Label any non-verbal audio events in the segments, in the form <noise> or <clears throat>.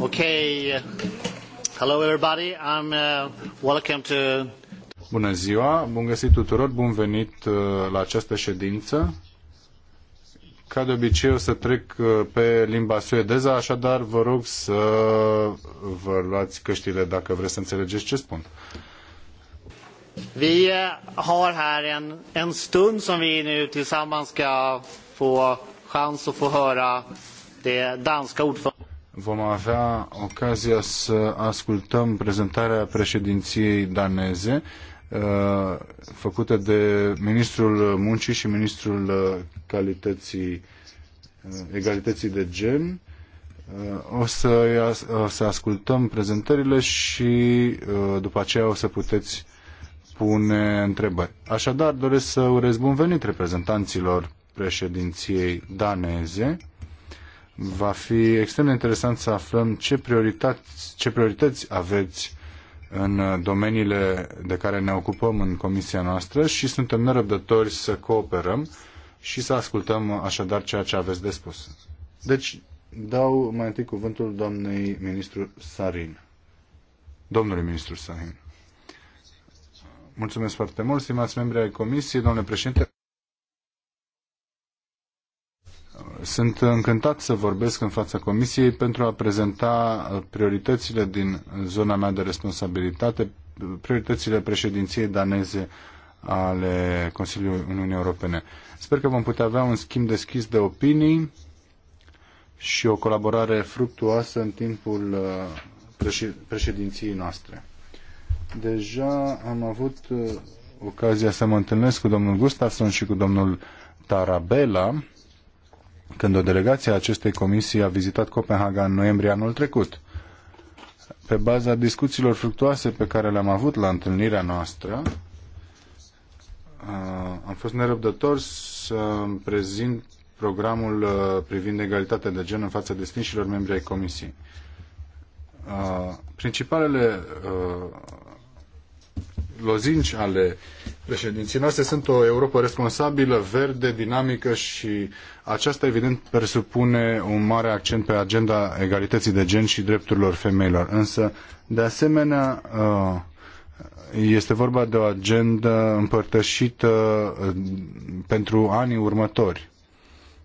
Okay. Hello everybody. I'm uh, welcome to Bună ziua, bun găsit tuturor, bun venit uh, la această ședință. Ca de obicei o să trec uh, pe limba suedeză, așadar vă rog să vă luați căștile dacă vreți să înțelegeți ce spun. Vi uh, har här en, en stund som vi nu tillsammans ska få chans att få höra det danska ordförandelandet vom avea ocazia să ascultăm prezentarea președinției daneze uh, făcută de ministrul muncii și ministrul uh, calității, uh, egalității de gen. O să, o să ascultăm prezentările și după aceea o să puteți pune întrebări. Așadar, doresc să urez bun venit reprezentanților președinției daneze. Va fi extrem de interesant să aflăm ce priorități, ce priorități aveți în domeniile de care ne ocupăm în comisia noastră și suntem nerăbdători să cooperăm și să ascultăm așadar ceea ce aveți de spus. Deci, dau mai întâi cuvântul doamnei ministru Sarin. Domnului ministru Sarin. Mulțumesc foarte mult, stimați membri ai comisiei, domnule președinte. Sunt încântat să vorbesc în fața Comisiei pentru a prezenta prioritățile din zona mea de responsabilitate, prioritățile președinției daneze ale Consiliului Uniunii Europene. Sper că vom putea avea un schimb deschis de opinii și o colaborare fructuoasă în timpul uh, președinției noastre. Deja am avut uh, ocazia să mă întâlnesc cu domnul Gustafsson și cu domnul Tarabella, când o delegație a acestei comisii a vizitat Copenhaga în noiembrie anul trecut. Pe baza discuțiilor fructuoase pe care le-am avut la întâlnirea noastră, am fost nerăbdător să prezint programul uh, privind egalitatea de gen în fața destinșilor membri ai Comisiei. Principalele uh, lozinci ale președinției noastre sunt o Europa responsabilă, verde, dinamică și aceasta evident presupune un mare accent pe agenda egalității de gen și drepturilor femeilor. Însă, de asemenea, uh, este vorba de o agendă împărtășită uh, pentru anii următori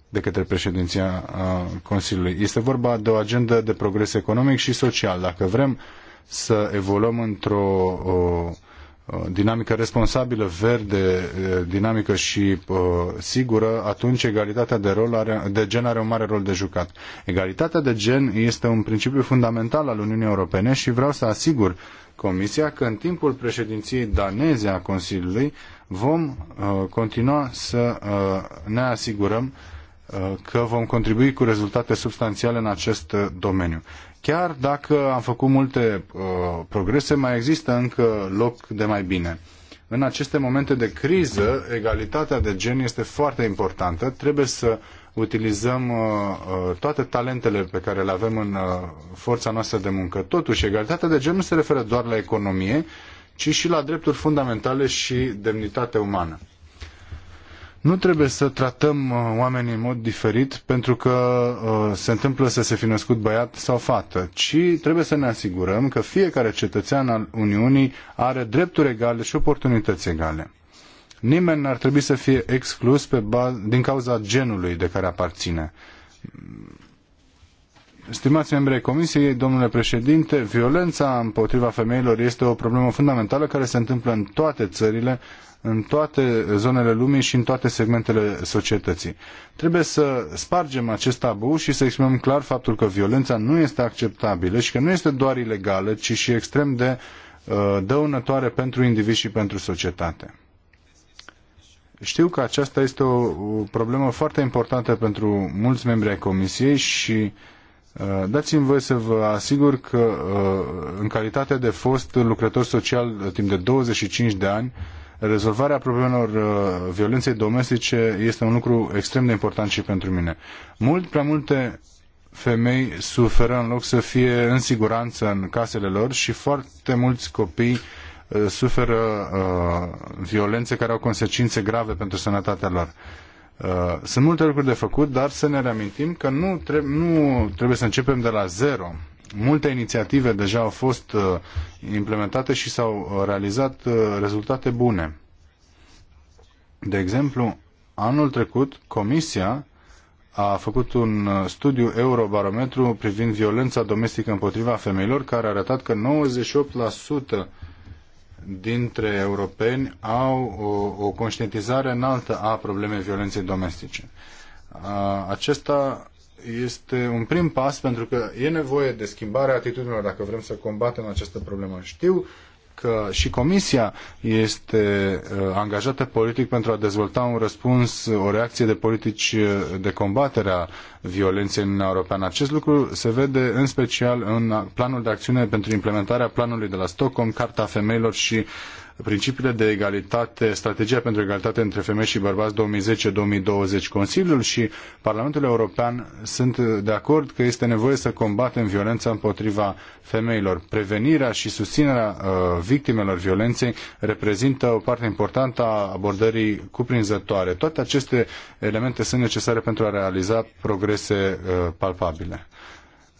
de către președinția uh, Consiliului. Este vorba de o agendă de progres economic și social. Dacă vrem să evoluăm într-o Uh, dinamică responsabilă, verde, uh, dinamică și uh, sigură, atunci egalitatea de, rol are, de gen are un mare rol de jucat. Egalitatea de gen este un principiu fundamental al Uniunii Europene și vreau să asigur Comisia că în timpul președinției daneze a Consiliului vom uh, continua să uh, ne asigurăm uh, că vom contribui cu rezultate substanțiale în acest domeniu. Chiar dacă am făcut multe uh, progrese, mai există încă loc de mai bine. În aceste momente de criză, egalitatea de gen este foarte importantă. Trebuie să utilizăm uh, uh, toate talentele pe care le avem în uh, forța noastră de muncă. Totuși, egalitatea de gen nu se referă doar la economie, ci și la drepturi fundamentale și demnitate umană. Nu trebuie să tratăm uh, oamenii în mod diferit pentru că uh, se întâmplă să se fi născut băiat sau fată, ci trebuie să ne asigurăm că fiecare cetățean al Uniunii are drepturi egale și oportunități egale. Nimeni n-ar trebui să fie exclus pe din cauza genului de care aparține. Stimați membri ai Comisiei, domnule președinte, violența împotriva femeilor este o problemă fundamentală care se întâmplă în toate țările, în toate zonele lumii și în toate segmentele societății. Trebuie să spargem acest tabu și să exprimăm clar faptul că violența nu este acceptabilă și că nu este doar ilegală, ci și extrem de uh, dăunătoare pentru indivizi și pentru societate. Știu că aceasta este o, o problemă foarte importantă pentru mulți membri ai Comisiei și uh, dați-mi voie să vă asigur că uh, în calitate de fost lucrător social timp de 25 de ani, rezolvarea problemelor uh, violenței domestice este un lucru extrem de important și pentru mine. Mult prea multe femei suferă în loc să fie în siguranță în casele lor și foarte mulți copii uh, suferă uh, violențe care au consecințe grave pentru sănătatea lor. Uh, sunt multe lucruri de făcut, dar să ne reamintim că nu, treb- nu trebuie să începem de la zero. Multe inițiative deja au fost uh, implementate și s-au uh, realizat uh, rezultate bune. De exemplu, anul trecut Comisia a făcut un studiu Eurobarometru privind violența domestică împotriva femeilor care a arătat că 98% dintre europeni au o, o conștientizare înaltă a problemei violenței domestice. Acesta este un prim pas pentru că e nevoie de schimbarea atitudinilor dacă vrem să combatem această problemă. Știu că și Comisia este uh, angajată politic pentru a dezvolta un răspuns, o reacție de politici uh, de combatere a violenței în Europeană. Acest lucru se vede în special în planul de acțiune pentru implementarea planului de la Stockholm, Carta Femeilor și principiile de egalitate, strategia pentru egalitate între femei și bărbați 2010-2020. Consiliul și Parlamentul European sunt de acord că este nevoie să combatem violența împotriva femeilor. Prevenirea și susținerea uh, victimelor violenței reprezintă o parte importantă a abordării cuprinzătoare. Toate aceste elemente sunt necesare pentru a realiza progrese uh, palpabile.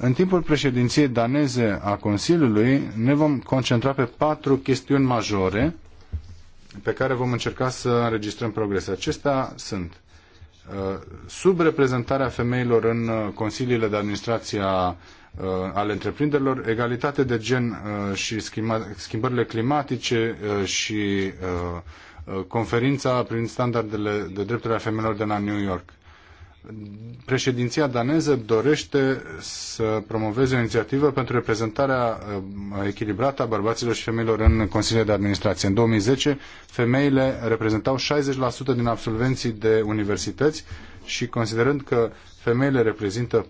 În timpul președinției daneze a Consiliului ne vom concentra pe patru chestiuni majore pe care vom încerca să înregistrăm progrese. Acestea sunt uh, subreprezentarea femeilor în uh, consiliile de administrație uh, ale întreprinderilor, egalitate de gen și schimbările climatice și conferința prin standardele de drepturile a femeilor de la New York. Președinția daneză dorește să promoveze o inițiativă pentru reprezentarea uh, echilibrată a bărbaților și femeilor în Consiliul de Administrație. În 2010, femeile reprezentau 60% din absolvenții de universități și considerând că femeile reprezintă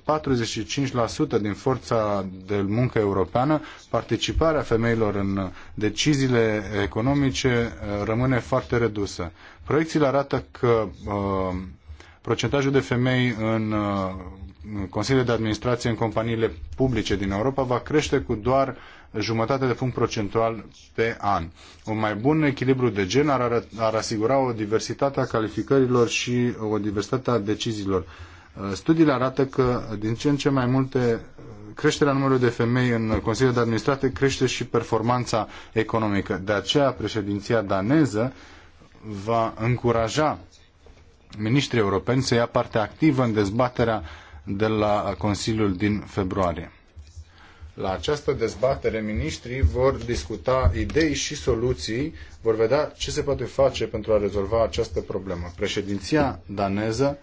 45% din forța de muncă europeană, participarea femeilor în deciziile economice uh, rămâne foarte redusă. Proiecțiile arată că uh, procentajul de femei în uh, Consiliul de Administrație în companiile publice din Europa va crește cu doar jumătate de punct procentual pe an. Un mai bun echilibru de gen ar, ar asigura o diversitate a calificărilor și o diversitate a deciziilor. Uh, studiile arată că din ce în ce mai multe uh, creșterea numărului de femei în Consiliul de Administrație crește și performanța economică. De aceea președinția daneză va încuraja miniștrii europeni să ia parte activă în dezbaterea de la Consiliul din februarie. La această dezbatere, miniștrii vor discuta idei și soluții, vor vedea ce se poate face pentru a rezolva această problemă. Președinția daneză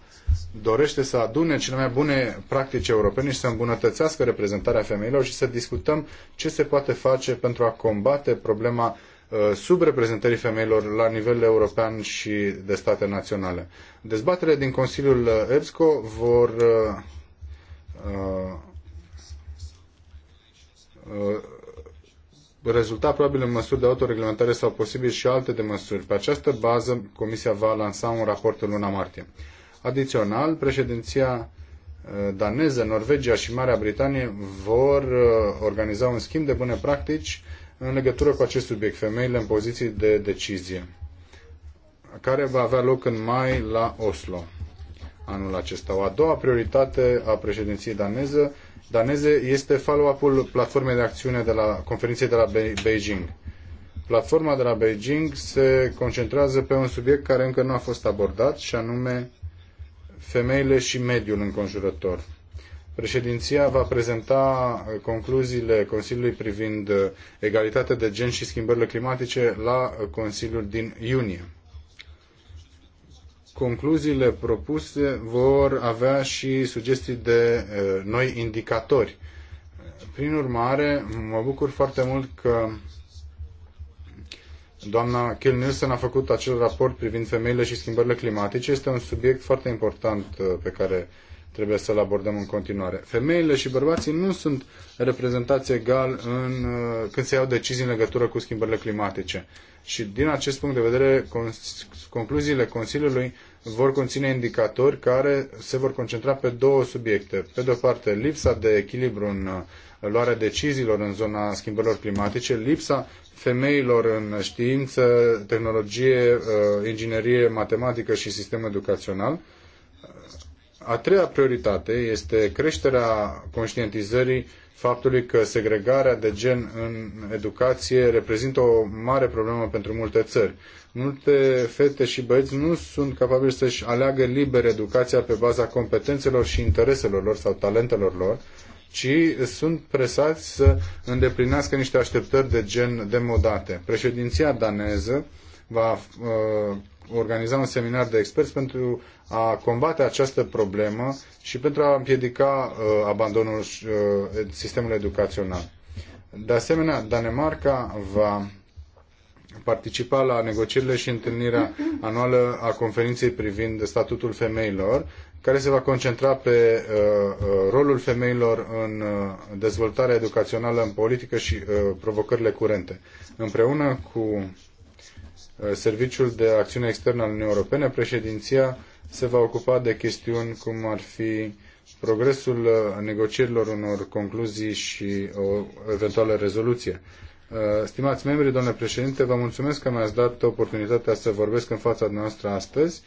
dorește să adune cele mai bune practici europene și să îmbunătățească reprezentarea femeilor și să discutăm ce se poate face pentru a combate problema Uh, subreprezentării femeilor la nivel european și de state naționale. Dezbaterile din Consiliul EBSCO vor uh, uh, rezulta probabil în măsuri de autoreglementare sau posibil și alte de măsuri. Pe această bază, Comisia va lansa un raport în luna martie. Adițional, președinția daneză, Norvegia și Marea Britanie vor organiza un schimb de bune practici în legătură cu acest subiect, femeile în poziții de decizie, care va avea loc în mai la Oslo anul acesta. O a doua prioritate a președinției daneză, daneze este follow-up-ul platformei de acțiune de la conferinței de la Beijing. Platforma de la Beijing se concentrează pe un subiect care încă nu a fost abordat și anume femeile și mediul înconjurător. Președinția va prezenta concluziile Consiliului privind egalitatea de gen și schimbările climatice la Consiliul din iunie. Concluziile propuse vor avea și sugestii de eh, noi indicatori. Prin urmare, mă bucur foarte mult că doamna Kiel Nielsen a făcut acel raport privind femeile și schimbările climatice. Este un subiect foarte important eh, pe care trebuie să-l abordăm în continuare. Femeile și bărbații nu sunt reprezentați egal în, uh, când se iau decizii în legătură cu schimbările climatice. Și din acest punct de vedere, concluziile Consiliului vor conține indicatori care se vor concentra pe două subiecte. Pe de o parte, lipsa de echilibru în uh, luarea deciziilor în zona schimbărilor climatice, lipsa femeilor în știință, tehnologie, uh, inginerie, matematică și sistem educațional, a treia prioritate este creșterea conștientizării faptului că segregarea de gen în educație reprezintă o mare problemă pentru multe țări. Multe fete și băieți nu sunt capabili să-și aleagă liber educația pe baza competențelor și intereselor lor sau talentelor lor, ci sunt presați să îndeplinească niște așteptări de gen demodate. Președinția daneză va uh, organiza un seminar de experți pentru a combate această problemă și pentru a împiedica uh, abandonul uh, sistemului educațional. De asemenea, Danemarca va participa la negocierile și întâlnirea anuală a conferinței privind statutul femeilor, care se va concentra pe uh, rolul femeilor în dezvoltarea educațională în politică și provocările curente. Împreună cu Serviciul de Acțiune Externă al Uniunii Europene, președinția se va ocupa de chestiuni cum ar fi progresul uh, negocierilor unor concluzii și o eventuală rezoluție. Uh, stimați membri, domnule președinte, vă mulțumesc că mi-ați dat oportunitatea să vorbesc în fața noastră astăzi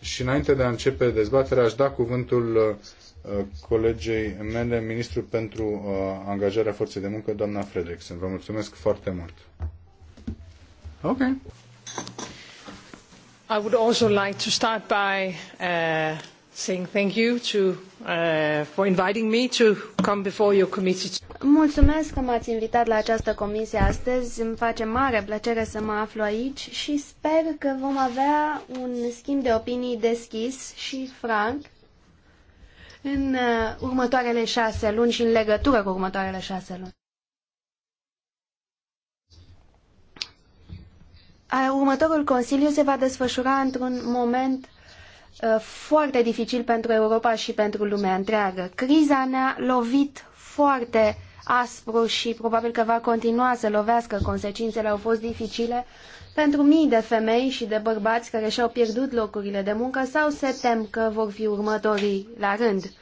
și înainte de a începe dezbaterea aș da cuvântul uh, colegei mele, ministru pentru angajarea forței de muncă, doamna Fredrickson. Vă mulțumesc foarte mult. Ok. I would also like to start by uh, saying thank you to, uh, for inviting me to come before your committee. Mulțumesc că m-ați invitat la această comisie astăzi. Îmi face mare plăcere să mă aflu aici și sper că vom avea un schimb de opinii deschis și franc în uh, următoarele șase luni și în legătură cu următoarele șase luni. Următorul Consiliu se va desfășura într-un moment uh, foarte dificil pentru Europa și pentru lumea întreagă. Criza ne-a lovit foarte aspru și probabil că va continua să lovească. Consecințele au fost dificile pentru mii de femei și de bărbați care și-au pierdut locurile de muncă sau se tem că vor fi următorii la rând.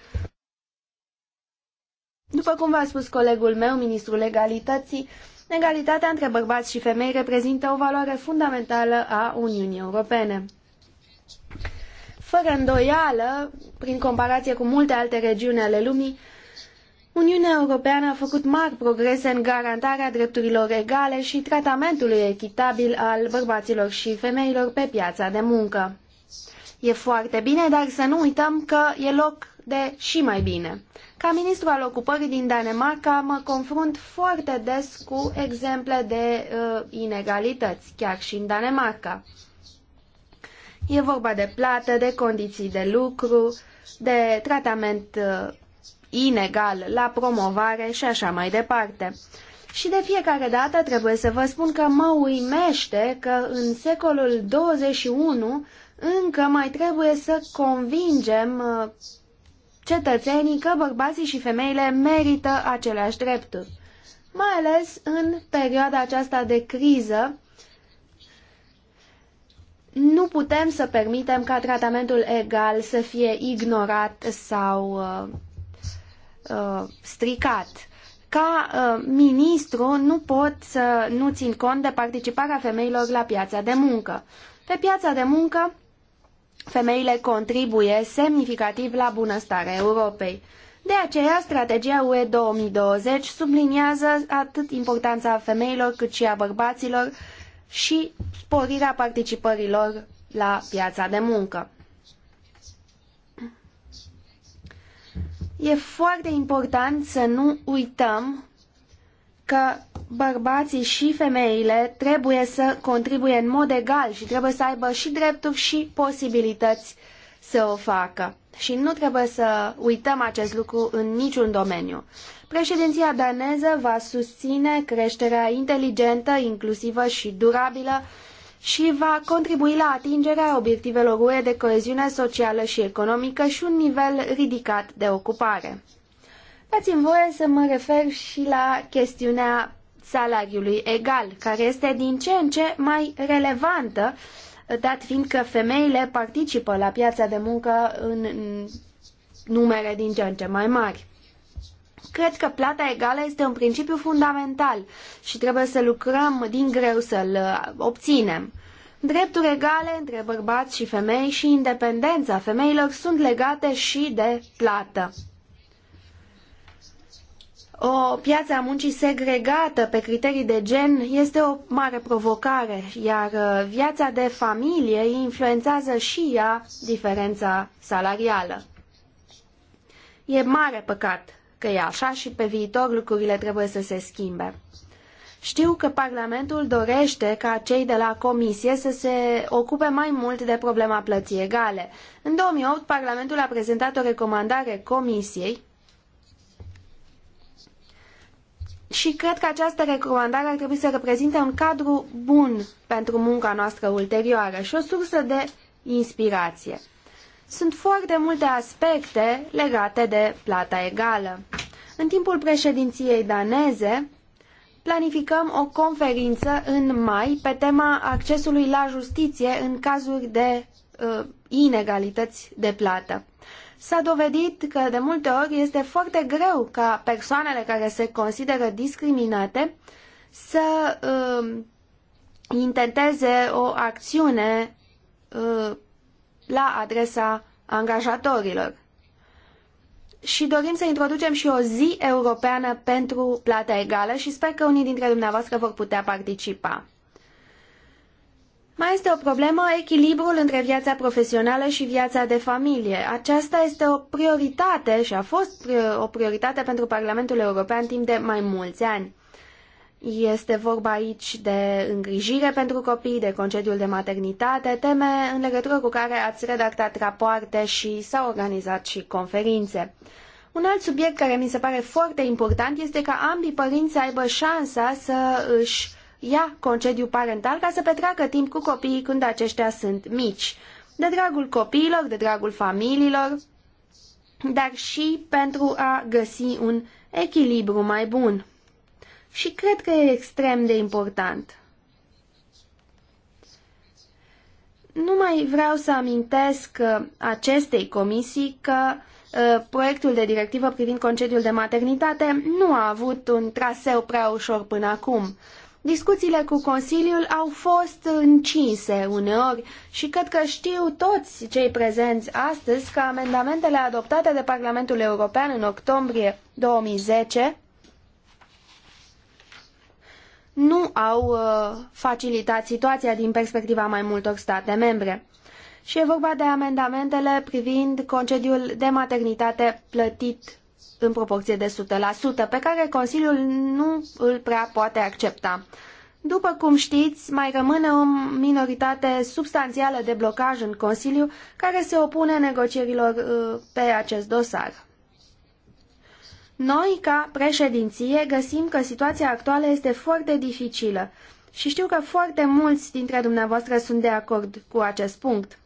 După cum v-a spus colegul meu, ministrul legalității, Egalitatea între bărbați și femei reprezintă o valoare fundamentală a Uniunii Europene. Fără îndoială, prin comparație cu multe alte regiuni ale lumii, Uniunea Europeană a făcut mari progrese în garantarea drepturilor egale și tratamentului echitabil al bărbaților și femeilor pe piața de muncă. E foarte bine, dar să nu uităm că e loc de și mai bine. Ca ministru al ocupării din Danemarca, mă confrunt foarte des cu exemple de uh, inegalități, chiar și în Danemarca. E vorba de plată, de condiții de lucru, de tratament uh, inegal la promovare și așa mai departe. Și de fiecare dată trebuie să vă spun că mă uimește că în secolul 21 încă mai trebuie să convingem uh, cetățenii că bărbații și femeile merită aceleași drepturi, mai ales în perioada aceasta de criză, nu putem să permitem ca tratamentul egal să fie ignorat sau uh, uh, stricat. Ca uh, ministru nu pot să nu țin cont de participarea femeilor la piața de muncă. Pe piața de muncă Femeile contribuie semnificativ la bunăstarea Europei. De aceea, strategia UE 2020 subliniază atât importanța femeilor cât și a bărbaților și sporirea participărilor la piața de muncă. E foarte important să nu uităm că bărbații și femeile trebuie să contribuie în mod egal și trebuie să aibă și drepturi și posibilități să o facă. Și nu trebuie să uităm acest lucru în niciun domeniu. Președinția daneză va susține creșterea inteligentă, inclusivă și durabilă și va contribui la atingerea obiectivelor UE de coeziune socială și economică și un nivel ridicat de ocupare. Dați-mi voie să mă refer și la chestiunea salariului egal, care este din ce în ce mai relevantă, dat fiind că femeile participă la piața de muncă în numere din ce în ce mai mari. Cred că plata egală este un principiu fundamental și trebuie să lucrăm din greu să-l uh, obținem. Drepturi egale între bărbați și femei și independența femeilor sunt legate și de plată. O piață a muncii segregată pe criterii de gen este o mare provocare, iar uh, viața de familie influențează și ea diferența salarială. E mare păcat că e așa și pe viitor lucrurile trebuie să se schimbe. Știu că Parlamentul dorește ca cei de la Comisie să se ocupe mai mult de problema plății egale. În 2008, Parlamentul a prezentat o recomandare Comisiei și cred că această recomandare ar trebui să reprezinte un cadru bun pentru munca noastră ulterioară și o sursă de inspirație. Sunt foarte multe aspecte legate de plata egală. În timpul președinției daneze, planificăm o conferință în mai pe tema accesului la justiție în cazuri de uh, inegalități de plată. S-a dovedit că de multe ori este foarte greu ca persoanele care se consideră discriminate să uh, intenteze o acțiune uh, la adresa angajatorilor. Și dorim să introducem și o zi europeană pentru plata egală și sper că unii dintre dumneavoastră vor putea participa. Mai este o problemă echilibrul între viața profesională și viața de familie. Aceasta este o prioritate și a fost uh, o prioritate pentru Parlamentul European timp de mai mulți ani. Este vorba aici de îngrijire pentru copii, de concediul de maternitate, teme în legătură cu care ați redactat rapoarte și s-au organizat și conferințe. Un alt subiect care mi se pare foarte important este ca ambii părinți să aibă șansa să își ia concediu parental ca să petreacă timp cu copiii când aceștia sunt mici, de dragul copiilor, de dragul familiilor, dar și pentru a găsi un echilibru mai bun. Și cred că e extrem de important. Nu mai vreau să amintesc uh, acestei comisii că uh, proiectul de directivă privind concediul de maternitate nu a avut un traseu prea ușor până acum. Discuțiile cu Consiliul au fost încinse uneori și cred că știu toți cei prezenți astăzi că amendamentele adoptate de Parlamentul European în octombrie 2010 nu au uh, facilitat situația din perspectiva mai multor state membre. Și e vorba de amendamentele privind concediul de maternitate plătit în proporție de 100%, pe care Consiliul nu îl prea poate accepta. După cum știți, mai rămâne o minoritate substanțială de blocaj în Consiliu care se opune negocierilor uh, pe acest dosar. Noi, ca președinție, găsim că situația actuală este foarte dificilă și știu că foarte mulți dintre dumneavoastră sunt de acord cu acest punct.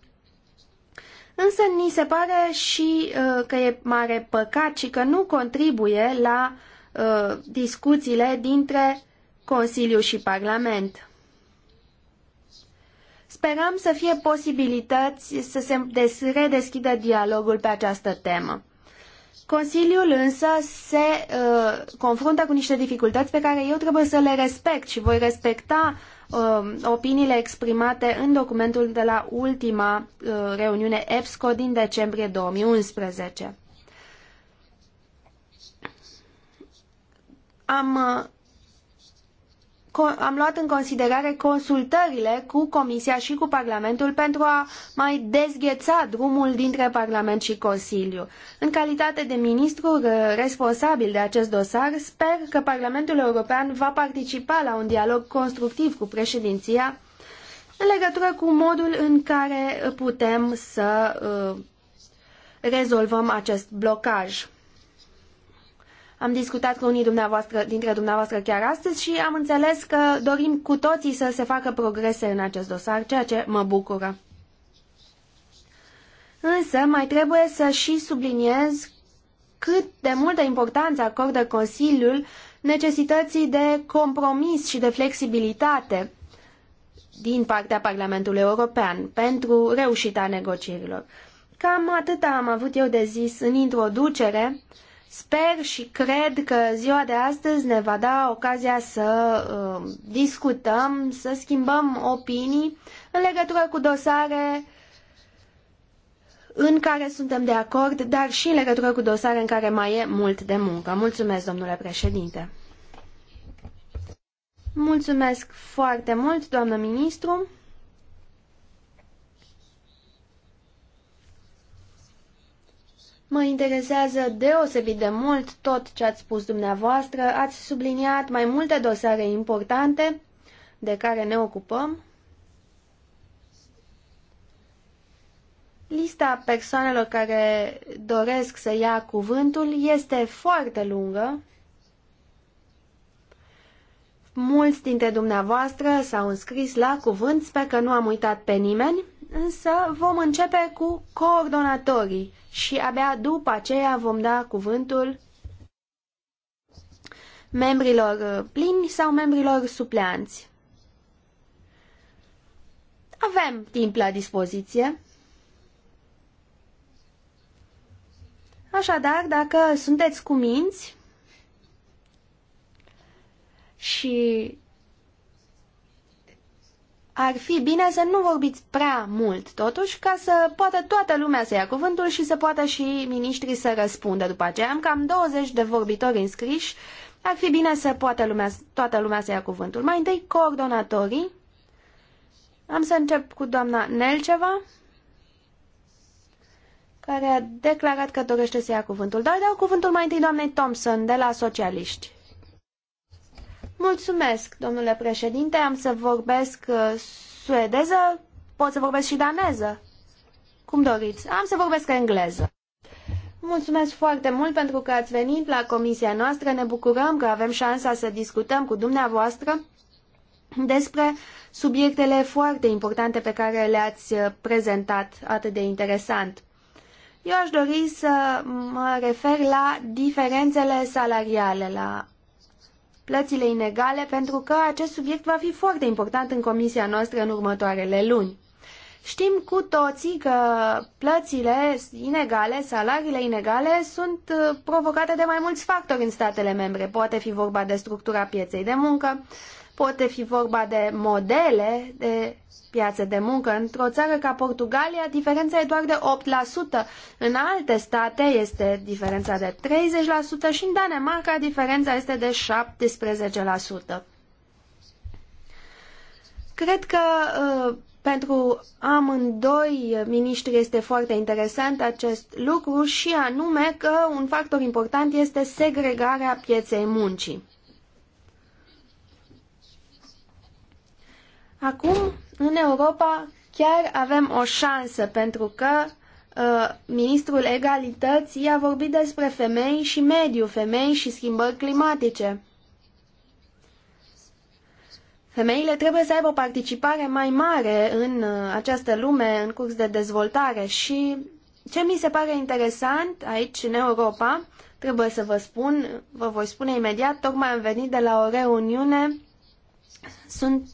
Însă ni se pare și uh, că e mare păcat și că nu contribuie la uh, discuțiile dintre Consiliu și Parlament. Sperăm să fie posibilități să se redeschidă dialogul pe această temă. Consiliul însă se uh, confruntă cu niște dificultăți pe care eu trebuie să le respect și voi respecta Um, opiniile exprimate în documentul de la ultima uh, reuniune EPSCO din decembrie 2011. Am uh, am luat în considerare consultările cu Comisia și cu Parlamentul pentru a mai dezgheța drumul dintre Parlament și Consiliu. În calitate de ministru uh, responsabil de acest dosar, sper că Parlamentul European va participa la un dialog constructiv cu președinția în legătură cu modul în care putem să uh, rezolvăm acest blocaj. Am discutat cu unii dumneavoastră, dintre dumneavoastră chiar astăzi și am înțeles că dorim cu toții să se facă progrese în acest dosar, ceea ce mă bucură. Însă mai trebuie să și subliniez cât de multă importanță acordă Consiliul necesității de compromis și de flexibilitate din partea Parlamentului European pentru reușita negocierilor. Cam atât am avut eu de zis în introducere Sper și cred că ziua de astăzi ne va da ocazia să uh, discutăm, să schimbăm opinii în legătură cu dosare în care suntem de acord, dar și în legătură cu dosare în care mai e mult de muncă. Mulțumesc, domnule președinte. Mulțumesc foarte mult, doamnă ministru. Mă interesează deosebit de mult tot ce ați spus dumneavoastră, ați subliniat mai multe dosare importante de care ne ocupăm. Lista persoanelor care doresc să ia cuvântul este foarte lungă. Mulți dintre dumneavoastră s-au înscris la cuvânt, sper că nu am uitat pe nimeni însă vom începe cu coordonatorii și abia după aceea vom da cuvântul membrilor uh, plini sau membrilor supleanți. Avem timp la dispoziție. Așadar, dacă sunteți cuminți și ar fi bine să nu vorbiți prea mult, totuși, ca să poată toată lumea să ia cuvântul și să poată și miniștrii să răspundă după aceea. Am cam 20 de vorbitori înscriși, ar fi bine să poată lumea, toată lumea să ia cuvântul. Mai întâi, coordonatorii. Am să încep cu doamna Nelceva, care a declarat că dorește să ia cuvântul. Dar dau cuvântul mai întâi doamnei Thompson, de la Socialiști. Mulțumesc, domnule președinte, am să vorbesc uh, suedeză, pot să vorbesc și daneză. Cum doriți, am să vorbesc engleză. Mulțumesc foarte mult pentru că ați venit la comisia noastră. Ne bucurăm că avem șansa să discutăm cu dumneavoastră despre subiectele foarte importante pe care le-ați uh, prezentat atât de interesant. Eu aș dori să mă refer la diferențele salariale, la plățile inegale, pentru că acest subiect va fi foarte important în comisia noastră în următoarele luni. Știm cu toții că plățile inegale, salariile inegale sunt uh, provocate de mai mulți factori în statele membre. Poate fi vorba de structura pieței de muncă, Poate fi vorba de modele de piață de muncă. Într-o țară ca Portugalia, diferența e doar de 8%. În alte state este diferența de 30% și în Danemarca diferența este de 17%. Cred că uh, pentru amândoi miniștri este foarte interesant acest lucru și anume că un factor important este segregarea pieței muncii. Acum, în Europa, chiar avem o șansă, pentru că uh, ministrul egalității a vorbit despre femei și mediu, femei și schimbări climatice. Femeile trebuie să aibă o participare mai mare în uh, această lume în curs de dezvoltare și ce mi se pare interesant aici în Europa, trebuie să vă spun, vă voi spune imediat, tocmai am venit de la o reuniune, sunt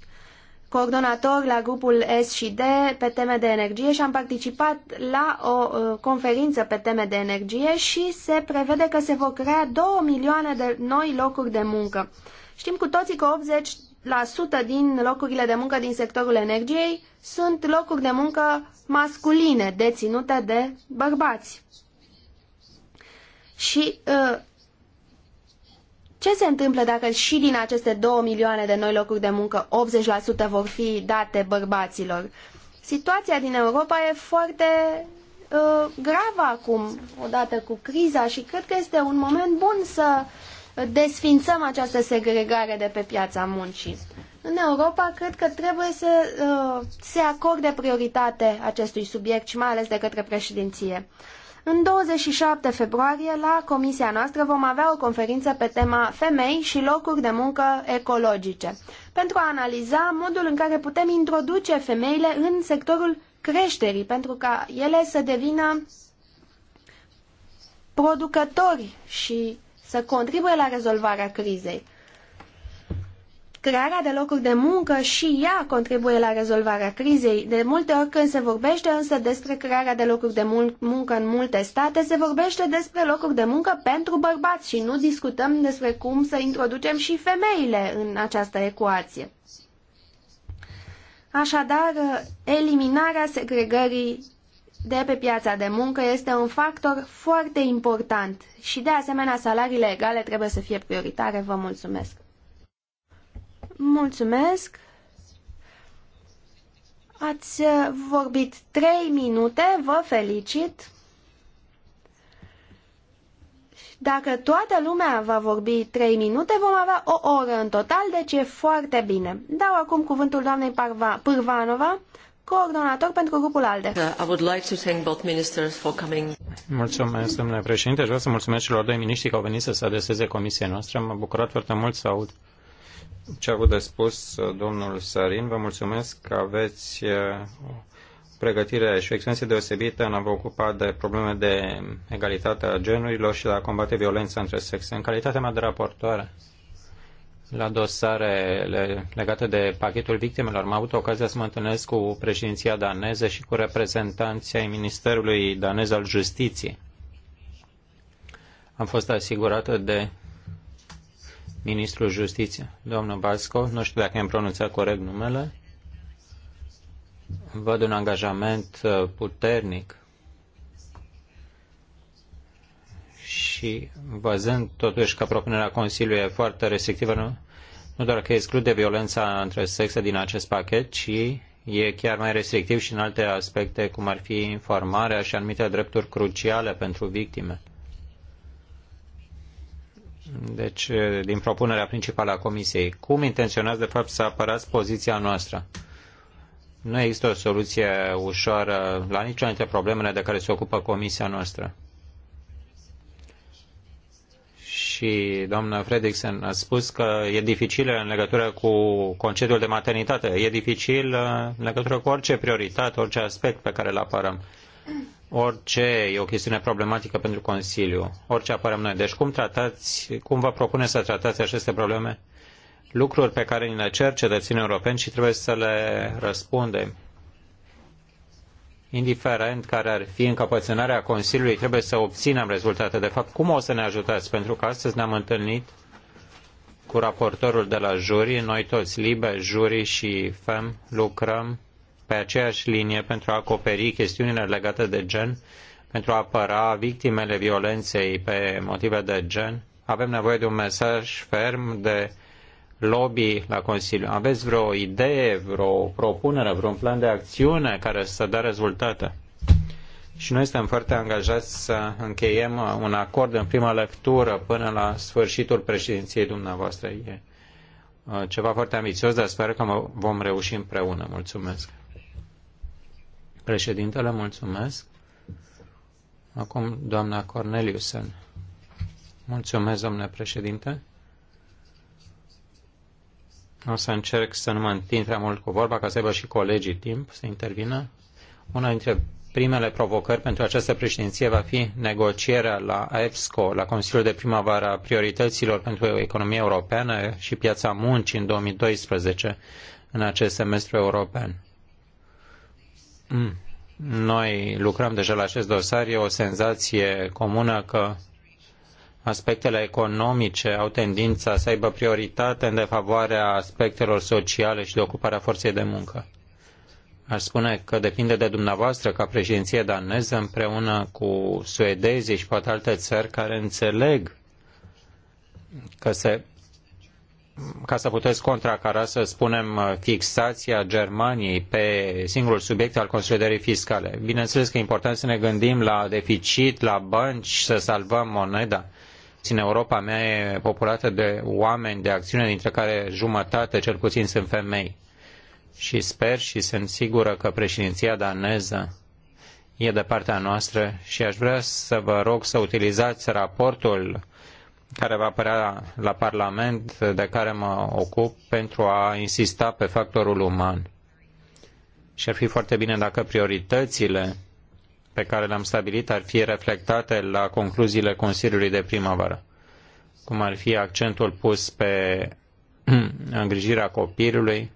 coordonator la grupul S și D pe teme de energie și am participat la o uh, conferință pe teme de energie și se prevede că se vor crea 2 milioane de noi locuri de muncă. Știm cu toții că 80% din locurile de muncă din sectorul energiei sunt locuri de muncă masculine, deținute de bărbați. Și uh, ce se întâmplă dacă și din aceste 2 milioane de noi locuri de muncă, 80% vor fi date bărbaților? Situația din Europa e foarte uh, gravă acum, odată cu criza și cred că este un moment bun să desfințăm această segregare de pe piața muncii. În Europa, cred că trebuie să uh, se acorde prioritate acestui subiect și mai ales de către președinție. Uh, în 27 februarie, la comisia noastră, vom avea o conferință pe tema femei și locuri de muncă ecologice, pentru a analiza modul în care putem introduce femeile în sectorul creșterii, pentru ca ele să devină producători și să contribuie la rezolvarea crizei. Crearea de locuri de muncă și ea contribuie la rezolvarea crizei. De multe ori când se vorbește însă despre crearea de locuri de muncă în multe state, se vorbește despre locuri de muncă pentru bărbați și nu discutăm despre cum să introducem și femeile în această ecuație. Așadar, eliminarea segregării de pe piața de muncă este un factor foarte important și de asemenea salariile egale trebuie să fie prioritare. Vă mulțumesc! Mulțumesc. Ați uh, vorbit trei minute, vă felicit. Dacă toată lumea va vorbi trei minute, vom avea o oră în total, deci e foarte bine. Dau acum cuvântul doamnei Parva, Pârvanova, coordonator pentru grupul ALDE. Uh, mulțumesc, domnule președinte. Aș vrea să mulțumesc celor doi miniștri că au venit să se adreseze comisiei noastre. M-a bucurat foarte mult să aud ce a avut de spus uh, domnul Sarin. Vă mulțumesc că aveți uh, o pregătire și o experiență deosebită în a vă ocupa de probleme de egalitate a genurilor și de a combate violența între sexe. În calitatea mea de raportoare la dosarele legate de pachetul victimelor, am avut ocazia să mă întâlnesc cu președinția daneză și cu reprezentanții ai Ministerului Danez al Justiției. Am fost asigurată de ministrul justiției, domnul Basco, nu știu dacă am pronunțat corect numele, văd un angajament uh, puternic și văzând totuși că propunerea Consiliului e foarte restrictivă, nu, nu doar că exclude violența între sexe din acest pachet, ci e chiar mai restrictiv și în alte aspecte, cum ar fi informarea și anumite drepturi cruciale pentru victime deci din propunerea principală a Comisiei. Cum intenționați de fapt să apărați poziția noastră? Nu există o soluție ușoară la niciuna dintre problemele de care se ocupă Comisia noastră. Și doamna Fredriksen a spus că e dificil în legătură cu concediul de maternitate. E dificil uh, în legătură cu orice prioritate, orice aspect pe care îl apărăm orice e o chestiune problematică pentru Consiliu, orice apărăm noi. Deci cum tratați, cum vă propune să tratați aceste probleme? Lucruri pe care ni le cer cetățenii europeni și trebuie să le răspundem. Indiferent care ar fi încăpățânarea Consiliului, trebuie să obținem rezultate. De fapt, cum o să ne ajutați? Pentru că astăzi ne-am întâlnit cu raportorul de la juri, noi toți, Libe, Juri și FEM, lucrăm pe aceeași linie pentru a acoperi chestiunile legate de gen, pentru a apăra victimele violenței pe motive de gen. Avem nevoie de un mesaj ferm de lobby la Consiliu. Aveți vreo idee, vreo propunere, vreun plan de acțiune care să dea rezultate? Și noi suntem foarte angajați să încheiem un acord în prima lectură până la sfârșitul președinției dumneavoastră. E uh, ceva foarte ambițios, dar sper că vom reuși împreună. Mulțumesc! Președintele, mulțumesc. Acum doamna Corneliusen. Mulțumesc, domnule președinte. O să încerc să nu mă întind prea mult cu vorba, ca să aibă și colegii timp să intervină. Una dintre primele provocări pentru această președinție va fi negocierea la EFSCO, la Consiliul de Primăvară a priorităților pentru economia europeană și piața muncii în 2012, în acest semestru european. Noi lucrăm deja la acest dosar. E o senzație comună că aspectele economice au tendința să aibă prioritate în defavoarea aspectelor sociale și de ocuparea forței de muncă. Aș spune că depinde de dumneavoastră ca președinție daneză împreună cu suedezii și poate alte țări care înțeleg că se ca să puteți contracara, să spunem, fixația Germaniei pe singurul subiect al consolidării fiscale. Bineînțeles că e important să ne gândim la deficit, la bănci, să salvăm moneda. În Europa mea e populată de oameni de acțiune, dintre care jumătate, cel puțin, sunt femei. Și sper și sunt sigură că președinția daneză e de partea noastră și aș vrea să vă rog să utilizați raportul care va apărea la Parlament, de care mă ocup, pentru a insista pe factorul uman. Și ar fi foarte bine dacă prioritățile pe care le-am stabilit ar fi reflectate la concluziile Consiliului de primăvară, cum ar fi accentul pus pe <clears throat> îngrijirea copilului,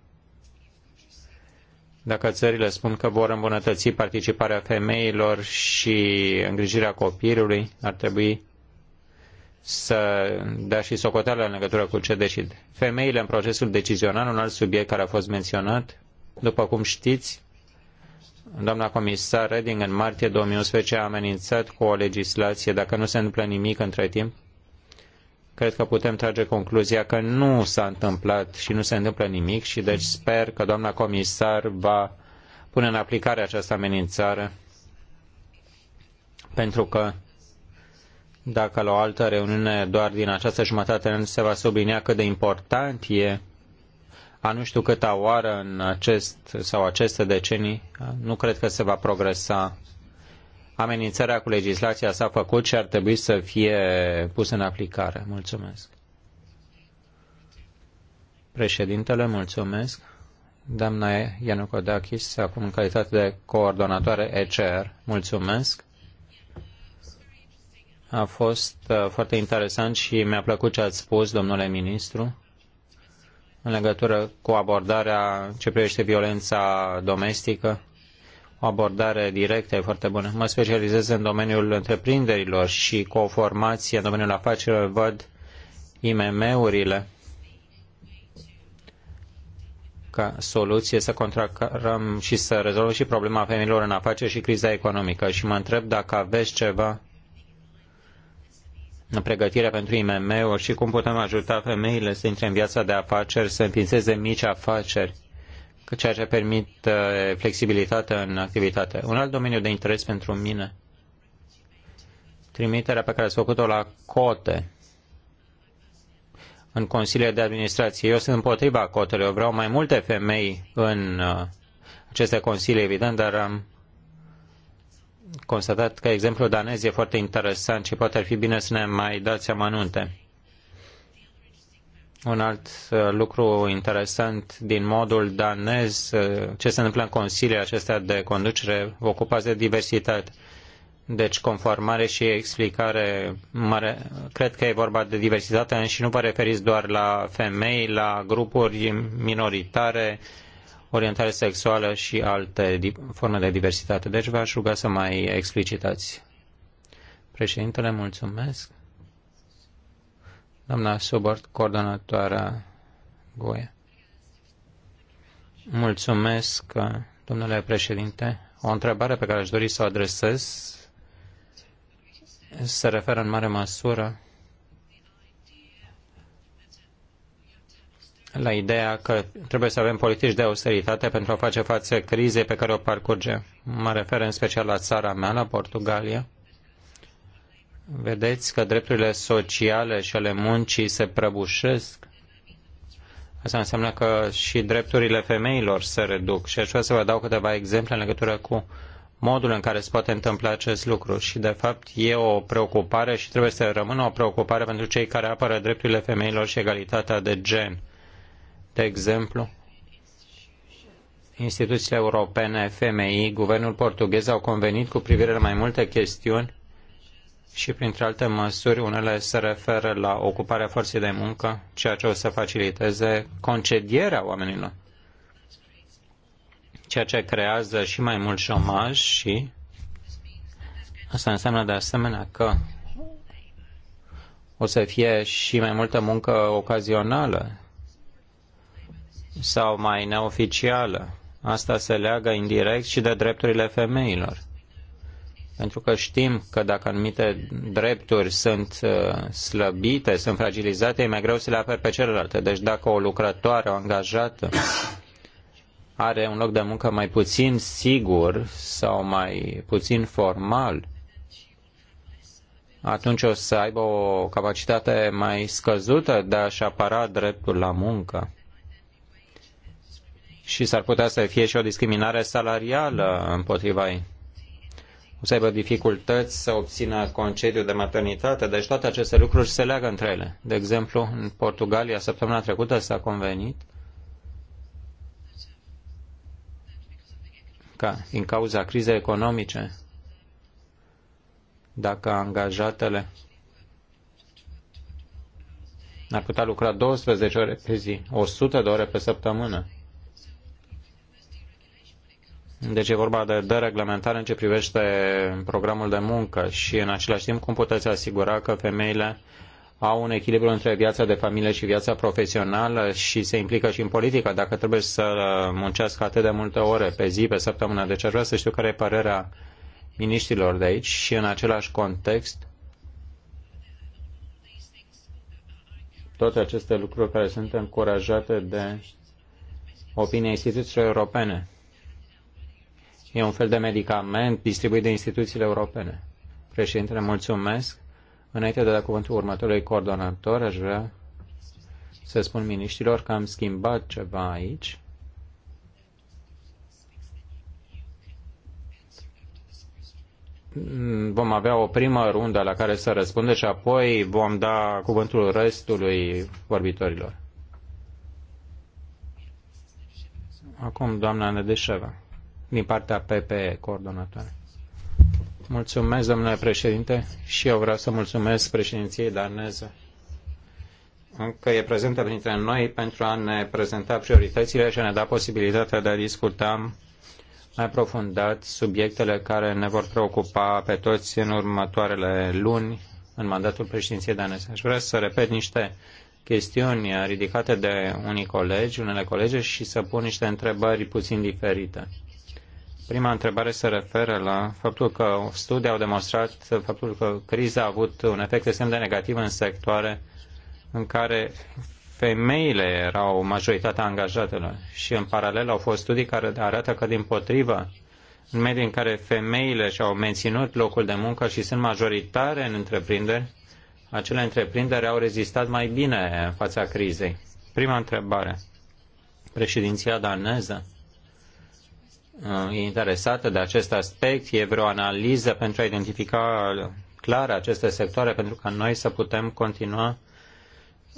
dacă țările spun că vor îmbunătăți participarea femeilor și îngrijirea copilului, ar trebui să dea și socoteală în legătură cu ce decide. Femeile în procesul decizional, un alt subiect care a fost menționat, după cum știți, doamna comisar Reding în martie 2011 a amenințat cu o legislație, dacă nu se întâmplă nimic între timp, cred că putem trage concluzia că nu s-a întâmplat și nu se întâmplă nimic și deci sper că doamna comisar va pune în aplicare această amenințare pentru că dacă la o altă reuniune doar din această jumătate se va sublinia cât de important e a nu știu câta oară în acest sau aceste decenii, nu cred că se va progresa. Amenințarea cu legislația s-a făcut și ar trebui să fie pusă în aplicare. Mulțumesc. Președintele, mulțumesc. Doamna Ianucodakis, acum în calitate de coordonatoare ECR, mulțumesc. A fost uh, foarte interesant și mi-a plăcut ce ați spus, domnule ministru, în legătură cu abordarea ce privește violența domestică. O abordare directă e foarte bună. Mă specializez în domeniul întreprinderilor și cu o formație în domeniul afacerilor văd IMM-urile ca soluție să contracarăm și să rezolvăm și problema femeilor în afaceri și criza economică. Și mă întreb dacă aveți ceva pregătirea pentru IMM-uri și cum putem ajuta femeile să intre în viața de afaceri, să înființeze mici afaceri, ceea ce permite uh, flexibilitate în activitate. Un alt domeniu de interes pentru mine, trimiterea pe care ați făcut-o la cote în Consiliul de Administrație. Eu sunt împotriva cotelor, vreau mai multe femei în uh, aceste consilii, evident, dar am constatat că exemplul danez e foarte interesant și poate ar fi bine să ne mai dați amănunte. Un alt uh, lucru interesant din modul danez, uh, ce se întâmplă în consiliile acestea de conducere, ocupați de diversitate. Deci conformare și explicare, mare, cred că e vorba de diversitate și nu vă referiți doar la femei, la grupuri minoritare, uh, orientare sexuală și alte forme de diversitate. Deci v-aș ruga să mai explicitați. Președintele, mulțumesc. Doamna Subort, coordonatoarea Goia. Mulțumesc, domnule președinte. O întrebare pe care aș dori să o adresez se referă în mare măsură la ideea că trebuie să avem politici de austeritate pentru a face față crizei pe care o parcurge. Mă refer în special la țara mea, la Portugalia. Vedeți că drepturile sociale și ale muncii se prăbușesc. Asta înseamnă că și drepturile femeilor se reduc. Și aș vrea să vă dau câteva exemple în legătură cu modul în care se poate întâmpla acest lucru. Și, de fapt, e o preocupare și trebuie să rămână o preocupare pentru cei care apără drepturile femeilor și egalitatea de gen de exemplu, instituțiile europene, FMI, guvernul portughez au convenit cu privire la mai multe chestiuni și, printre alte măsuri, unele se referă la ocuparea forței de muncă, ceea ce o să faciliteze concedierea oamenilor, ceea ce creează și mai mult șomaj și asta înseamnă de asemenea că o să fie și mai multă muncă ocazională, sau mai neoficială. Asta se leagă indirect și de drepturile femeilor. Pentru că știm că dacă anumite drepturi sunt uh, slăbite, sunt fragilizate, e mai greu să le aperi pe celelalte. Deci dacă o lucrătoare, o angajată, are un loc de muncă mai puțin sigur sau mai puțin formal, atunci o să aibă o capacitate mai scăzută de a-și apăra dreptul la muncă și s-ar putea să fie și o discriminare salarială împotriva ei. O să aibă dificultăți să obțină concediu de maternitate, deci toate aceste lucruri se leagă între ele. De exemplu, în Portugalia, săptămâna trecută s-a convenit ca, din cauza crizei economice, dacă angajatele ar putea lucra 12 ore pe zi, 100 de ore pe săptămână, deci e vorba de dereglementare în ce privește programul de muncă și în același timp cum puteți asigura că femeile au un echilibru între viața de familie și viața profesională și se implică și în politică, dacă trebuie să muncească atât de multe ore pe zi, pe săptămână. Deci aș vrea să știu care e părerea miniștilor de aici și în același context toate aceste lucruri care sunt încurajate de opinia instituțiilor europene. E un fel de medicament distribuit de instituțiile europene. Președintele, mulțumesc. Înainte de a da cuvântul următorului coordonator, aș vrea să spun miniștilor că am schimbat ceva aici. Vom avea o primă rundă la care să răspunde și apoi vom da cuvântul restului vorbitorilor. Acum, doamna Nedeșeva din partea PPE, coordonatoare. Mulțumesc, domnule președinte, și eu vreau să mulțumesc președinției daneze că e prezentă printre noi pentru a ne prezenta prioritățile și a ne da posibilitatea de a discuta mai aprofundat subiectele care ne vor preocupa pe toți în următoarele luni în mandatul președinției daneze. Aș vrea să repet niște chestiuni ridicate de unii colegi, unele colege și să pun niște întrebări puțin diferite. Prima întrebare se referă la faptul că studii au demonstrat faptul că criza a avut un efect extrem de negativ în sectoare în care femeile erau majoritatea angajatelor și în paralel au fost studii care arată că din potrivă în medii în care femeile și-au menținut locul de muncă și sunt majoritare în întreprinderi, acele întreprinderi au rezistat mai bine în fața crizei. Prima întrebare. Președinția daneză Uh, interesată de acest aspect? E vreo analiză pentru a identifica clar aceste sectoare pentru ca noi să putem continua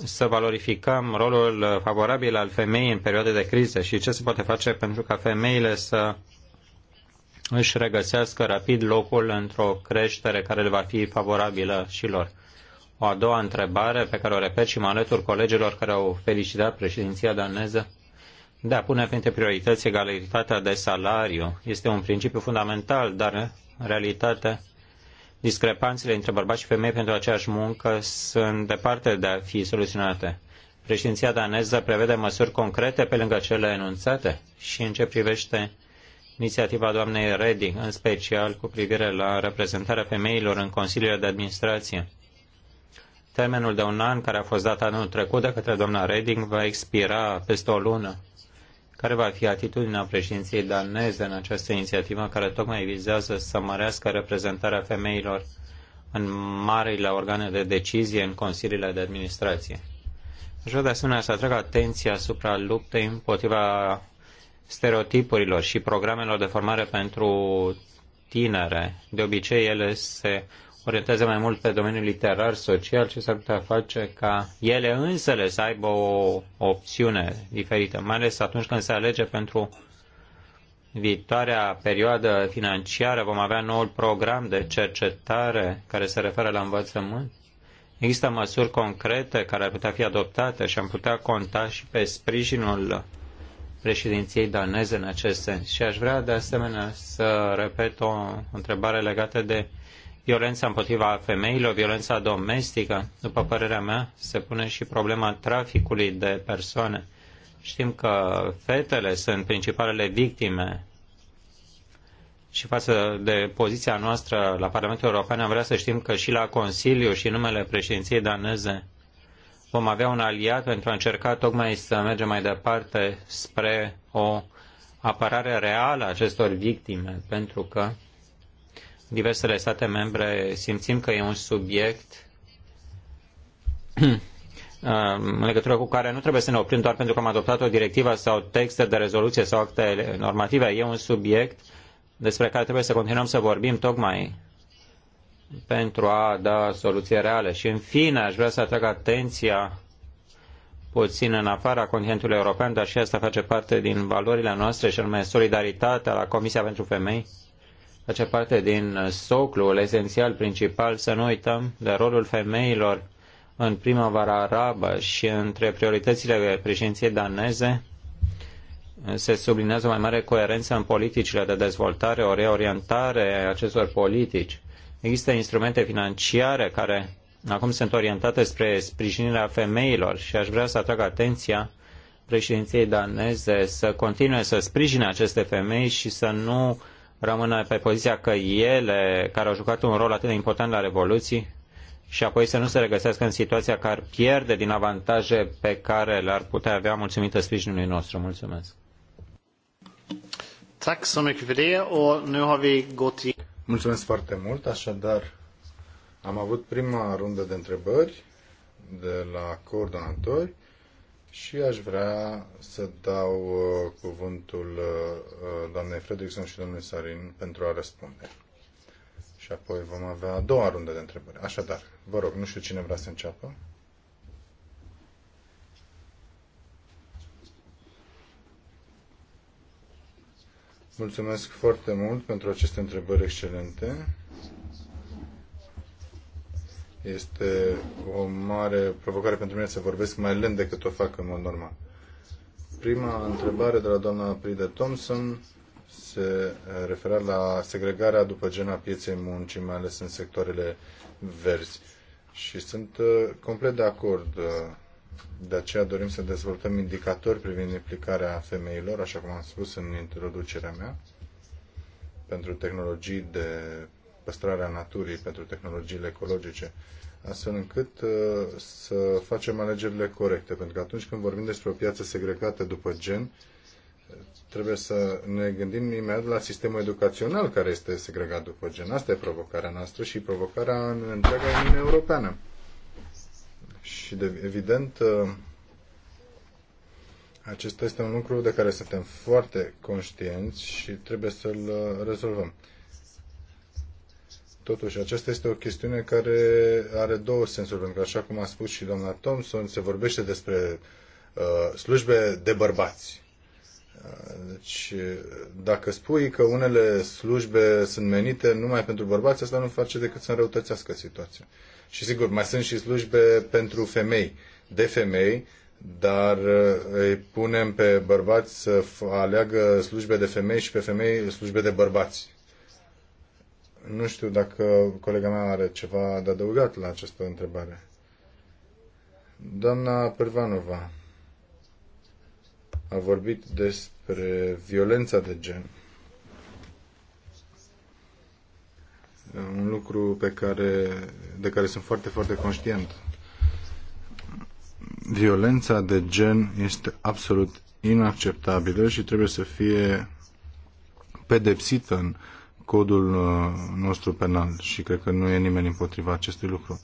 să valorificăm rolul favorabil al femeii în perioade de criză și ce se poate face pentru ca femeile să își regăsească rapid locul într-o creștere care le va fi favorabilă și lor. O a doua întrebare pe care o repet și mă alătur colegilor care au felicitat președinția daneză de a pune printre priorități egalitatea de salariu. Este un principiu fundamental, dar în realitate discrepanțele între bărbați și femei pentru aceeași muncă sunt departe de a fi soluționate. Președinția daneză prevede măsuri concrete pe lângă cele enunțate și în ce privește inițiativa doamnei Reding, în special cu privire la reprezentarea femeilor în Consiliul de administrație. Termenul de un an care a fost dat anul trecut de către doamna Reding va expira peste o lună care va fi atitudinea președinției daneze în această inițiativă care tocmai vizează să mărească reprezentarea femeilor în marile organe de decizie în consiliile de administrație. Aș vrea de asemenea să atrag atenția asupra luptei împotriva stereotipurilor și programelor de formare pentru tinere. De obicei ele se orientează mai mult pe domeniul literar, social, ce s-ar putea face ca ele însele să aibă o opțiune diferită, mai ales atunci când se alege pentru viitoarea perioadă financiară, vom avea noul program de cercetare care se referă la învățământ. Există măsuri concrete care ar putea fi adoptate și am putea conta și pe sprijinul președinției daneze în acest sens. Și aș vrea de asemenea să repet o întrebare legată de violența împotriva femeilor, violența domestică. După părerea mea, se pune și problema traficului de persoane. Știm că fetele sunt principalele victime și față de poziția noastră la Parlamentul European, am vrea să știm că și la Consiliu și numele președinției daneze vom avea un aliat pentru a încerca tocmai să mergem mai departe spre o apărare reală a acestor victime, pentru că diversele state membre simțim că e un subiect <clears throat> uh, în legătură cu care nu trebuie să ne oprim doar pentru că am adoptat o directivă sau texte de rezoluție sau acte normative. E un subiect despre care trebuie să continuăm să vorbim tocmai pentru a da soluții reale. Și în fine, aș vrea să atrag atenția puțin în afara continentului european, dar și asta face parte din valorile noastre, și anume solidaritatea la Comisia pentru Femei face parte din soclul esențial principal, să nu uităm de rolul femeilor în primăvara arabă și între prioritățile președinției daneze se sublinează o mai mare coerență în politicile de dezvoltare, o reorientare a acestor politici. Există instrumente financiare care acum sunt orientate spre sprijinirea femeilor și aș vrea să atrag atenția președinției daneze să continue să sprijine aceste femei și să nu rămână pe poziția că ele, care au jucat un rol atât de important la Revoluții, și apoi să nu se regăsească în situația că ar pierde din avantaje pe care le-ar putea avea mulțumită sprijinului nostru. Mulțumesc. Mulțumesc foarte mult. Așadar, am avut prima rundă de întrebări de la coordonatori. Și aș vrea să dau uh, cuvântul uh, uh, doamnei Fredrickson și domnului Sarin pentru a răspunde. Și apoi vom avea a doua rundă de întrebări. Așadar, vă rog, nu știu cine vrea să înceapă. Mulțumesc foarte mult pentru aceste întrebări excelente. Este o mare provocare pentru mine să vorbesc mai lent decât o fac în mod normal. Prima întrebare de la doamna Pride Thompson se referă la segregarea după gen a pieței muncii, mai ales în sectoarele verzi. Și sunt uh, complet de acord. Uh, de aceea dorim să dezvoltăm indicatori privind implicarea femeilor, așa cum am spus în introducerea mea, pentru tehnologii de păstrarea naturii, pentru tehnologiile ecologice, astfel încât uh, să facem alegerile corecte, pentru că atunci când vorbim despre o piață segregată după gen, trebuie să ne gândim imediat la sistemul educațional care este segregat după gen. Asta e provocarea noastră și provocarea în întreaga Uniune Europeană. Și de, evident, uh, acesta este un lucru de care suntem foarte conștienți și trebuie să-l uh, rezolvăm. Totuși, aceasta este o chestiune care are două sensuri, pentru că, așa cum a spus și doamna Thompson, se vorbește despre uh, slujbe de bărbați. Uh, deci, dacă spui că unele slujbe sunt menite numai pentru bărbați, asta nu face decât să înrăutățească situația. Și sigur, mai sunt și slujbe pentru femei, de femei, dar uh, îi punem pe bărbați să aleagă slujbe de femei și pe femei slujbe de bărbați nu știu dacă colega mea are ceva de adăugat la această întrebare. Doamna Pervanova a vorbit despre violența de gen. Un lucru pe care, de care sunt foarte, foarte conștient. Violența de gen este absolut inacceptabilă și trebuie să fie pedepsită în codul uh, nostru penal și cred că nu e nimeni împotriva acestui lucru.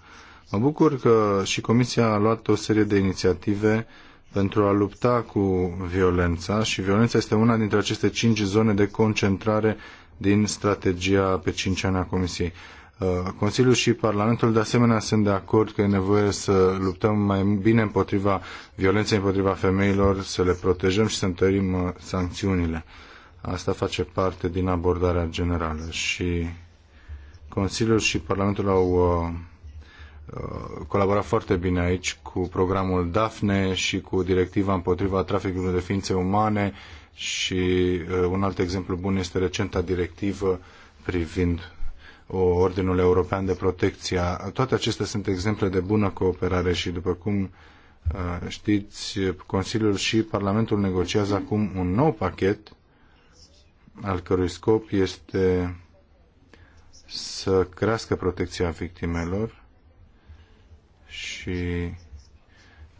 Mă bucur că și Comisia a luat o serie de inițiative pentru a lupta cu violența și violența este una dintre aceste cinci zone de concentrare din strategia pe cinci ani a Comisiei. Uh, Consiliul și Parlamentul de asemenea sunt de acord că e nevoie să luptăm mai bine împotriva violenței împotriva femeilor, să le protejăm și să întărim uh, sancțiunile. Asta face parte din abordarea generală și Consiliul și Parlamentul au uh, uh, colaborat foarte bine aici cu programul DAFNE și cu directiva împotriva traficului de ființe umane și uh, un alt exemplu bun este recenta directivă privind o Ordinul European de Protecție. Toate acestea sunt exemple de bună cooperare și după cum uh, știți, Consiliul și Parlamentul negociază acum un nou pachet al cărui scop este să crească protecția victimelor și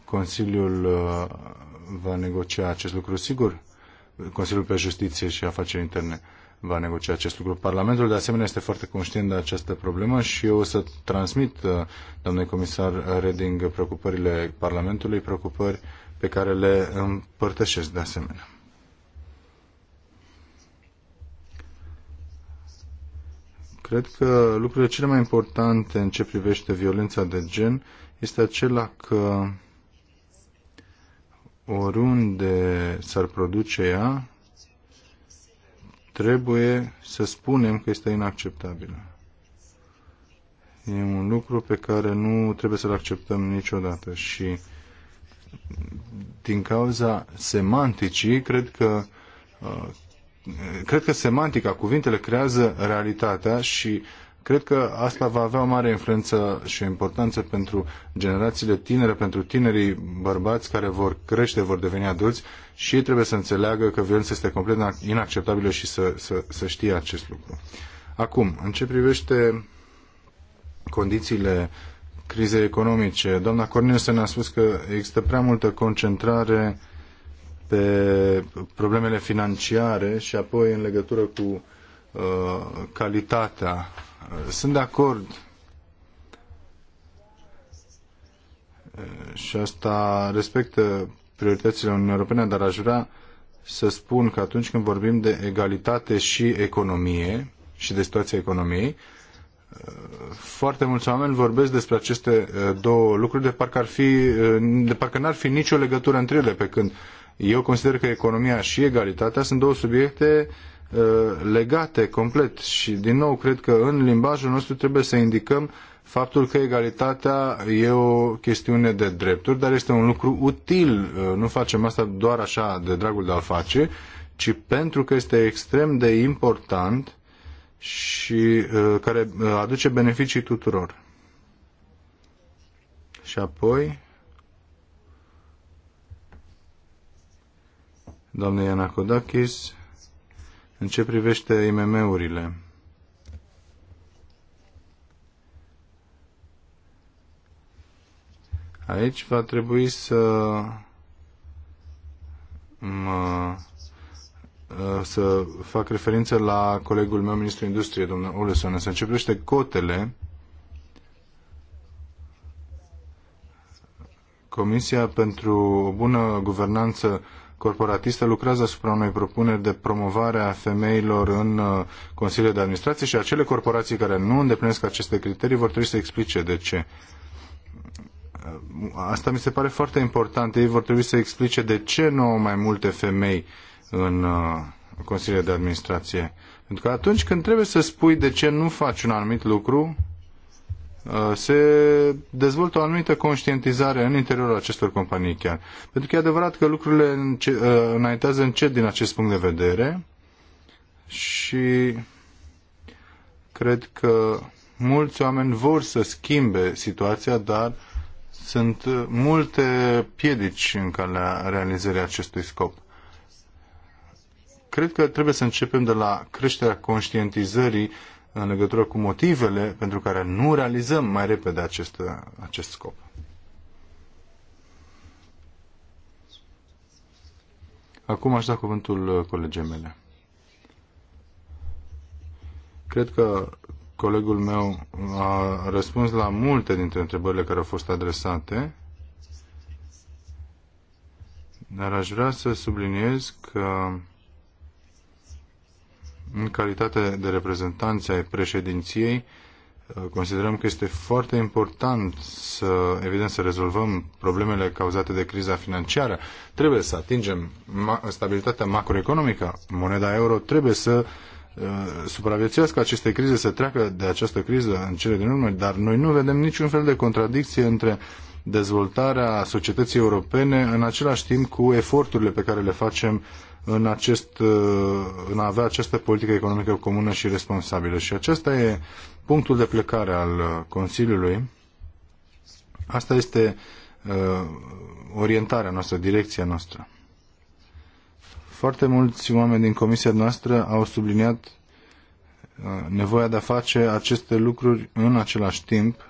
Consiliul uh, va negocia acest lucru, sigur, Consiliul pe Justiție și Afaceri Interne va negocia acest lucru. Parlamentul, de asemenea, este foarte conștient de această problemă și eu o să transmit, uh, domnului comisar Reding, preocupările Parlamentului, preocupări pe care le împărtășesc de asemenea. Cred că lucrurile cele mai importante în ce privește violența de gen este acela că oriunde s-ar produce ea, trebuie să spunem că este inacceptabilă. E un lucru pe care nu trebuie să-l acceptăm niciodată și din cauza semanticii, cred că uh, cred că semantica, cuvintele creează realitatea și cred că asta va avea o mare influență și o importanță pentru generațiile tinere, pentru tinerii bărbați care vor crește, vor deveni adulți și ei trebuie să înțeleagă că violența este complet inacceptabilă și să, să, să știe acest lucru. Acum, în ce privește condițiile crizei economice, doamna ne a spus că există prea multă concentrare pe problemele financiare și apoi în legătură cu uh, calitatea. Uh, sunt de acord uh, și asta respectă prioritățile Uniunii Europene, dar aș vrea să spun că atunci când vorbim de egalitate și economie și de situația economiei, uh, foarte mulți oameni vorbesc despre aceste două lucruri de parcă ar fi, de parcă n-ar fi nicio legătură între ele, pe când eu consider că economia și egalitatea sunt două subiecte uh, legate complet și din nou cred că în limbajul nostru trebuie să indicăm faptul că egalitatea e o chestiune de drepturi, dar este un lucru util. Uh, nu facem asta doar așa de dragul de a face, ci pentru că este extrem de important și uh, care aduce beneficii tuturor. Și apoi doamnei Ianacodakis în ce privește IMM-urile. Aici va trebui să mă, uh, să fac referință la colegul meu, ministrul industriei, domnul Oleson, să începește cotele. Comisia pentru o bună guvernanță corporatistă lucrează asupra unei propuneri de promovare a femeilor în uh, Consiliile de Administrație și acele corporații care nu îndeplinesc aceste criterii vor trebui să explice de ce. Uh, asta mi se pare foarte important. Ei vor trebui să explice de ce nu au mai multe femei în uh, Consiliile de Administrație. Pentru că atunci când trebuie să spui de ce nu faci un anumit lucru, Uh, se dezvoltă o anumită conștientizare în interiorul acestor companii chiar. Pentru că e adevărat că lucrurile uh, înaintează încet din acest punct de vedere și cred că mulți oameni vor să schimbe situația, dar sunt multe piedici în calea realizării acestui scop. Cred că trebuie să începem de la creșterea conștientizării în legătură cu motivele pentru care nu realizăm mai repede acest, acest scop. Acum aș da cuvântul colegii mele. Cred că colegul meu a răspuns la multe dintre întrebările care au fost adresate, dar aș vrea să subliniez că în calitate de reprezentanți ai președinției, considerăm că este foarte important să, evident, să rezolvăm problemele cauzate de criza financiară. Trebuie să atingem stabilitatea macroeconomică. Moneda euro trebuie să uh, supraviețuiască aceste crize, să treacă de această criză în cele din urmă, dar noi nu vedem niciun fel de contradicție între dezvoltarea societății europene în același timp cu eforturile pe care le facem în, acest, uh, în a avea această politică economică comună și responsabilă. Și acesta e punctul de plecare al uh, Consiliului. Asta este uh, orientarea noastră, direcția noastră. Foarte mulți oameni din comisia noastră au subliniat uh, nevoia de a face aceste lucruri în același timp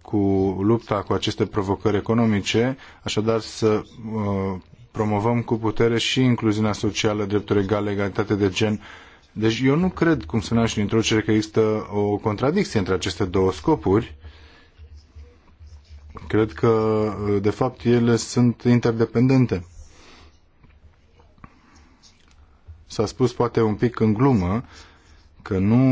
cu lupta cu aceste provocări economice, așadar să uh, promovăm cu putere și incluziunea socială, drepturi egale, egalitate de gen. Deci eu nu cred, cum spunea și în introducere, că există o contradicție între aceste două scopuri. Cred că, de fapt, ele sunt interdependente. S-a spus poate un pic în glumă că nu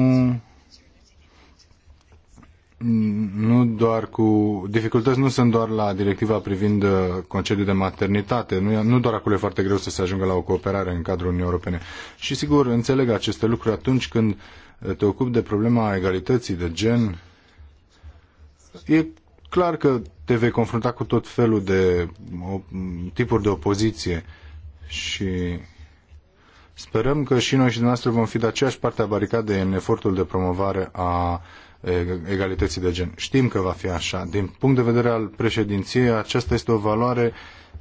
nu doar cu dificultăți nu sunt doar la directiva privind uh, concediul de maternitate, nu, nu doar acolo e foarte greu să se ajungă la o cooperare în cadrul Uniunii Europene. Și sigur, înțeleg aceste lucruri atunci când uh, te ocupi de problema egalității de gen, e clar că te vei confrunta cu tot felul de tipuri de opoziție și sperăm că și noi și dumneavoastră vom fi de aceeași parte a baricadei în efortul de promovare a uh, egalității de gen. Știm că va fi așa. Din punct de vedere al președinției, aceasta este o valoare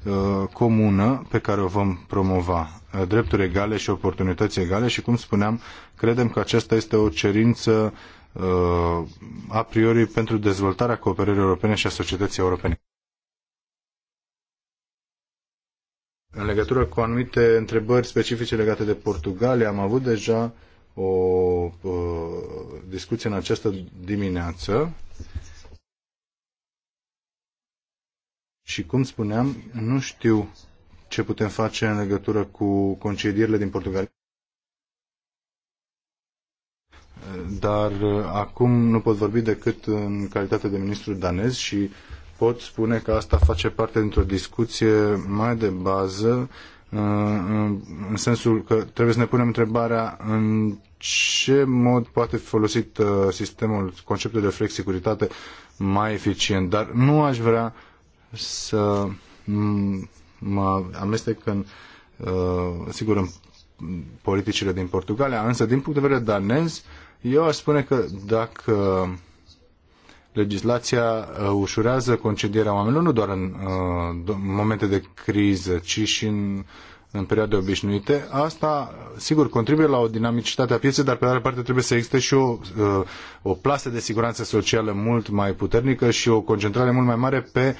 uh, comună pe care o vom promova. Uh, drepturi egale și oportunități egale și, cum spuneam, credem că aceasta este o cerință uh, a priori pentru dezvoltarea cooperării europene și a societății europene. În legătură cu anumite întrebări specifice legate de Portugalia, am avut deja uh, o uh, discuție în această dimineață. Și cum spuneam, nu știu ce putem face în legătură cu concedierile din Portugalia. Dar uh, acum nu pot vorbi decât în calitate de ministru danez și pot spune că asta face parte dintr-o discuție mai de bază Uh, în sensul că trebuie să ne punem întrebarea în ce mod poate fi folosit uh, sistemul, conceptul de flexicuritate mai eficient. Dar nu aș vrea să mă amestec în, uh, sigur, în politicile din Portugalia, însă din punct de vedere danez, eu aș spune că dacă legislația uh, ușurează concedierea oamenilor nu doar uh, în momente de criză, ci și în, în perioade obișnuite. Asta, sigur, contribuie la o dinamicitate a pieței, dar pe de altă parte trebuie să existe și o, uh, o plasă de siguranță socială mult mai puternică și o concentrare mult mai mare pe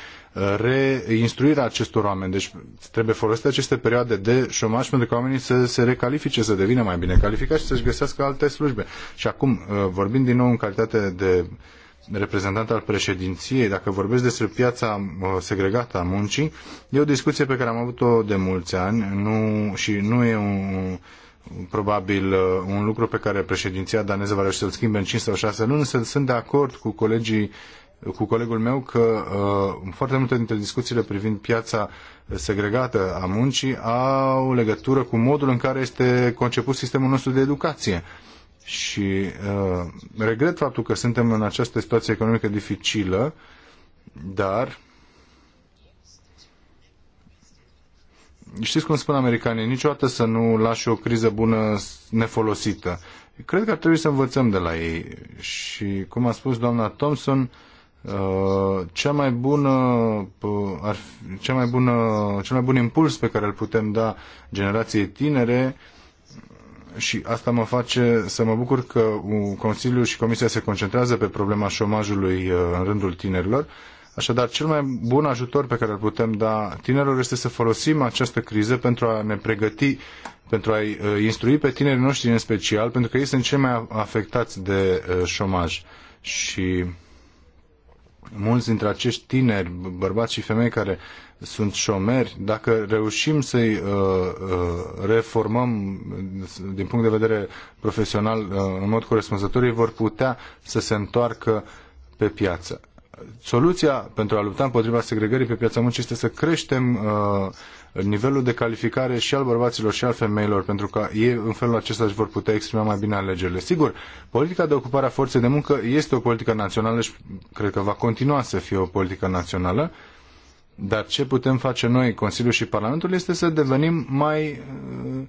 reinstruirea acestor oameni. Deci trebuie folosite aceste perioade de șomaș pentru că oamenii să se recalifice, să devină mai bine calificați și să-și găsească alte slujbe. Și acum, vorbind din nou în calitate de uh, reprezentant al președinției, dacă vorbesc despre piața uh, segregată a muncii, e o discuție pe care am avut-o de mulți ani nu, și nu e un, probabil uh, un lucru pe care președinția daneză va reuși să-l schimbe în 5 sau 6 luni, însă sunt de acord cu colegii cu colegul meu că uh, foarte multe dintre discuțiile privind piața segregată a muncii au legătură cu modul în care este conceput sistemul nostru de educație. Uh, și uh, regret faptul că suntem în această situație economică dificilă, dar știți cum spun americanii, niciodată să nu lași o criză bună nefolosită. Cred că ar trebui să învățăm de la ei. Și cum a spus doamna Thompson, uh, cea mai bună, uh, ar fi, cea mai bună, cel mai bun impuls pe care îl putem da generației tinere și asta mă face să mă bucur că Consiliul și Comisia se concentrează pe problema șomajului uh, în rândul tinerilor. Așadar, cel mai bun ajutor pe care îl putem da tinerilor este să folosim această criză pentru a ne pregăti, pentru a-i uh, instrui pe tinerii noștri în special, pentru că ei sunt cei mai afectați de uh, șomaj. Și mulți dintre acești tineri, bărbați și femei care sunt șomeri, dacă reușim să-i uh, uh, reformăm din punct de vedere profesional uh, în mod corespunzător, ei vor putea să se întoarcă pe piață. Soluția pentru a lupta împotriva segregării pe piața muncii este să creștem nivelul de calificare și al bărbaților și al femeilor, pentru că ei în felul acesta își vor putea exprima mai bine alegerile. Sigur, politica de ocupare a forței de muncă este o politică națională și cred că va continua să fie o politică națională, dar ce putem face noi, Consiliul și Parlamentul, este să devenim mai uh,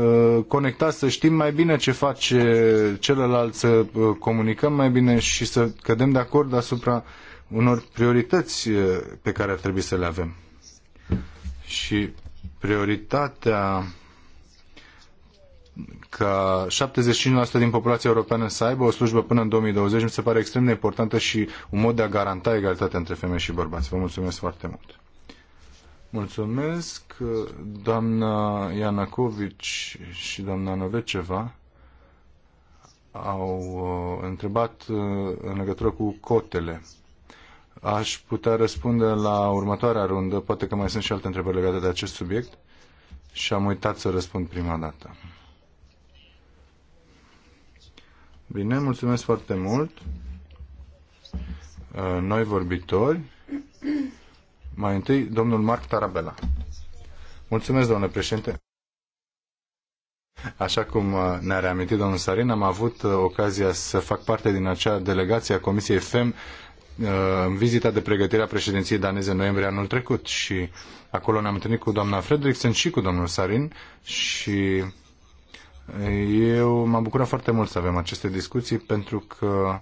uh conectați, să știm mai bine ce face celălalt, să uh, comunicăm mai bine și să cădem de acord asupra unor priorități uh, pe care ar trebui să le avem. Și prioritatea ca 75% din populația europeană să aibă o slujbă până în 2020 mi se pare extrem de importantă și un mod de a garanta egalitatea între femei și bărbați. Vă mulțumesc foarte mult. Mulțumesc, doamna Ianacovici și doamna Noveceva au uh, întrebat uh, în legătură cu cotele. Aș putea răspunde la următoarea rundă, poate că mai sunt și alte întrebări legate de acest subiect și am uitat să răspund prima dată. Bine, mulțumesc foarte mult. Uh, noi vorbitori. Mai întâi, domnul Marc Tarabella. Mulțumesc, domnule președinte. Așa cum uh, ne-a reamintit domnul Sarin, am avut uh, ocazia să fac parte din acea delegație a Comisiei FEM în vizita de pregătire a președinției daneze în noiembrie anul trecut și acolo ne-am întâlnit cu doamna Fredriksen și cu domnul Sarin și eu mă bucură foarte mult să avem aceste discuții pentru că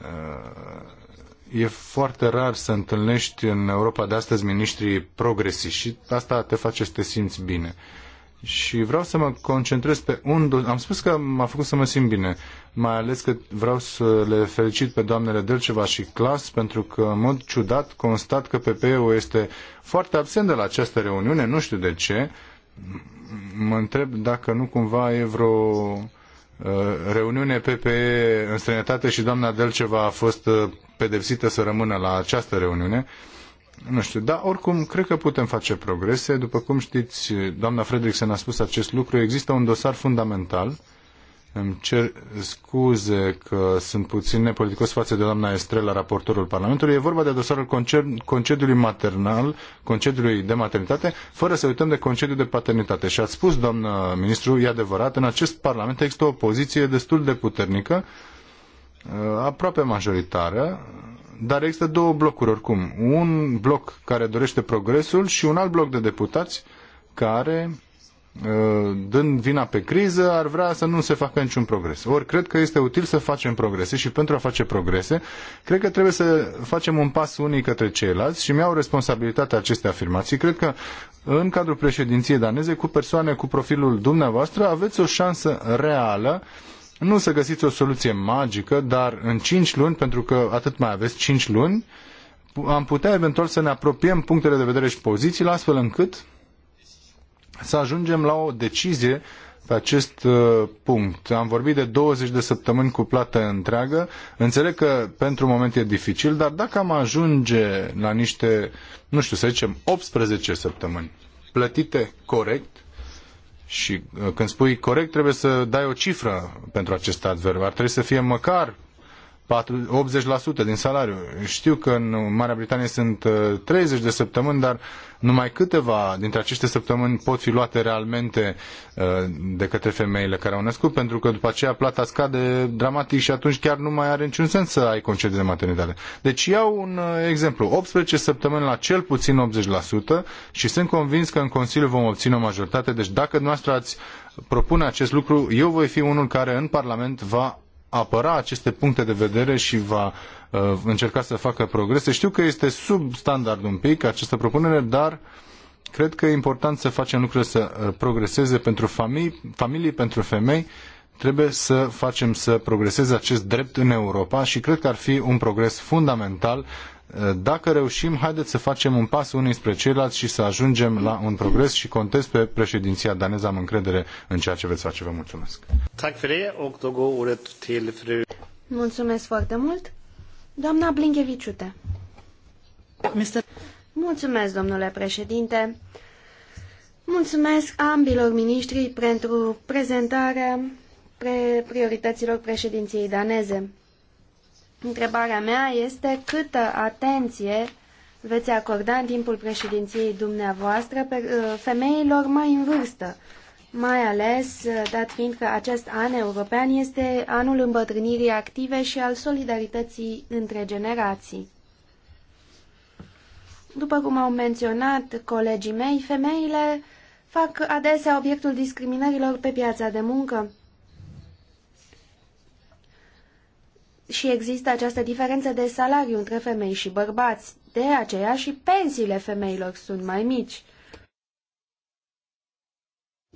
uh, e foarte rar să întâlnești în Europa de astăzi miniștrii progresi și asta te face să te simți bine. Și vreau să mă concentrez pe un Am spus că m-a făcut să mă simt bine, mai ales că vreau să le felicit pe doamnele Delceva și Clas, pentru că, în mod ciudat, constat că PPE-ul este foarte absent de la această reuniune, nu știu de ce, mă întreb dacă nu cumva e vreo uh, reuniune PPE în străinătate și doamna Delceva a fost uh, pedepsită să rămână la această reuniune. Nu știu, dar oricum cred că putem face progrese. După cum știți, doamna Fredricksen a spus acest lucru, există un dosar fundamental îmi cer scuze că sunt puțin nepoliticos față de doamna Estrela, raportorul Parlamentului. E vorba de dosarul concediului maternal, concediului de maternitate, fără să uităm de concediul de paternitate. Și ați spus, doamnă ministru, e adevărat, în acest Parlament există o poziție destul de puternică, uh, aproape majoritară, dar există două blocuri oricum. Un bloc care dorește progresul și un alt bloc de deputați care Uh, dând vina pe criză, ar vrea să nu se facă niciun progres. Ori cred că este util să facem progrese și pentru a face progrese, cred că trebuie să facem un pas unii către ceilalți și mi-au responsabilitatea aceste afirmații. Cred că în cadrul președinției daneze, cu persoane cu profilul dumneavoastră, aveți o șansă reală nu să găsiți o soluție magică, dar în cinci luni, pentru că atât mai aveți cinci luni, am putea eventual să ne apropiem punctele de vedere și pozițiile astfel încât să ajungem la o decizie pe acest uh, punct. Am vorbit de 20 de săptămâni cu plată întreagă. Înțeleg că pentru moment e dificil, dar dacă am ajunge la niște, nu știu, să zicem 18 săptămâni plătite corect, și uh, când spui corect trebuie să dai o cifră pentru acest adverb. Ar trebui să fie măcar 80% din salariu. Știu că în Marea Britanie sunt 30 uh, de săptămâni, dar numai câteva dintre aceste săptămâni pot fi luate realmente uh, de către femeile care au născut, pentru că după aceea plata scade dramatic și atunci chiar nu mai are niciun sens să ai concedii de maternitate. Deci iau un uh, exemplu, 18 săptămâni la cel puțin 80% și sunt convins că în Consiliu vom obține o majoritate, deci dacă dumneavoastră ați propune acest lucru, eu voi fi unul care în Parlament va apăra aceste puncte de vedere și va uh, încerca să facă progrese. Știu că este sub standard un pic această propunere, dar cred că e important să facem lucrurile să uh, progreseze pentru familii, familii pentru femei. Trebuie să facem să progreseze acest drept în Europa și cred că ar fi un progres fundamental dacă reușim, haideți să facem un pas unii spre ceilalți și să ajungem la un progres și contez pe președinția daneză. Am încredere în ceea ce veți face. Vă mulțumesc. Mulțumesc foarte mult. Doamna Blinkeviciute. Mulțumesc, domnule președinte. Mulțumesc ambilor ministri pentru prezentarea pre priorităților președinției daneze. Întrebarea mea este câtă atenție veți acorda în timpul președinției dumneavoastră pe, uh, femeilor mai în vârstă, mai ales uh, dat fiind că acest an european este anul îmbătrânirii active și al solidarității între generații. După cum au menționat colegii mei, femeile fac adesea obiectul discriminărilor pe piața de muncă. și există această diferență de salariu între femei și bărbați. De aceea și pensiile femeilor sunt mai mici.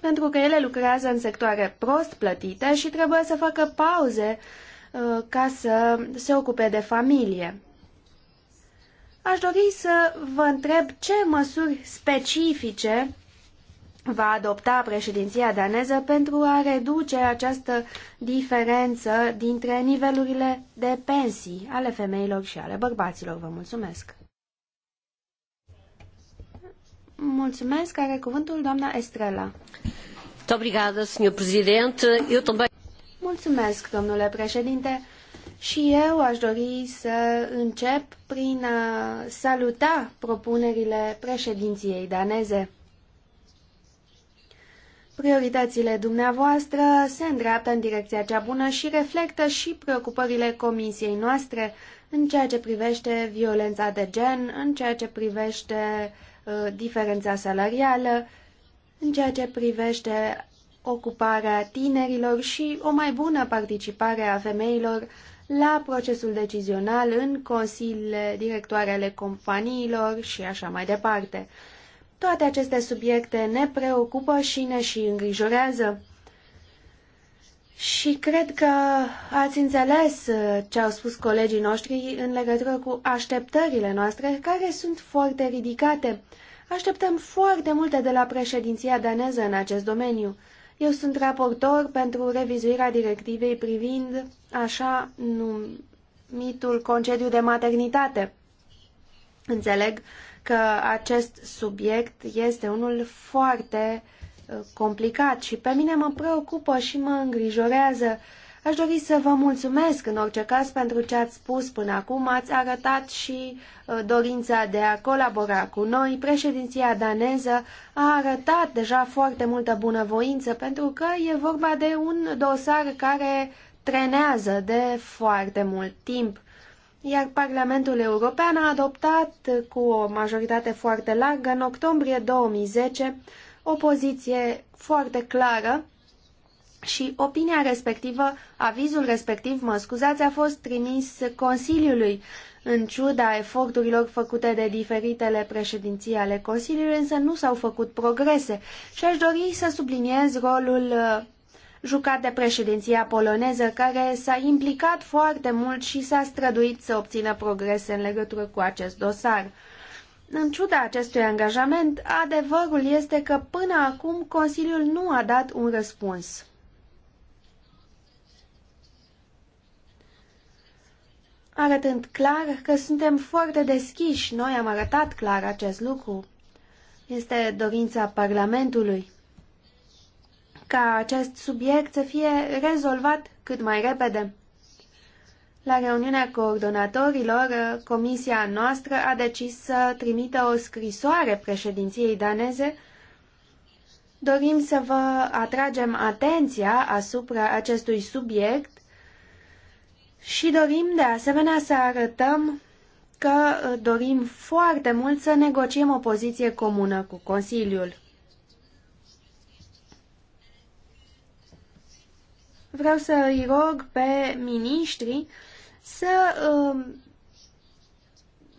Pentru că ele lucrează în sectoare prost plătite și trebuie să facă pauze uh, ca să se ocupe de familie. Aș dori să vă întreb ce măsuri specifice va adopta președinția daneză pentru a reduce această diferență dintre nivelurile de pensii ale femeilor și ale bărbaților. Vă mulțumesc! Mulțumesc! Are cuvântul doamna Estrela. Obrigada, senhor presidente. Eu também... Mulțumesc, domnule președinte. Și eu aș dori să încep prin a saluta propunerile președinției daneze. Prioritățile dumneavoastră se îndreaptă în direcția cea bună și reflectă și preocupările comisiei noastre în ceea ce privește violența de gen, în ceea ce privește uh, diferența salarială, în ceea ce privește ocuparea tinerilor și o mai bună participare a femeilor la procesul decizional în consiliile directoare ale companiilor și așa mai departe. Toate aceste subiecte ne preocupă și ne și îngrijorează. Și cred că ați înțeles ce au spus colegii noștri în legătură cu așteptările noastre, care sunt foarte ridicate. Așteptăm foarte multe de la președinția daneză în acest domeniu. Eu sunt raportor pentru revizuirea directivei privind așa numitul concediu de maternitate. Înțeleg că acest subiect este unul foarte uh, complicat și pe mine mă preocupă și mă îngrijorează. Aș dori să vă mulțumesc în orice caz pentru ce ați spus până acum. Ați arătat și uh, dorința de a colabora cu noi. Președinția daneză a arătat deja foarte multă bunăvoință pentru că e vorba de un dosar care trenează de foarte mult timp iar Parlamentul European a adoptat cu o majoritate foarte largă în octombrie 2010 o poziție foarte clară și opinia respectivă, avizul respectiv, mă scuzați, a fost trimis Consiliului. În ciuda eforturilor făcute de diferitele președinții ale Consiliului, însă nu s-au făcut progrese și aș dori să subliniez rolul jucat de președinția poloneză, care s-a implicat foarte mult și s-a străduit să obțină progrese în legătură cu acest dosar. În ciuda acestui angajament, adevărul este că până acum Consiliul nu a dat un răspuns. arătând clar că suntem foarte deschiși. Noi am arătat clar acest lucru. Este dorința Parlamentului ca acest subiect să fie rezolvat cât mai repede. La reuniunea coordonatorilor, uh, comisia noastră a decis să trimită o scrisoare președinției daneze. Dorim să vă atragem atenția asupra acestui subiect și dorim de asemenea să arătăm că uh, dorim foarte mult să negociem o poziție comună cu Consiliul. Vreau să îi rog pe miniștri să uh,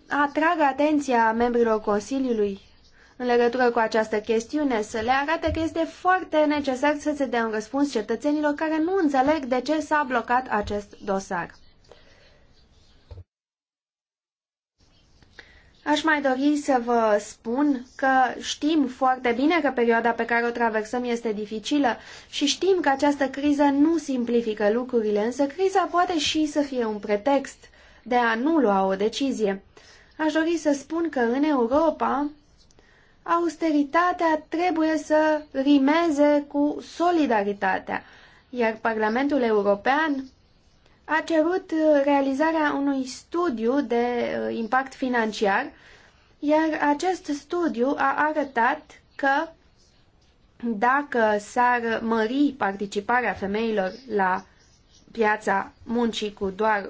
atragă atenția membrilor Consiliului în legătură cu această chestiune, să le arate că este foarte necesar să se dea un răspuns cetățenilor care nu înțeleg de ce s-a blocat acest dosar. Aș mai dori să vă spun că știm foarte bine că perioada pe care o traversăm este dificilă și știm că această criză nu simplifică lucrurile, însă criza poate și să fie un pretext de a nu lua o decizie. Aș dori să spun că în Europa austeritatea trebuie să rimeze cu solidaritatea, iar Parlamentul European a cerut uh, realizarea unui studiu de uh, impact financiar, iar acest studiu a arătat că dacă s-ar mări participarea femeilor la piața muncii cu doar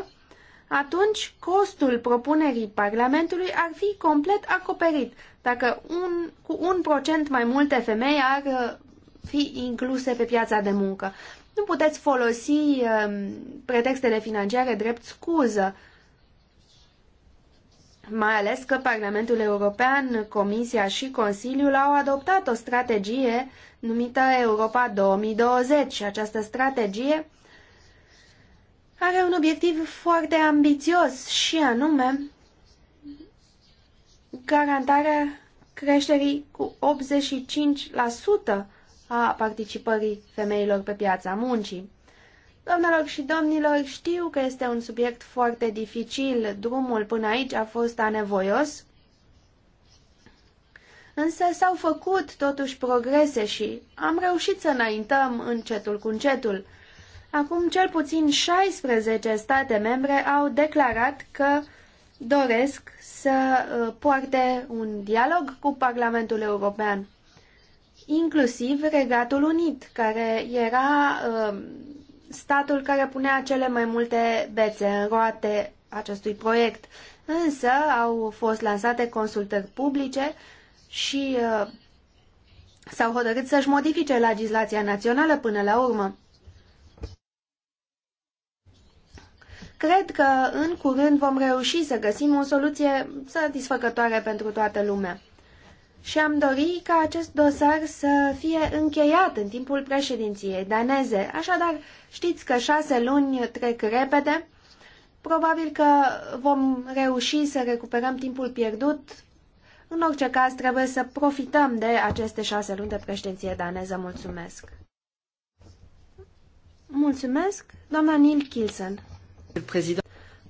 1%, atunci costul propunerii Parlamentului ar fi complet acoperit dacă un, cu un procent mai multe femei ar uh, fi incluse pe piața de muncă. Nu puteți folosi um, pretextele financiare drept scuză, mai ales că Parlamentul European, Comisia și Consiliul au adoptat o strategie numită Europa 2020 și această strategie are un obiectiv foarte ambițios și anume garantarea creșterii cu 85% a participării femeilor pe piața muncii. Doamnelor și domnilor, știu că este un subiect foarte dificil, drumul până aici a fost anevoios, însă s-au făcut totuși progrese și am reușit să înaintăm încetul cu încetul. Acum cel puțin 16 state membre au declarat că doresc să uh, poarte un dialog cu Parlamentul European inclusiv Regatul Unit, care era um, statul care punea cele mai multe bețe în roate acestui proiect. Însă au fost lansate consultări publice și uh, s-au hotărât să-și modifice legislația națională până la urmă. Cred că în curând vom reuși să găsim o soluție satisfăcătoare pentru toată lumea și am dori ca acest dosar să fie încheiat în timpul președinției daneze. Așadar, știți că șase luni trec repede. Probabil că vom reuși să recuperăm timpul pierdut. În orice caz, trebuie să profităm de aceste șase luni de președinție daneză. Mulțumesc! Mulțumesc, doamna Neil Kilsen.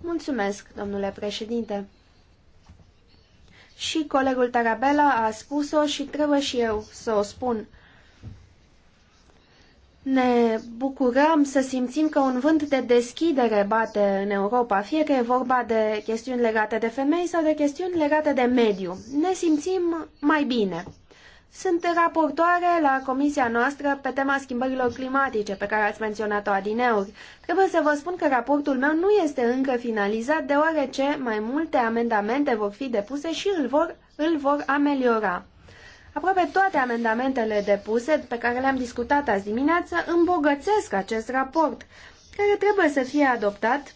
Mulțumesc, domnule președinte și colegul Tarabella a spus-o și trebuie și eu să o spun. Ne bucurăm să simțim că un vânt de deschidere bate în Europa, fie că e vorba de chestiuni legate de femei sau de chestiuni legate de mediu. Ne simțim mai bine. Sunt raportoare la comisia noastră pe tema schimbărilor climatice, pe care ați menționat-o adineuri. Trebuie să vă spun că raportul meu nu este încă finalizat, deoarece mai multe amendamente vor fi depuse și îl vor, îl vor ameliora. Aproape toate amendamentele depuse, pe care le-am discutat azi dimineață, îmbogățesc acest raport, care trebuie să fie adoptat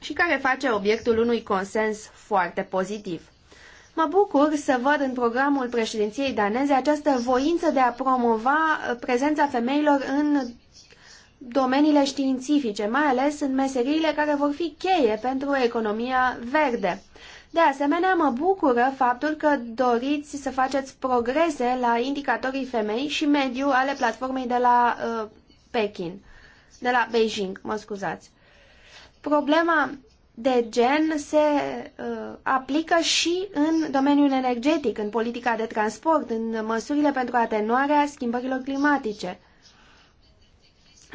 și care face obiectul unui consens foarte pozitiv. Mă bucur să văd în programul președinției daneze această voință de a promova uh, prezența femeilor în domeniile științifice, mai ales în meseriile care vor fi cheie pentru economia verde. De asemenea, mă bucură faptul că doriți să faceți progrese la indicatorii femei și mediu ale platformei de la uh, Pekin, de la Beijing, mă scuzați. Problema de gen se uh, aplică și în domeniul energetic, în politica de transport, în măsurile pentru atenuarea schimbărilor climatice.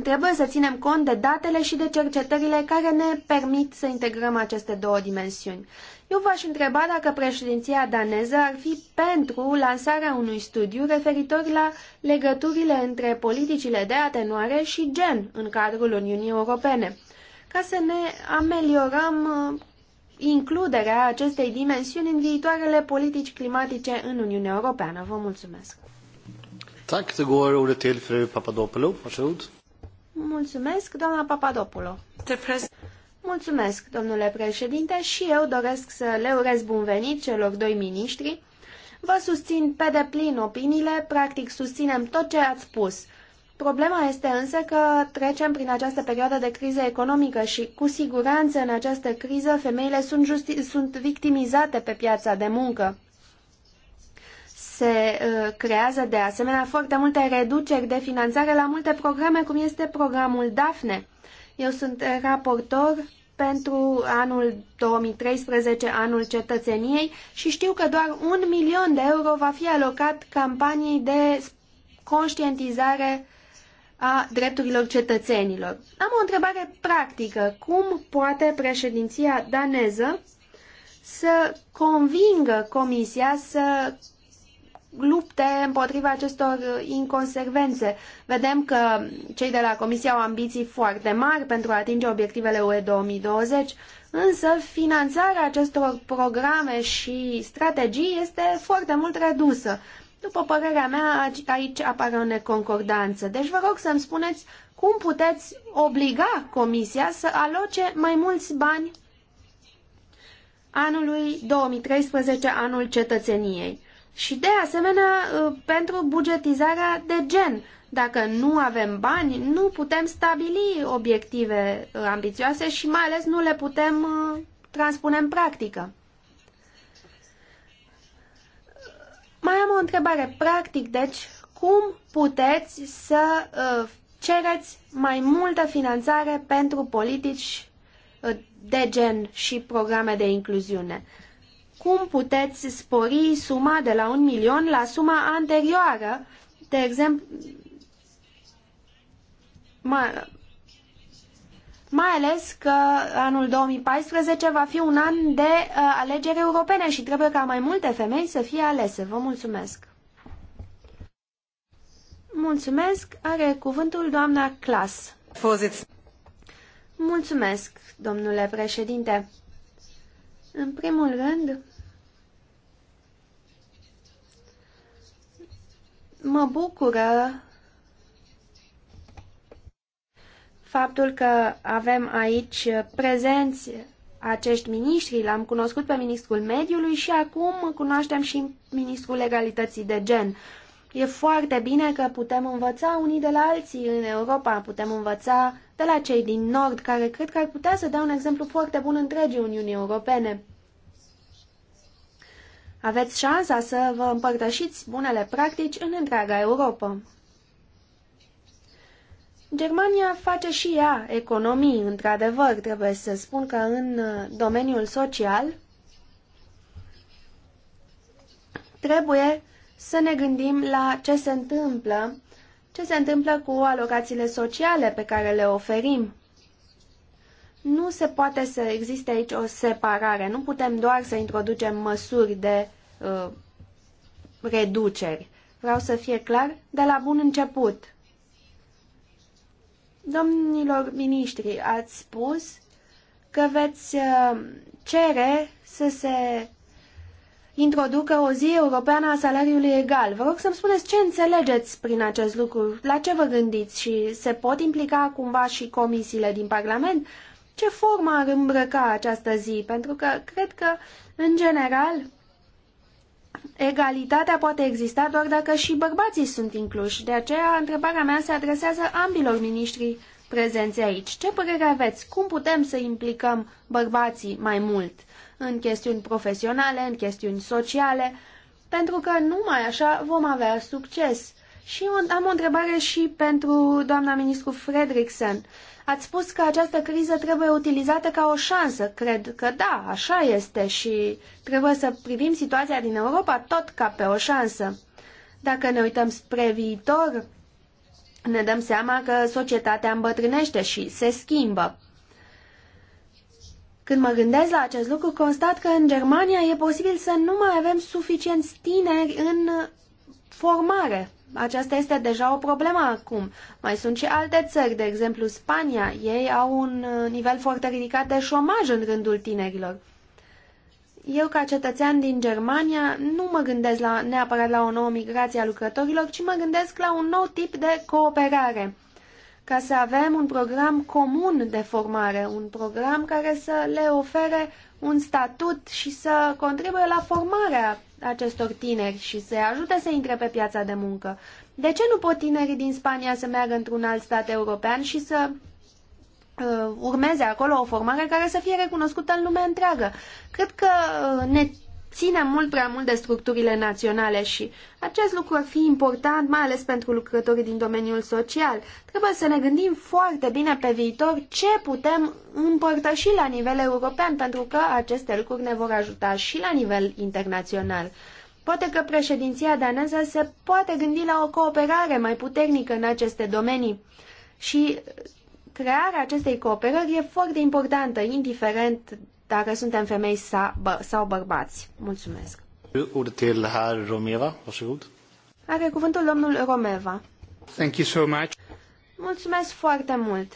Trebuie să ținem cont de datele și de cercetările care ne permit să integrăm aceste două dimensiuni. Eu v-aș întreba dacă președinția daneză ar fi pentru lansarea unui studiu referitor la legăturile între politicile de atenuare și gen în cadrul Uniunii Europene ca să ne ameliorăm uh, includerea acestei dimensiuni în viitoarele politici climatice în Uniunea Europeană. Vă mulțumesc! går ordet fru Papadopoulou. Varsågod. Mulțumesc, doamna Papadopoulou. Mulțumesc, domnule președinte, și eu doresc să le urez bun venit celor doi miniștri. Vă susțin pe deplin opiniile, practic susținem tot ce ați spus. Problema este însă că trecem prin această perioadă de criză economică și, cu siguranță, în această criză, femeile sunt, sunt victimizate pe piața de muncă. Se uh, creează, de asemenea, foarte multe reduceri de finanțare la multe programe, cum este programul DAFNE. Eu sunt raportor pentru anul 2013, anul cetățeniei, și știu că doar un milion de euro va fi alocat campaniei de conștientizare a drepturilor cetățenilor. Am o întrebare practică. Cum poate președinția daneză să convingă Comisia să lupte împotriva acestor inconsecvențe. Vedem că cei de la Comisie au ambiții foarte mari pentru a atinge obiectivele UE 2020, însă finanțarea acestor programe și strategii este foarte mult redusă. După părerea mea, aici apare o neconcordanță. Deci vă rog să-mi spuneți cum puteți obliga Comisia să aloce mai mulți bani anului 2013, anul cetățeniei. Și de asemenea, ă, pentru bugetizarea de gen. Dacă nu avem bani, nu putem stabili obiective ă, ambițioase și mai ales nu le putem ă, transpune în practică. Mai am o întrebare practic, deci cum puteți să uh, cereți mai multă finanțare pentru politici uh, de gen și programe de incluziune? Cum puteți spori suma de la un milion la suma anterioară? De exemplu, mai ales că anul 2014 va fi un an de uh, alegeri europene și trebuie ca mai multe femei să fie alese. Vă mulțumesc! Mulțumesc! Are cuvântul doamna Clas. Mulțumesc, domnule președinte! În primul rând, mă bucură faptul că avem aici prezenți acești miniștri, l-am cunoscut pe ministrul mediului și acum cunoaștem și ministrul legalității de gen. E foarte bine că putem învăța unii de la alții în Europa, putem învăța de la cei din Nord, care cred că ar putea să dea un exemplu foarte bun întregii Uniunii Europene. Aveți șansa să vă împărtășiți bunele practici în întreaga Europa. Germania face și ea economii, într-adevăr, trebuie să spun că în uh, domeniul social trebuie să ne gândim la ce se întâmplă, ce se întâmplă cu alocațiile sociale pe care le oferim. Nu se poate să existe aici o separare, nu putem doar să introducem măsuri de uh, reduceri. Vreau să fie clar de la bun început. Domnilor miniștri, ați spus că veți uh, cere să se introducă o zi europeană a salariului egal. Vă rog să-mi spuneți ce înțelegeți prin acest lucru, la ce vă gândiți și se pot implica cumva și comisiile din Parlament? Ce formă ar îmbrăca această zi? Pentru că cred că, în general, Egalitatea poate exista doar dacă și bărbații sunt incluși. De aceea, întrebarea mea se adresează ambilor ministrii. prezenți aici. Ce părere aveți? Cum putem să implicăm bărbații mai mult în chestiuni profesionale, în chestiuni sociale? Pentru că numai așa vom avea succes. Și am o întrebare și pentru doamna ministru Fredriksen. Ați spus că această criză trebuie utilizată ca o șansă. Cred că da, așa este și trebuie să privim situația din Europa tot ca pe o șansă. Dacă ne uităm spre viitor, ne dăm seama că societatea îmbătrânește și se schimbă. Când mă gândesc la acest lucru, constat că în Germania e posibil să nu mai avem suficienți tineri în formare aceasta este deja o problemă acum. Mai sunt și alte țări, de exemplu Spania. Ei au un uh, nivel foarte ridicat de șomaj în rândul tinerilor. Eu, ca cetățean din Germania, nu mă gândesc la, neapărat la o nouă migrație a lucrătorilor, ci mă gândesc la un nou tip de cooperare. Ca să avem un program comun de formare, un program care să le ofere un statut și să contribuie la formarea acestor tineri și să ajute să intre pe piața de muncă. De ce nu pot tinerii din Spania să meargă într-un alt stat european și să uh, urmeze acolo o formare care să fie recunoscută în lumea întreagă? Cred că uh, ne ține mult prea mult de structurile naționale și acest lucru ar fi important, mai ales pentru lucrătorii din domeniul social. Trebuie să ne gândim foarte bine pe viitor ce putem împărtăși la nivel european, pentru că aceste lucruri ne vor ajuta și la nivel internațional. Poate că președinția daneză se poate gândi la o cooperare mai puternică în aceste domenii și crearea acestei cooperări e foarte importantă, indiferent dacă suntem femei sau, bă, sau bărbați. Mulțumesc. Urtil her Romeva, văsugud. Are cuvântul domnul Romeva. Thank you so much. Mulțumesc foarte mult.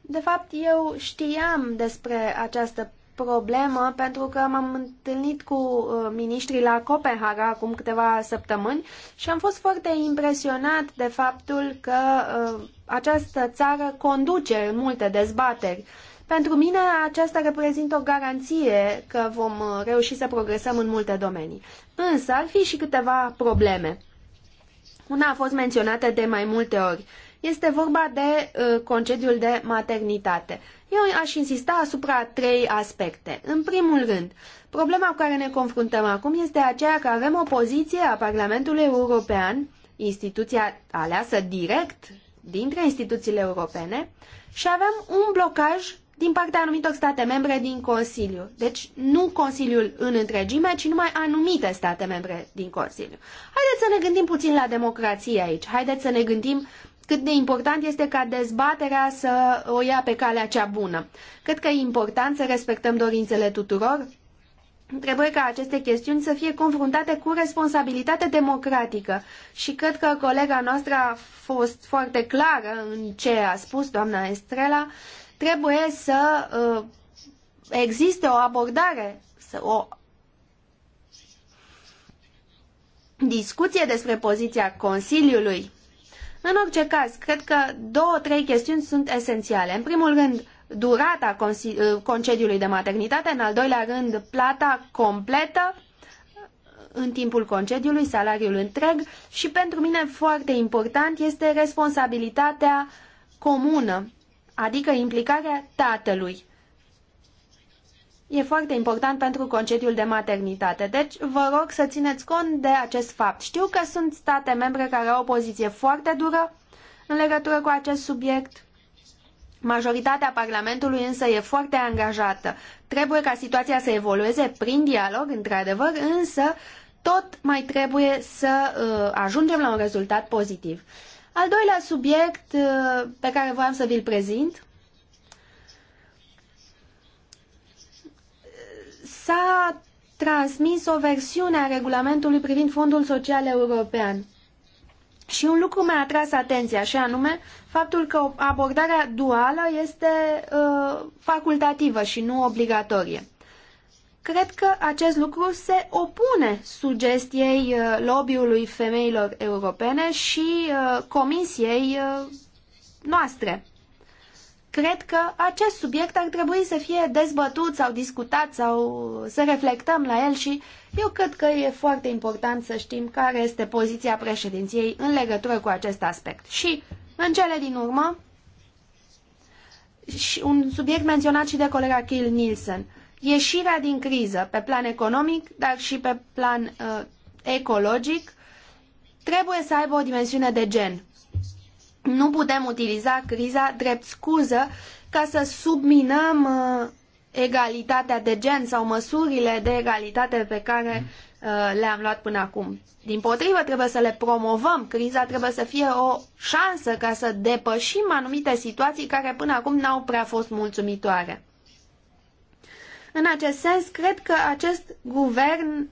De fapt, eu știam despre această problemă pentru că m-am întâlnit cu uh, la Copenhaga acum câteva săptămâni și am fost foarte impresionat de faptul că uh, această țară conduce multe dezbateri. Uh, pentru mine aceasta reprezintă o garanție că vom uh, reuși să progresăm în multe domenii. Însă ar fi și câteva probleme. Una a fost menționată de mai multe ori. Este vorba de uh, concediul de maternitate. Eu aș insista asupra trei aspecte. În primul rând, problema cu care ne confruntăm acum este aceea că avem o poziție a Parlamentului European, instituția aleasă direct dintre instituțiile europene, și avem un blocaj din partea anumitor state membre din Consiliu. Deci nu Consiliul în întregime, ci numai anumite state membre din Consiliu. Haideți să ne gândim puțin la democrație aici. Haideți să ne gândim cât de important este ca dezbaterea să o ia pe calea cea bună. Cred că e important să respectăm dorințele tuturor. Trebuie ca aceste chestiuni să fie confruntate cu responsabilitate democratică și cred că colega noastră a fost foarte clară în ce a spus, doamna Estrela, uh, trebuie să uh, existe o abordare, să o discuție despre poziția Consiliului. În orice caz, cred că două, trei chestiuni sunt esențiale. În primul rând, durata uh, concediului de maternitate, în al doilea rând, plata completă în timpul concediului, salariul întreg și pentru mine foarte important este responsabilitatea comună adică implicarea tatălui. E foarte important pentru concediul de maternitate, deci vă rog să țineți cont de acest fapt. Știu că sunt state membre care au o poziție foarte dură în legătură cu acest subiect. Majoritatea Parlamentului însă e foarte angajată. Trebuie ca situația să evolueze prin dialog, într-adevăr, însă tot mai trebuie să uh, ajungem la un rezultat pozitiv. Al doilea subiect uh, pe care voiam să vi-l prezint s-a transmis o versiune a regulamentului privind Fondul Social European. Și un lucru mi-a atras atenția, și anume faptul că abordarea duală este uh, facultativă și nu obligatorie. Cred că acest lucru se opune sugestiei uh, lobby-ului femeilor europene și uh, comisiei uh, noastre. Cred că acest subiect ar trebui să fie dezbătut sau discutat sau să reflectăm la el și eu cred că e foarte important să știm care este poziția președinției în legătură cu acest aspect. Și, în cele din urmă, și un subiect menționat și de colega Kiel Nielsen ieșirea din criză pe plan economic, dar și pe plan uh, ecologic, trebuie să aibă o dimensiune de gen. Nu putem utiliza criza drept scuză ca să subminăm uh, egalitatea de gen sau măsurile de egalitate pe care uh, le-am luat până acum. Din potrivă, trebuie să le promovăm. Criza trebuie să fie o șansă ca să depășim anumite situații care până acum n-au prea fost mulțumitoare. În acest sens, cred că acest guvern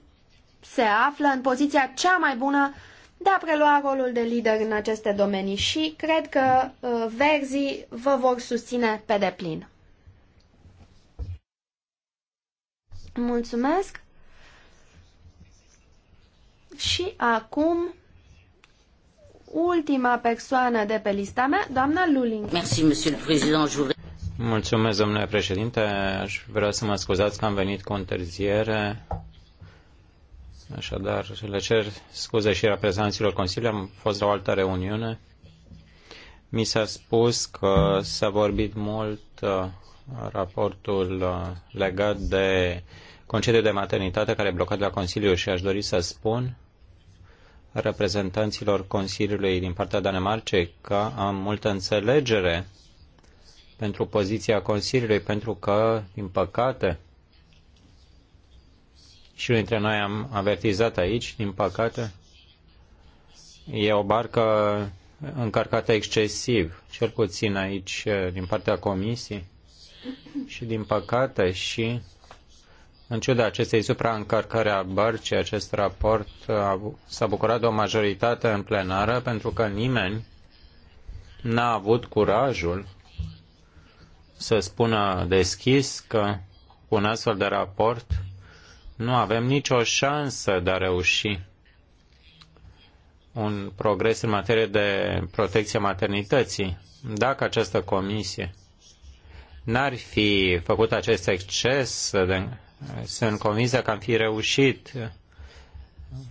se află în poziția cea mai bună de a prelua rolul de lider în aceste domenii și cred că uh, verzii vă vor susține pe deplin. Mulțumesc! Și acum, ultima persoană de pe lista mea, doamna Luling. Merci, monsieur le président. Mulțumesc, domnule președinte. Aș vrea să mă scuzați că am venit cu întârziere. Așadar, le cer scuze și reprezentanților Consiliului. Am fost la o altă reuniune. Mi s-a spus că s-a vorbit mult uh, raportul uh, legat de concediu de maternitate care e blocat la Consiliu și aș dori să spun reprezentanților Consiliului din partea Danemarcei că am multă înțelegere pentru poziția Consiliului, pentru că, din păcate, și unul dintre noi am avertizat aici, din păcate, e o barcă încărcată excesiv, cel puțin aici din partea Comisiei și, din păcate, și în ciuda acestei supraîncărcări a bărcii, acest raport s-a bucurat de o majoritate în plenară pentru că nimeni n-a avut curajul să spună deschis că cu un astfel de raport nu avem nicio șansă de a reuși un progres în materie de protecție maternității. Dacă această comisie n-ar fi făcut acest exces, de, sunt convinsă că am fi reușit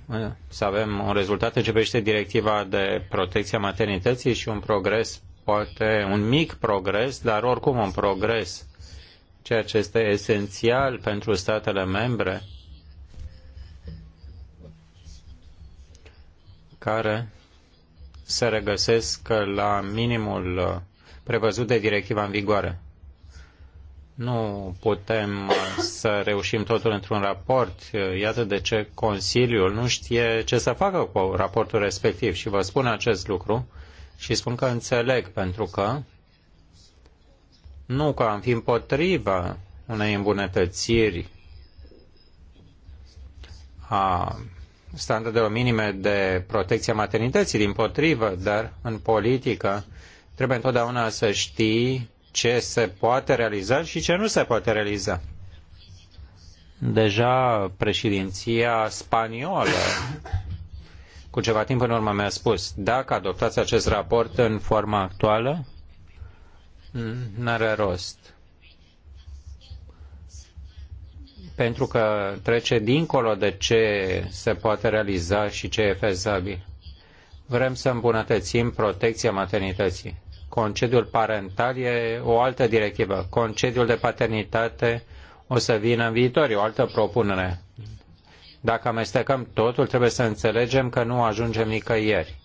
uh, să avem un rezultat în ce privește directiva de protecție a maternității și un progres poate un mic progres, dar oricum un progres, ceea ce este esențial pentru statele membre care se regăsesc la minimul prevăzut de directiva în vigoare. Nu putem să reușim totul într-un raport. Iată de ce Consiliul nu știe ce să facă cu raportul respectiv și vă spun acest lucru și spun că înțeleg, pentru că nu că am fi împotriva unei îmbunătățiri a standardelor minime de protecție a maternității, din potrivă, dar în politică trebuie întotdeauna să știi ce se poate realiza și ce nu se poate realiza. Deja președinția spaniolă cu ceva timp în urmă mi-a spus, dacă adoptați acest raport în forma actuală, n-are rost. Pentru că trece dincolo de ce se poate realiza și ce e fezabil. Vrem să îmbunătățim protecția maternității. Concediul parental e o altă directivă. Concediul de paternitate o să vină în viitor, e o altă propunere dacă amestecăm totul, trebuie să înțelegem că nu ajungem nicăieri.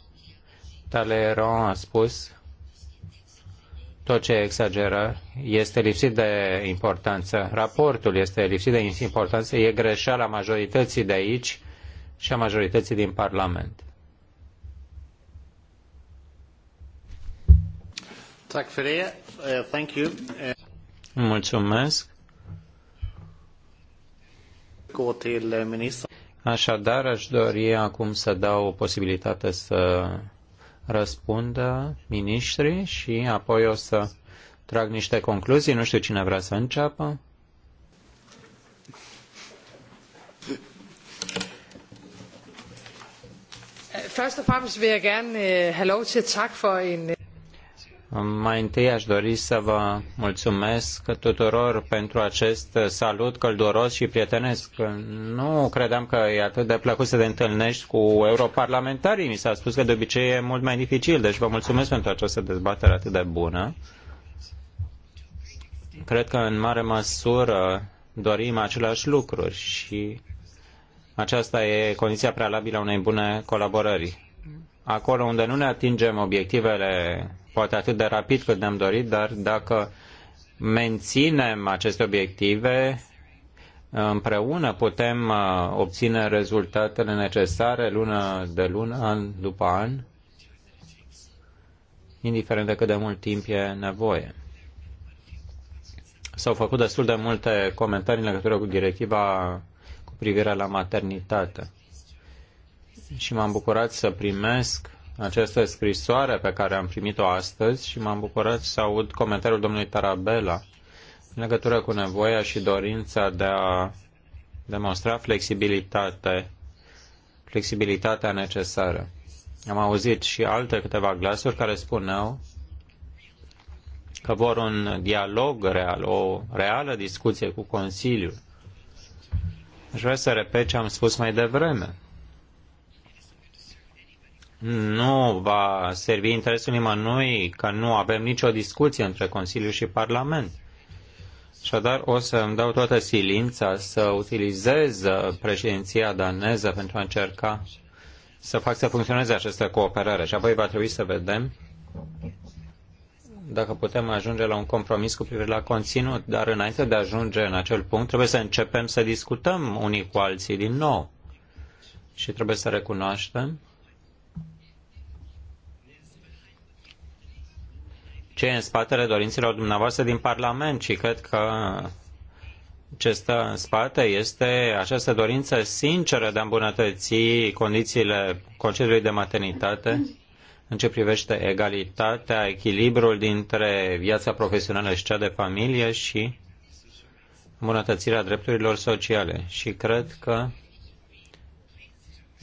Talleyrand a spus, tot ce exageră este lipsit de importanță. Raportul este lipsit de importanță, e greșeala majorității de aici și a majorității din Parlament. Uh, uh, Mulțumesc. Eh, Așadar, aș dori acum să dau o posibilitate să răspundă ministrii și apoi o să trag niște concluzii. Nu știu cine vrea să înceapă. First of all, vil jeg gerne have lov til at takke for en mai întâi aș dori să vă mulțumesc tuturor pentru acest salut călduros și prietenesc. Nu credeam că e atât de plăcut să te întâlnești cu europarlamentarii. Mi s-a spus că de obicei e mult mai dificil, deci vă mulțumesc pentru această dezbatere atât de bună. Cred că în mare măsură dorim aceleași lucruri și aceasta e condiția prealabilă a unei bune colaborări. Acolo unde nu ne atingem obiectivele poate atât de rapid cât ne-am dorit, dar dacă menținem aceste obiective, împreună putem uh, obține rezultatele necesare lună de lună, an după an, indiferent de cât de mult timp e nevoie. S-au făcut destul de multe comentarii în legătură cu directiva cu privire la maternitate și m-am bucurat să primesc această scrisoare pe care am primit-o astăzi și m-am bucurat să aud comentariul domnului Tarabella în legătură cu nevoia și dorința de a demonstra flexibilitate, flexibilitatea necesară. Am auzit și alte câteva glasuri care spuneau că vor un dialog real, o reală discuție cu Consiliul. Aș vrea să repet ce am spus mai devreme nu va servi interesul nimănui că nu avem nicio discuție între Consiliu și Parlament. Așadar, o să îmi dau toată silința să utilizez președinția daneză pentru a încerca să fac să funcționeze această cooperare. Și apoi va trebui să vedem dacă putem ajunge la un compromis cu privire la conținut. Dar înainte de a ajunge în acel punct, trebuie să începem să discutăm unii cu alții din nou. Și trebuie să recunoaștem ce e în spatele dorințelor dumneavoastră din Parlament ci cred că ce stă în spate este această dorință sinceră de a îmbunătăți condițiile concediului de maternitate în ce privește egalitatea, echilibrul dintre viața profesională și cea de familie și îmbunătățirea drepturilor sociale. Și cred că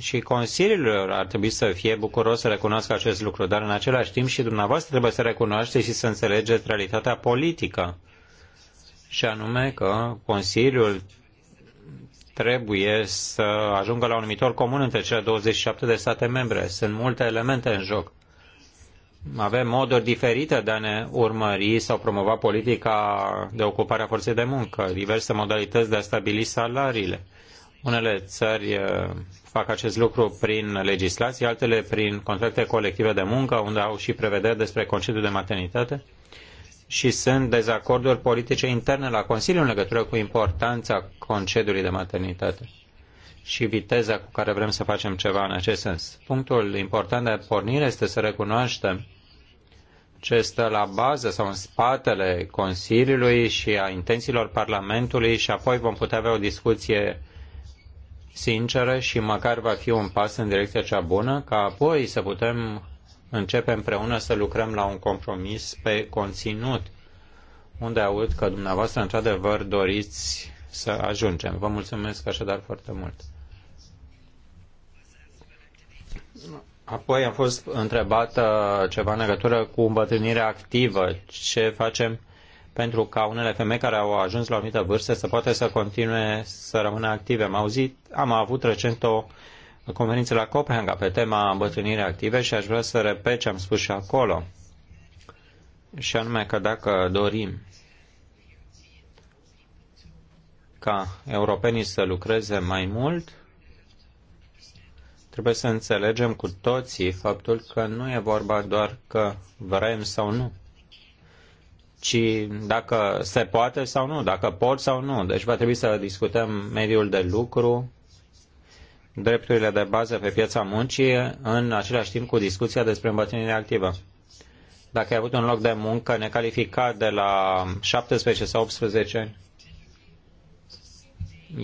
și Consiliul ar trebui să fie bucuros să recunoască acest lucru, dar în același timp și dumneavoastră trebuie să recunoașteți și să înțelegeți realitatea politică, și anume că Consiliul trebuie să ajungă la un numitor comun între cele 27 de state membre. Sunt multe elemente în joc. Avem moduri diferite de a ne urmări sau promova politica de ocupare a forței de muncă, diverse modalități de a stabili salariile. Unele țări fac acest lucru prin legislație, altele prin contracte colective de muncă, unde au și prevederi despre concediu de maternitate și sunt dezacorduri politice interne la Consiliu în legătură cu importanța concediului de maternitate și viteza cu care vrem să facem ceva în acest sens. Punctul important de pornire este să recunoaștem ce stă la bază sau în spatele Consiliului și a intențiilor Parlamentului și apoi vom putea avea o discuție sinceră și măcar va fi un pas în direcția cea bună, ca apoi să putem începe împreună să lucrăm la un compromis pe conținut, unde aud că dumneavoastră într-adevăr doriți să ajungem. Vă mulțumesc așadar foarte mult. Apoi am fost întrebată ceva în legătură cu îmbătrânirea activă. Ce facem pentru ca unele femei care au ajuns la o anumită vârstă să poată să continue să rămână active. Am auzit, am avut recent o conferință la Copenhaga pe tema îmbătrânirii active și aș vrea să repet ce am spus și acolo. Și anume că dacă dorim ca europenii să lucreze mai mult, trebuie să înțelegem cu toții faptul că nu e vorba doar că vrem sau nu ci dacă se poate sau nu, dacă pot sau nu. Deci va trebui să discutăm mediul de lucru, drepturile de bază pe piața muncii, în același timp cu discuția despre îmbătrânire activă. Dacă ai avut un loc de muncă necalificat de la 17 sau 18 ani,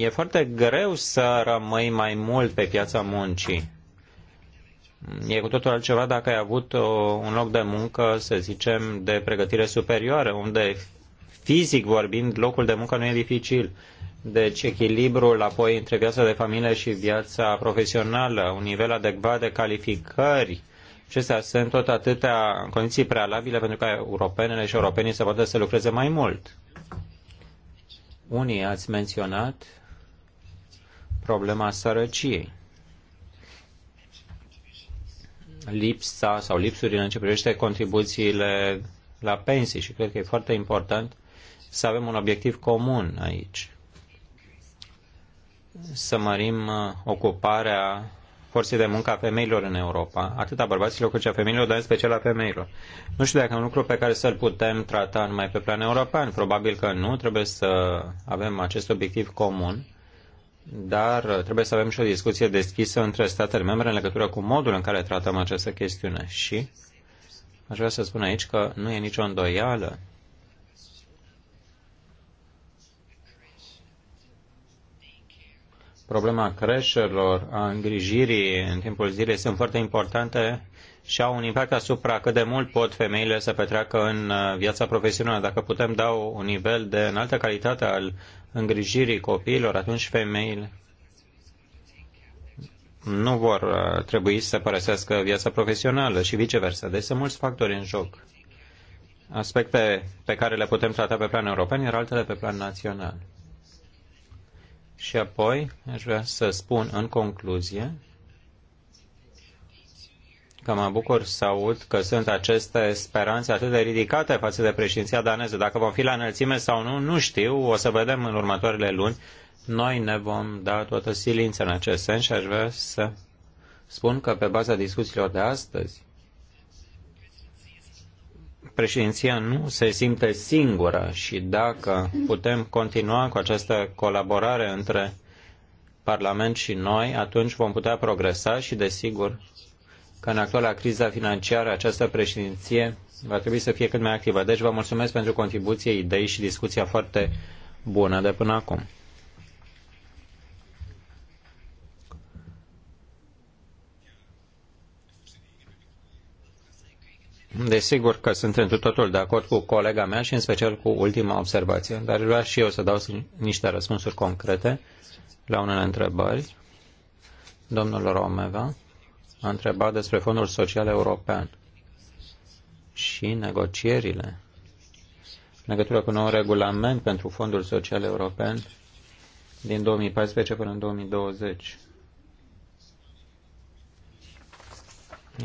e foarte greu să rămâi mai mult pe piața muncii E cu totul altceva dacă ai avut o, uh, un loc de muncă, să zicem, de pregătire superioară, unde fizic vorbind locul de muncă nu e dificil. Deci echilibrul apoi între viața de familie și viața profesională, un nivel adecvat de calificări, acestea sunt tot atâtea condiții prealabile pentru ca europenele și europenii să poată să lucreze mai mult. Unii ați menționat problema sărăciei. lipsa sau lipsurile în ce privește contribuțiile la pensii și cred că e foarte important să avem un obiectiv comun aici. Să mărim uh, ocuparea forței de muncă a femeilor în Europa, atât a bărbaților cât și a femeilor, dar în special a femeilor. Nu știu dacă e un lucru pe care să-l putem trata numai pe plan european. Probabil că nu, trebuie să avem acest obiectiv comun dar uh, trebuie să avem și o discuție deschisă între statele membre în legătură cu modul în care tratăm această chestiune. Și aș vrea să spun aici că nu e nicio îndoială problema creșelor, a îngrijirii în timpul zilei sunt foarte importante și au un impact asupra cât de mult pot femeile să petreacă în uh, viața profesională. Dacă putem da un nivel de înaltă calitate al îngrijirii copiilor, atunci femeile nu vor uh, trebui să părăsească viața profesională și viceversa. Deci sunt mulți factori în joc. Aspecte pe care le putem trata pe plan european, iar altele pe plan național. Și apoi aș vrea să spun în concluzie că mă bucur să aud că sunt aceste speranțe atât de ridicate față de președinția daneză. Dacă vom fi la înălțime sau nu, nu știu, o să vedem în următoarele luni. Noi ne vom da toată silința în acest sens și aș vrea să spun că pe baza discuțiilor de astăzi, președinția nu se simte singură și dacă putem continua cu această colaborare între Parlament și noi, atunci vom putea progresa și, desigur, că în actuala criză financiară această președinție va trebui să fie cât mai activă. Deci vă mulțumesc pentru contribuție, idei și discuția foarte bună de până acum. Desigur că sunt întru totul de acord cu colega mea și în special cu ultima observație, dar vreau și eu să dau niște răspunsuri concrete la unele întrebări. Domnul Romeva a întrebat despre Fondul Social European și negocierile în legătură cu nou regulament pentru Fondul Social European din 2014 până în 2020.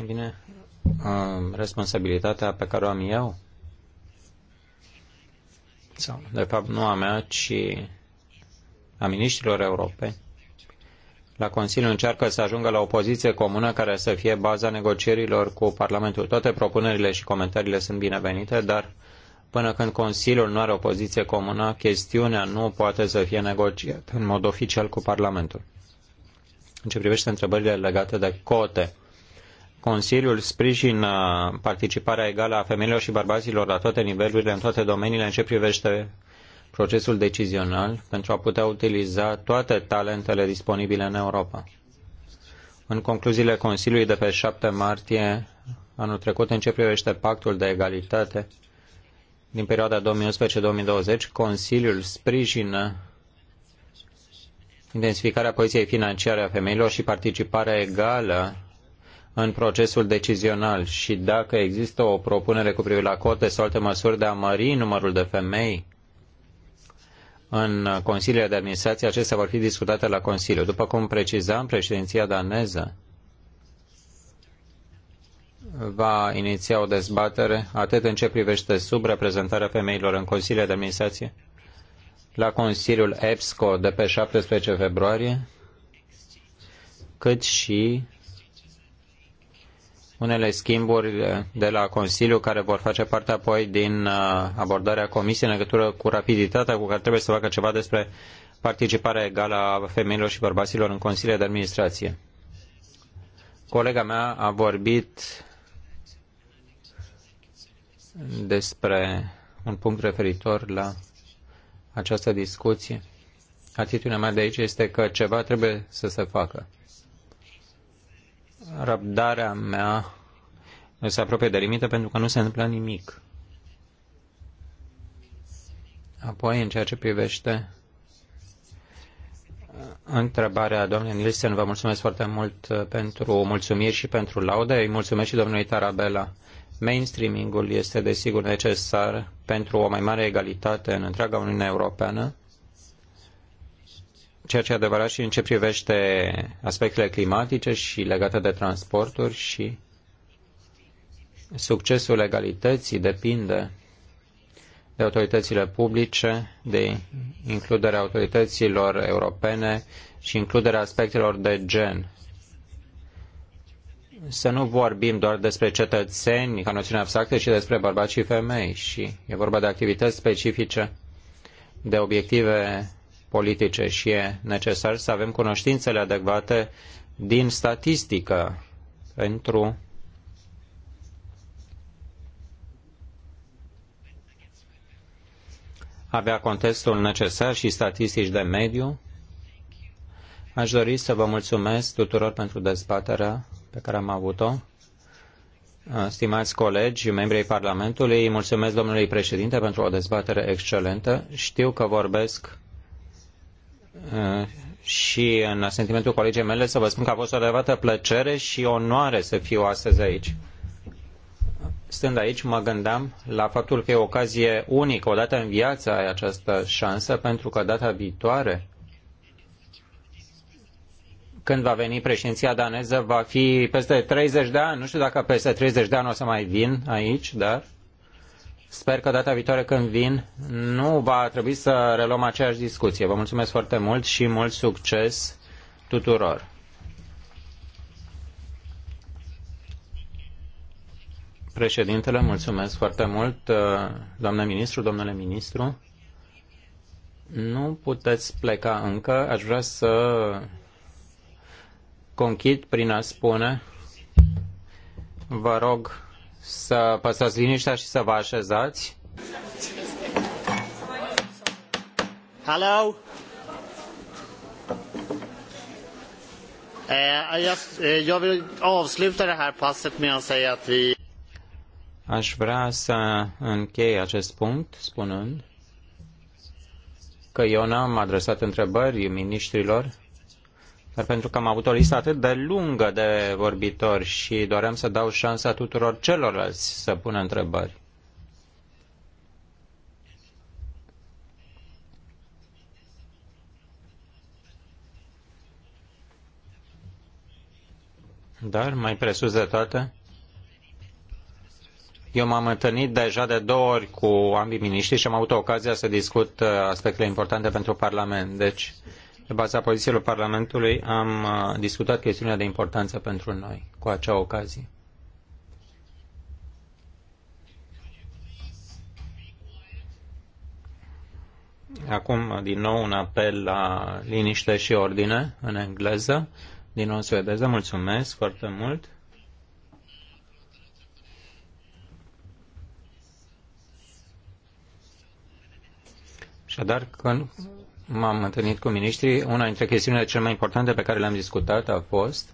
E bine, responsabilitatea pe care o am eu, sau de fapt nu a mea, ci a ministrilor europeni, la Consiliu încearcă să ajungă la o poziție comună care să fie baza negocierilor cu Parlamentul. Toate propunerile și comentariile sunt binevenite, dar până când Consiliul nu are o poziție comună, chestiunea nu poate să fie negociată în mod oficial cu Parlamentul. În ce privește întrebările legate de cote, Consiliul sprijină participarea egală a femeilor și bărbaților la toate nivelurile, în toate domeniile, în ce privește procesul decizional pentru a putea utiliza toate talentele disponibile în Europa. În concluziile Consiliului de pe 7 martie anul trecut, în ce privește pactul de egalitate din perioada 2011-2020, Consiliul sprijină intensificarea poziției financiare a femeilor și participarea egală în procesul decizional și dacă există o propunere cu privire la cote sau alte măsuri de a mări numărul de femei în Consiliile de Administrație, acestea vor fi discutate la Consiliu. După cum precizam, președinția daneză va iniția o dezbatere atât în ce privește subreprezentarea femeilor în Consiliile de Administrație, la Consiliul EPSCO de pe 17 februarie, cât și unele schimburi de la Consiliu care vor face parte apoi din uh, abordarea Comisiei în legătură cu rapiditatea cu care trebuie să facă ceva despre participarea egală a femeilor și bărbaților în Consiliile de Administrație. Colega mea a vorbit despre un punct referitor la această discuție. Atitudinea mea de aici este că ceva trebuie să se facă răbdarea mea se apropie de limită pentru că nu se întâmplă nimic. Apoi, în ceea ce privește uh, întrebarea domnului Nielsen, vă mulțumesc foarte mult uh, pentru mulțumiri și pentru laude. Îi mulțumesc și domnului Tarabella. Mainstreamingul este desigur necesar pentru o mai mare egalitate în întreaga Uniune Europeană ceea ce e adevărat și în ce privește aspectele climatice și legate de transporturi și succesul legalității depinde de autoritățile publice, de includerea autorităților europene și includerea aspectelor de gen. Să nu vorbim doar despre cetățeni ca noțiune abstractă, ci despre bărbați și femei. Și e vorba de activități specifice, de obiective politice și e necesar să avem cunoștințele adecvate din statistică pentru avea contextul necesar și statistici de mediu. Aș dori să vă mulțumesc tuturor pentru dezbaterea pe care am avut-o. Stimați colegi, membrii Parlamentului, mulțumesc domnului președinte pentru o dezbatere excelentă. Știu că vorbesc Eh, și în sentimentul colegii mele să vă spun că a fost o adevărată plăcere și onoare să fiu astăzi aici. Stând aici, mă gândeam la faptul că e o ocazie unică, odată în viață ai această șansă, pentru că data viitoare, când va veni președinția daneză, va fi peste 30 de ani. Nu știu dacă peste 30 de ani o să mai vin aici, dar Sper că data viitoare când vin nu va trebui să reluăm aceeași discuție. Vă mulțumesc foarte mult și mult succes tuturor! Președintele, mulțumesc foarte mult, doamnă ministru, domnule ministru. Nu puteți pleca încă. Aș vrea să conchid prin a spune, vă rog să păstrați liniștea și să vă așezați. Hello. Eh, eh, jag vill avsluta det Aș vrea să închei acest punct spunând că eu n-am adresat întrebări miniștrilor dar pentru că am avut o listă atât de lungă de vorbitori și doream să dau șansa tuturor celorlalți să pună întrebări. Dar, mai presus de toate, eu m-am întâlnit deja de două ori cu ambii miniștri și am avut ocazia să discut uh, aspectele importante pentru Parlament. Deci, pe baza pozițiilor Parlamentului am uh, discutat chestiunea de importanță pentru noi cu acea ocazie. Acum, din nou, un apel la liniște și ordine în engleză. Din nou, suedeză, mulțumesc foarte mult. Așadar, când m-am întâlnit cu miniștrii. Una dintre chestiunile cele mai importante pe care le-am discutat a fost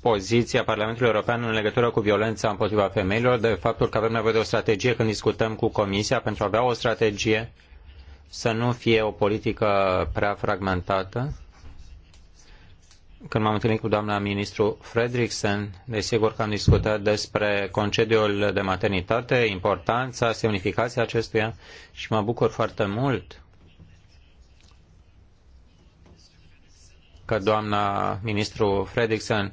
poziția Parlamentului European în legătură cu violența împotriva femeilor, de faptul că avem nevoie de o strategie când discutăm cu Comisia pentru a avea o strategie să nu fie o politică prea fragmentată când m-am întâlnit cu doamna ministru Fredriksen, desigur că am discutat despre concediul de maternitate, importanța, semnificația acestuia și mă bucur foarte mult că doamna ministru Fredriksen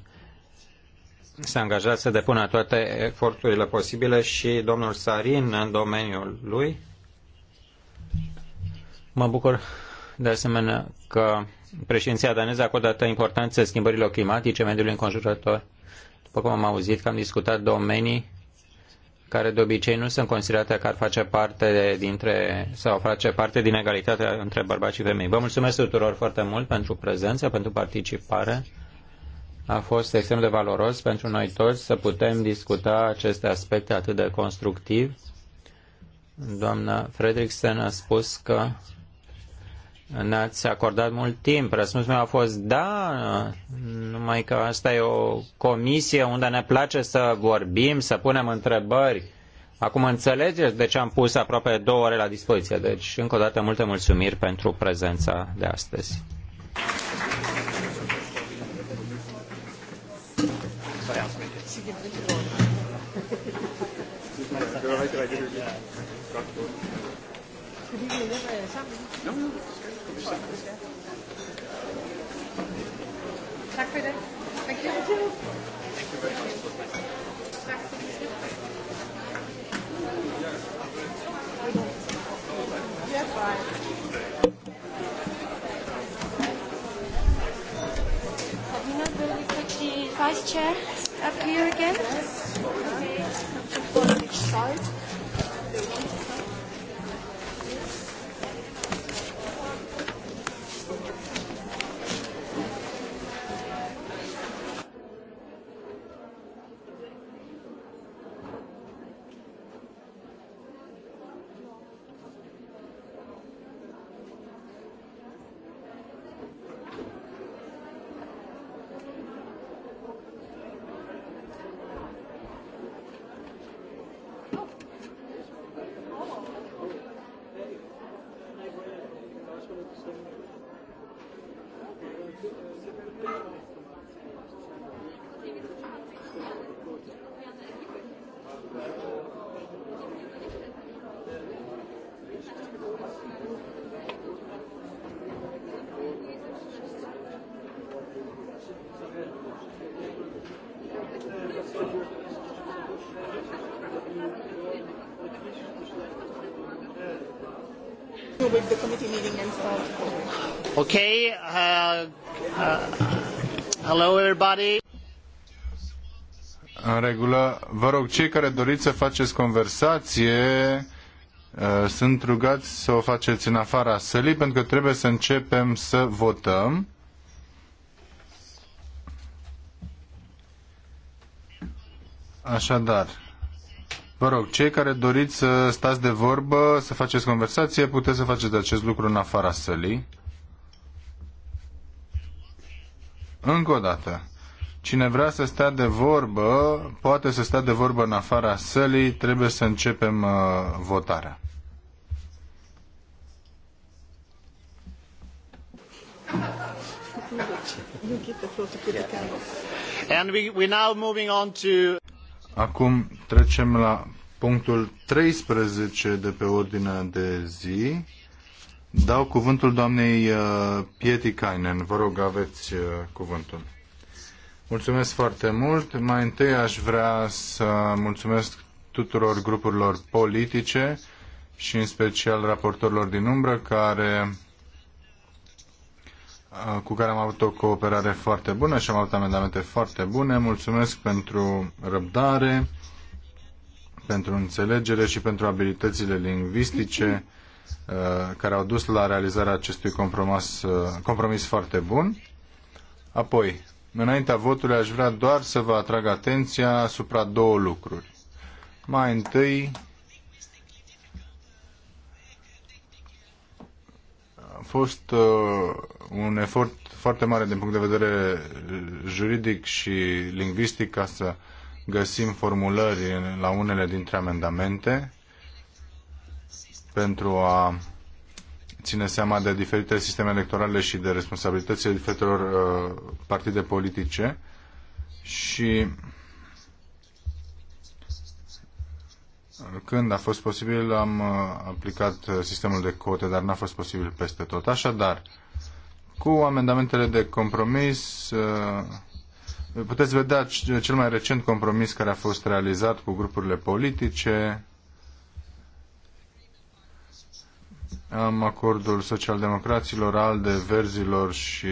s-a angajat să depună toate eforturile posibile și domnul Sarin în domeniul lui. Mă bucur de asemenea că Președinția daneză acordă atâta importanță schimbărilor climatice, mediului înconjurător. După cum am auzit că am discutat domenii care de obicei nu sunt considerate că ar face parte dintre, sau face parte din egalitatea între bărbați și femei. Vă mulțumesc tuturor foarte mult pentru prezență, pentru participare. A fost extrem de valoros pentru noi toți să putem discuta aceste aspecte atât de constructiv. Doamna Fredriksen a spus că ne-ați acordat mult timp. Răspunsul meu a fost da, numai că asta e o comisie unde ne place să vorbim, să punem întrebări. Acum înțelegeți de ce am pus aproape două ore la dispoziție. Deci, încă o dată, multe mulțumiri pentru prezența de astăzi. No, no. Tak for det. Thank you. Thank you. Thank you very much for Tak for det. Yeah, fine. Sabina, will you put the vice chair up here again? Yes. Okay. To follow which side? go with the committee meeting and Okay. Uh, uh, hello everybody. În regulă, vă rog, cei care doriți să faceți conversație, uh, sunt rugați să o faceți în afara sălii, pentru că trebuie să începem să votăm. Așadar, Vă rog, cei care doriți să stați de vorbă, să faceți conversație, puteți să faceți acest lucru în afara sălii. Încă o dată. Cine vrea să stea de vorbă, poate să stea de vorbă în afara sălii, trebuie să începem uh, votarea. And we, we're now moving on to Acum trecem la punctul 13 de pe ordinea de zi. Dau cuvântul doamnei uh, Pieti Kainen. Vă rog, aveți uh, cuvântul. Mulțumesc foarte mult. Mai întâi aș vrea să mulțumesc tuturor grupurilor politice și în special raportorilor din umbră care Uh, cu care am avut o cooperare foarte bună și am avut amendamente foarte bune. Mulțumesc pentru răbdare, pentru înțelegere și pentru abilitățile lingvistice uh, care au dus la realizarea acestui compromis, uh, compromis foarte bun. Apoi, înaintea votului aș vrea doar să vă atrag atenția asupra două lucruri. Mai întâi, a fost uh, un efort foarte mare din punct de vedere uh, juridic și lingvistic ca să găsim formulări la unele dintre amendamente pentru a ține seama de diferite sisteme electorale și de responsabilitățile diferitelor uh, partide politice și când a fost posibil, am uh, aplicat uh, sistemul de cote, dar n-a fost posibil peste tot. Așadar, cu amendamentele de compromis, uh, puteți vedea cel mai recent compromis care a fost realizat cu grupurile politice. Am acordul socialdemocraților, ALDE, Verzilor și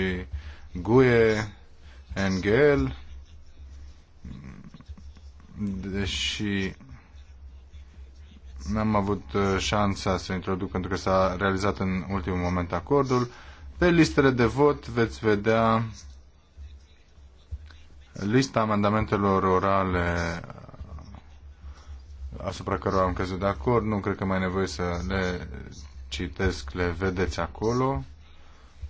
GUE, NGL, deși N-am avut uh, șansa să introduc pentru că s-a realizat în ultimul moment acordul. Pe listele de vot veți vedea lista amendamentelor orale uh, asupra cărora am căzut de acord. Nu cred că mai e nevoie să le citesc, le vedeți acolo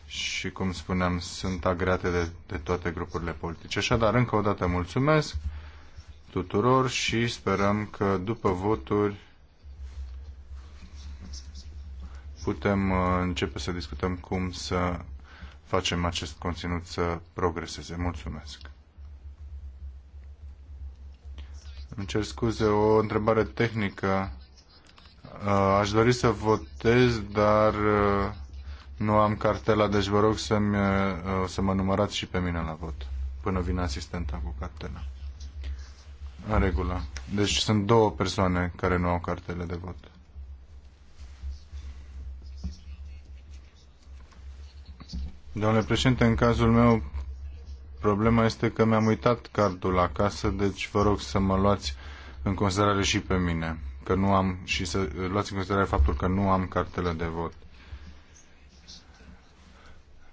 și, cum spuneam, sunt agreate de, de toate grupurile politice. Așadar, încă o dată mulțumesc tuturor și sperăm că după voturi putem uh, începe să discutăm cum să facem acest conținut să progreseze. Mulțumesc! Îmi cer scuze, o întrebare tehnică. Uh, aș dori să votez, dar uh, nu am cartela, deci vă rog să-mi, să mă numărați și pe mine la vot, până vine asistenta cu cartela. În regulă. Deci sunt două persoane care nu au cartele de vot. Domnule președinte, în cazul meu problema este că mi-am uitat cardul acasă, deci vă rog să mă luați în considerare și pe mine, că nu am și să luați în considerare faptul că nu am cartele de vot.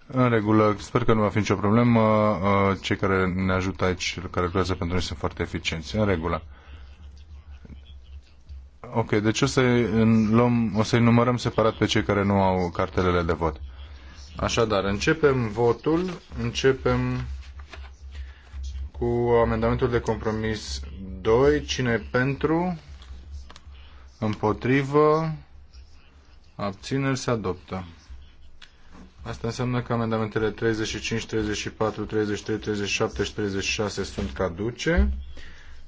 În regulă, sper că nu va fi nicio problemă. Uh, cei care ne ajută aici, care lucrează pentru noi, sunt foarte eficienți. În regulă. Ok, deci o să-i o să numărăm separat pe cei care nu au cartelele de vot. Așadar, începem votul, începem cu amendamentul de compromis 2. Cine pentru? Împotrivă? Abțineri se adoptă. Asta înseamnă că amendamentele 35, 34, 33, 37 și 36 sunt caduce.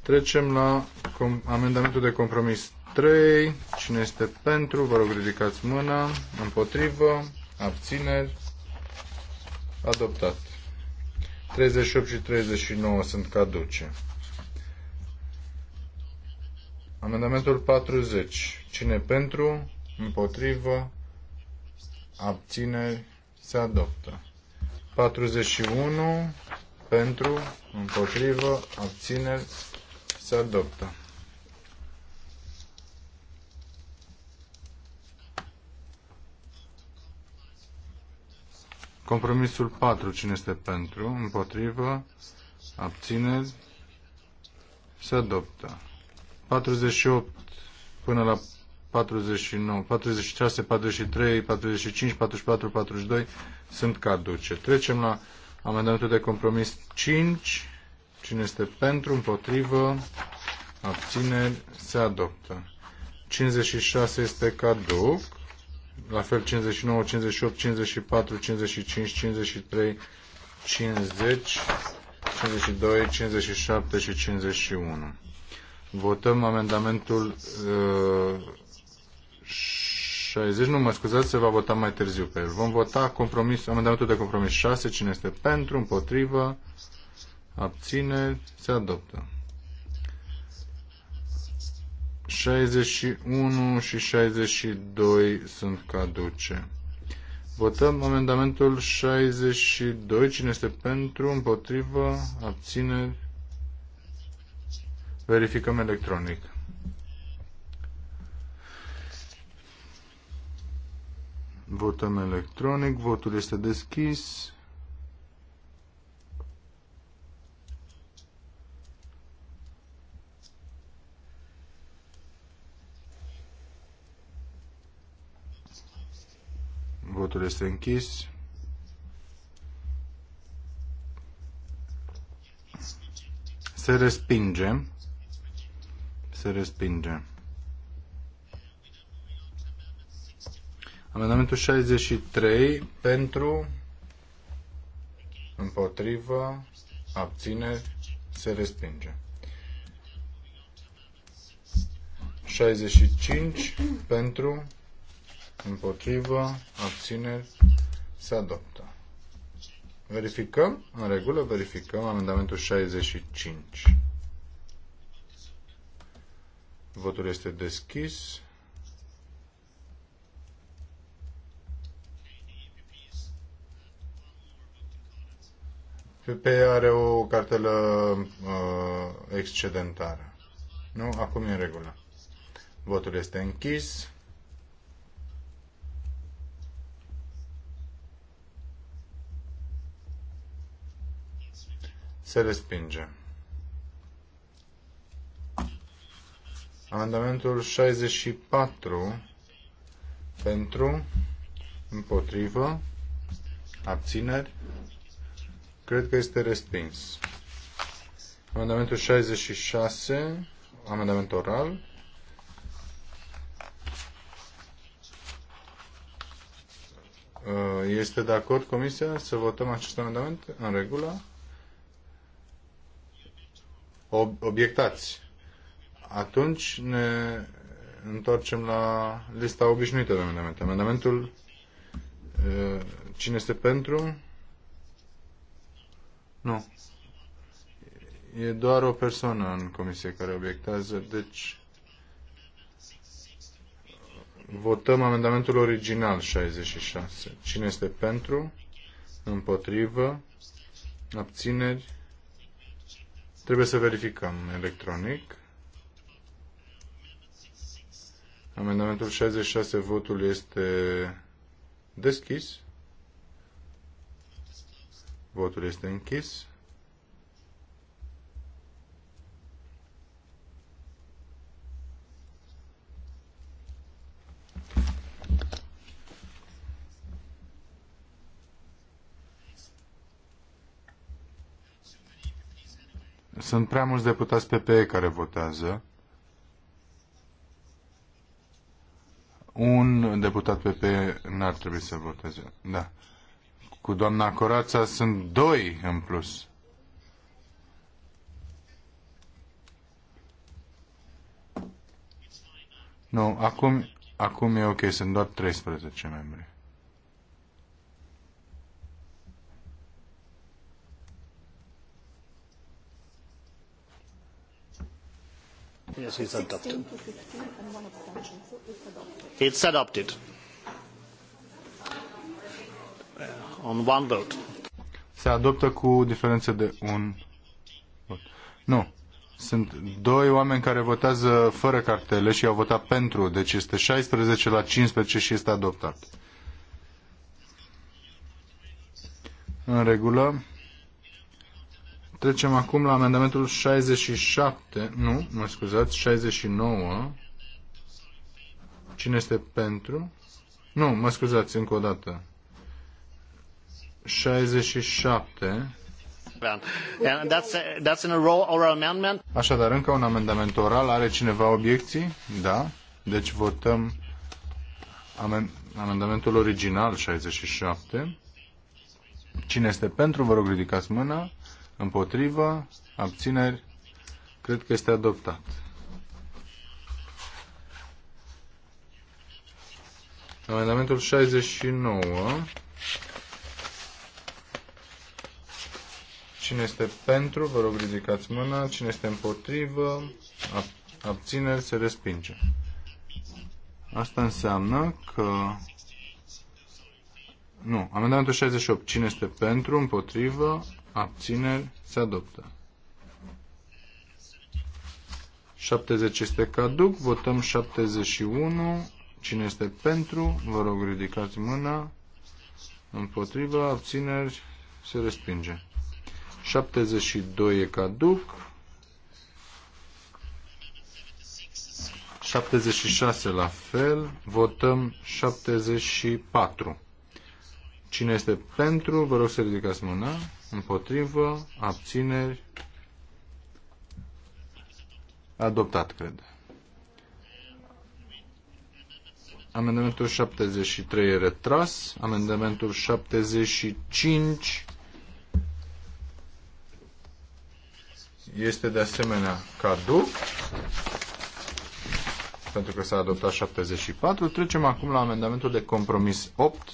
Trecem la amendamentul de compromis 3. Cine este pentru? Vă rog, ridicați mâna. Împotrivă? abțineri, adoptat. 38 și 39 sunt caduce. Amendamentul 40. Cine pentru, împotrivă, abțineri, se adoptă. 41. Pentru, împotrivă, abțineri, se adoptă. Compromisul 4. Cine este pentru? Împotrivă? Abțineri? Se adoptă. 48 până la 49, 46, 43, 45, 44, 42 sunt caduce. Trecem la amendamentul de compromis 5. Cine este pentru? Împotrivă? Abțineri? Se adoptă. 56 este caduc la fel 59, 58, 54, 55, 53, 50, 52, 57 și 51. Votăm amendamentul uh, 60, nu mă scuzați, se va vota mai târziu pe el. Vom vota compromis, amendamentul de compromis 6, cine este pentru, împotrivă, abține, se adoptă. 61 și 62 sunt caduce. Votăm amendamentul 62. Cine este pentru, împotrivă, abțineri? Verificăm electronic. Votăm electronic. Votul este deschis. Votul este închis. Se respinge. Se respinge. Amendamentul 63 pentru, împotrivă, abține, se respinge. 65 pentru, împotrivă, abțineri, se adoptă. Verificăm, în regulă, verificăm amendamentul 65. Votul este deschis. PP are o cartelă uh, excedentară. Nu? Acum e în regulă. Votul este închis. Se respinge. Amendamentul 64 pentru, împotrivă, abțineri, cred că este respins. Amendamentul 66, amendament oral. Este de acord Comisia să votăm acest amendament în regulă? obiectați. Atunci ne întoarcem la lista obișnuită de amendamente. Amendamentul eh, cine este pentru? Nu. E doar o persoană în comisie care obiectează, deci votăm amendamentul original 66. Cine este pentru? Împotrivă? Abțineri? Trebuie să verificăm electronic. Amendamentul 66, votul este deschis. Votul este închis. Sunt prea mulți deputați PPE care votează. Un deputat PPE n-ar trebui să voteze. Da. Cu doamna Corața sunt doi în plus. Nu, acum, acum e ok, sunt doar 13 membri. Yes, it's adopted. On one vote. Se adoptă cu diferență de un vot. Nu. Sunt doi oameni care votează fără cartele și au votat pentru, deci este 16 la 15 și este adoptat. În regulă. Trecem acum la amendamentul 67, nu, mă scuzați, 69. Cine este pentru? Nu, mă scuzați, încă o dată. 67. Așadar, încă un amendament oral. Are cineva obiecții? Da. Deci votăm amend- amendamentul original 67. Cine este pentru, vă rog ridicați mâna. Împotrivă? Abțineri? Cred că este adoptat. Amendamentul 69. Cine este pentru, vă rog ridicați mâna. Cine este împotrivă, abțineri, se respinge. Asta înseamnă că... Nu, amendamentul 68. Cine este pentru, împotrivă, abțineri, se adoptă. 70 este caduc, votăm 71. Cine este pentru? Vă rog, ridicați mâna. Împotriva, abțineri, se respinge. 72 e caduc. 76 la fel. Votăm 74. Cine este pentru? Vă rog să ridicați mâna împotrivă, abțineri, adoptat, cred. Amendamentul 73 e retras. Amendamentul 75 este de asemenea caduc pentru că s-a adoptat 74. Trecem acum la amendamentul de compromis 8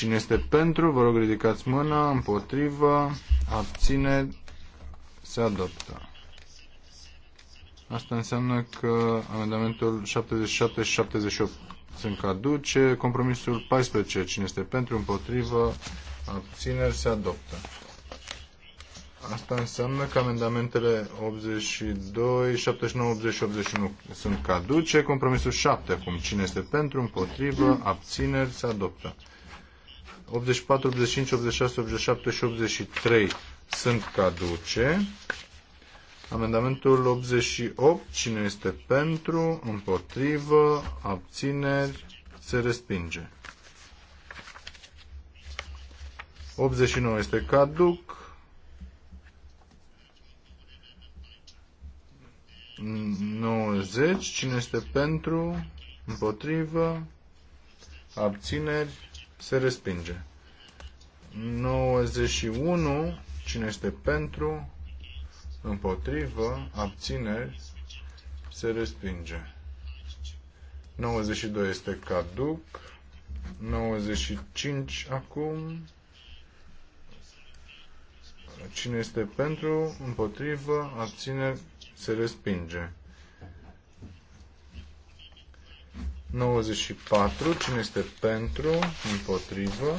Cine este pentru, vă rog ridicați mâna, împotrivă, abține, se adoptă. Asta înseamnă că amendamentul 77 și 78 sunt caduce. Compromisul 14, cine este pentru, împotrivă, abține, se adoptă. Asta înseamnă că amendamentele 82, 79, 80 și 81 sunt caduce. Compromisul 7, acum cine este pentru, împotrivă, abțineri, se adoptă. 84, 85, 86, 87 și 83 sunt caduce. Amendamentul 88, cine este pentru, împotrivă, abțineri, se respinge. 89 este caduc. Nouăzeci, cine este pentru, împotrivă, abțineri, se respinge. 91, cine este pentru, împotrivă, abțineri, se respinge. 92 este caduc, 95 acum, cine este pentru, împotrivă, abțineri, se respinge. 94. Cine este pentru? Împotrivă.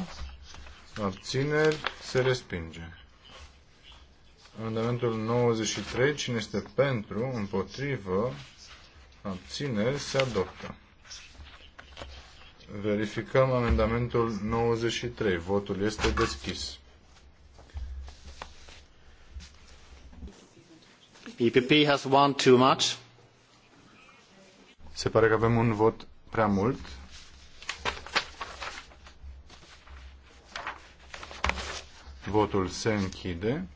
Abțineri. Se respinge. Amendamentul 93. Cine este pentru? Împotrivă. Abțineri. Se adoptă. Verificăm amendamentul 93. Votul este deschis. EPP has won too much. Se pare că avem un vot prea mult. Votul se închide.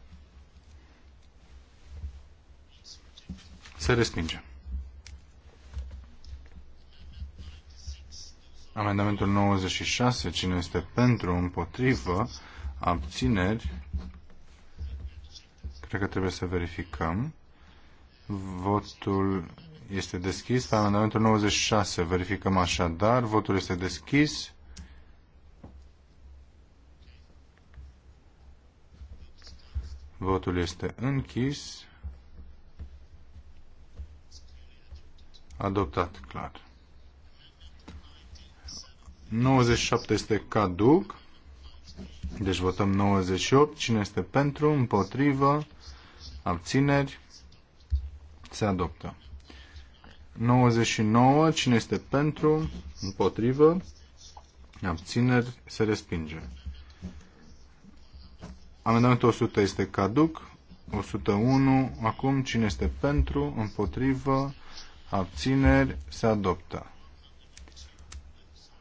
Se respinge. Amendamentul 96, cine este pentru, împotrivă, abțineri, cred că trebuie să verificăm. Votul este deschis. La amendamentul 96 verificăm așadar. Votul este deschis. Votul este închis. Adoptat, clar. 97 este caduc. Deci votăm 98. Cine este pentru? Împotrivă? Abțineri? Se adoptă. 99. Cine este pentru? Împotrivă. Abțineri. Se respinge. Amendamentul 100 este caduc. 101. Acum, cine este pentru? Împotrivă. Abțineri. Se adoptă.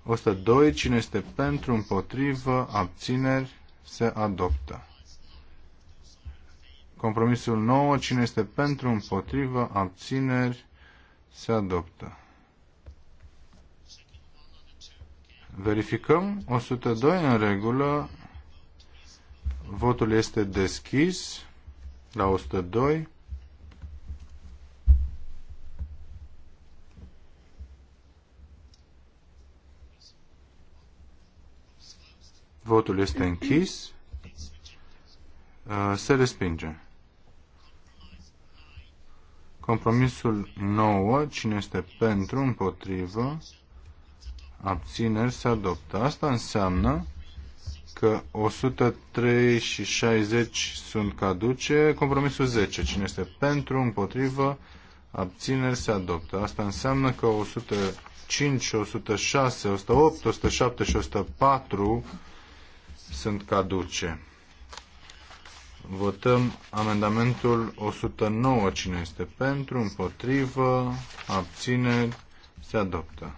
102. Cine este pentru? Împotrivă. Abțineri. Se adoptă. Compromisul 9. Cine este pentru? Împotrivă. Abțineri se adoptă. Verificăm. 102 în regulă. Votul este deschis la 102. Votul este închis. Se respinge. Compromisul 9, cine este pentru, împotrivă, abțineri, se adoptă. Asta înseamnă că 103 și 60 sunt caduce. Compromisul 10, cine este pentru, împotrivă, abțineri, se adoptă. Asta înseamnă că 105, 106, 108, 107 și 104 sunt caduce. Votăm amendamentul 109. Cine este pentru? Împotrivă? Abțineri? Se adoptă.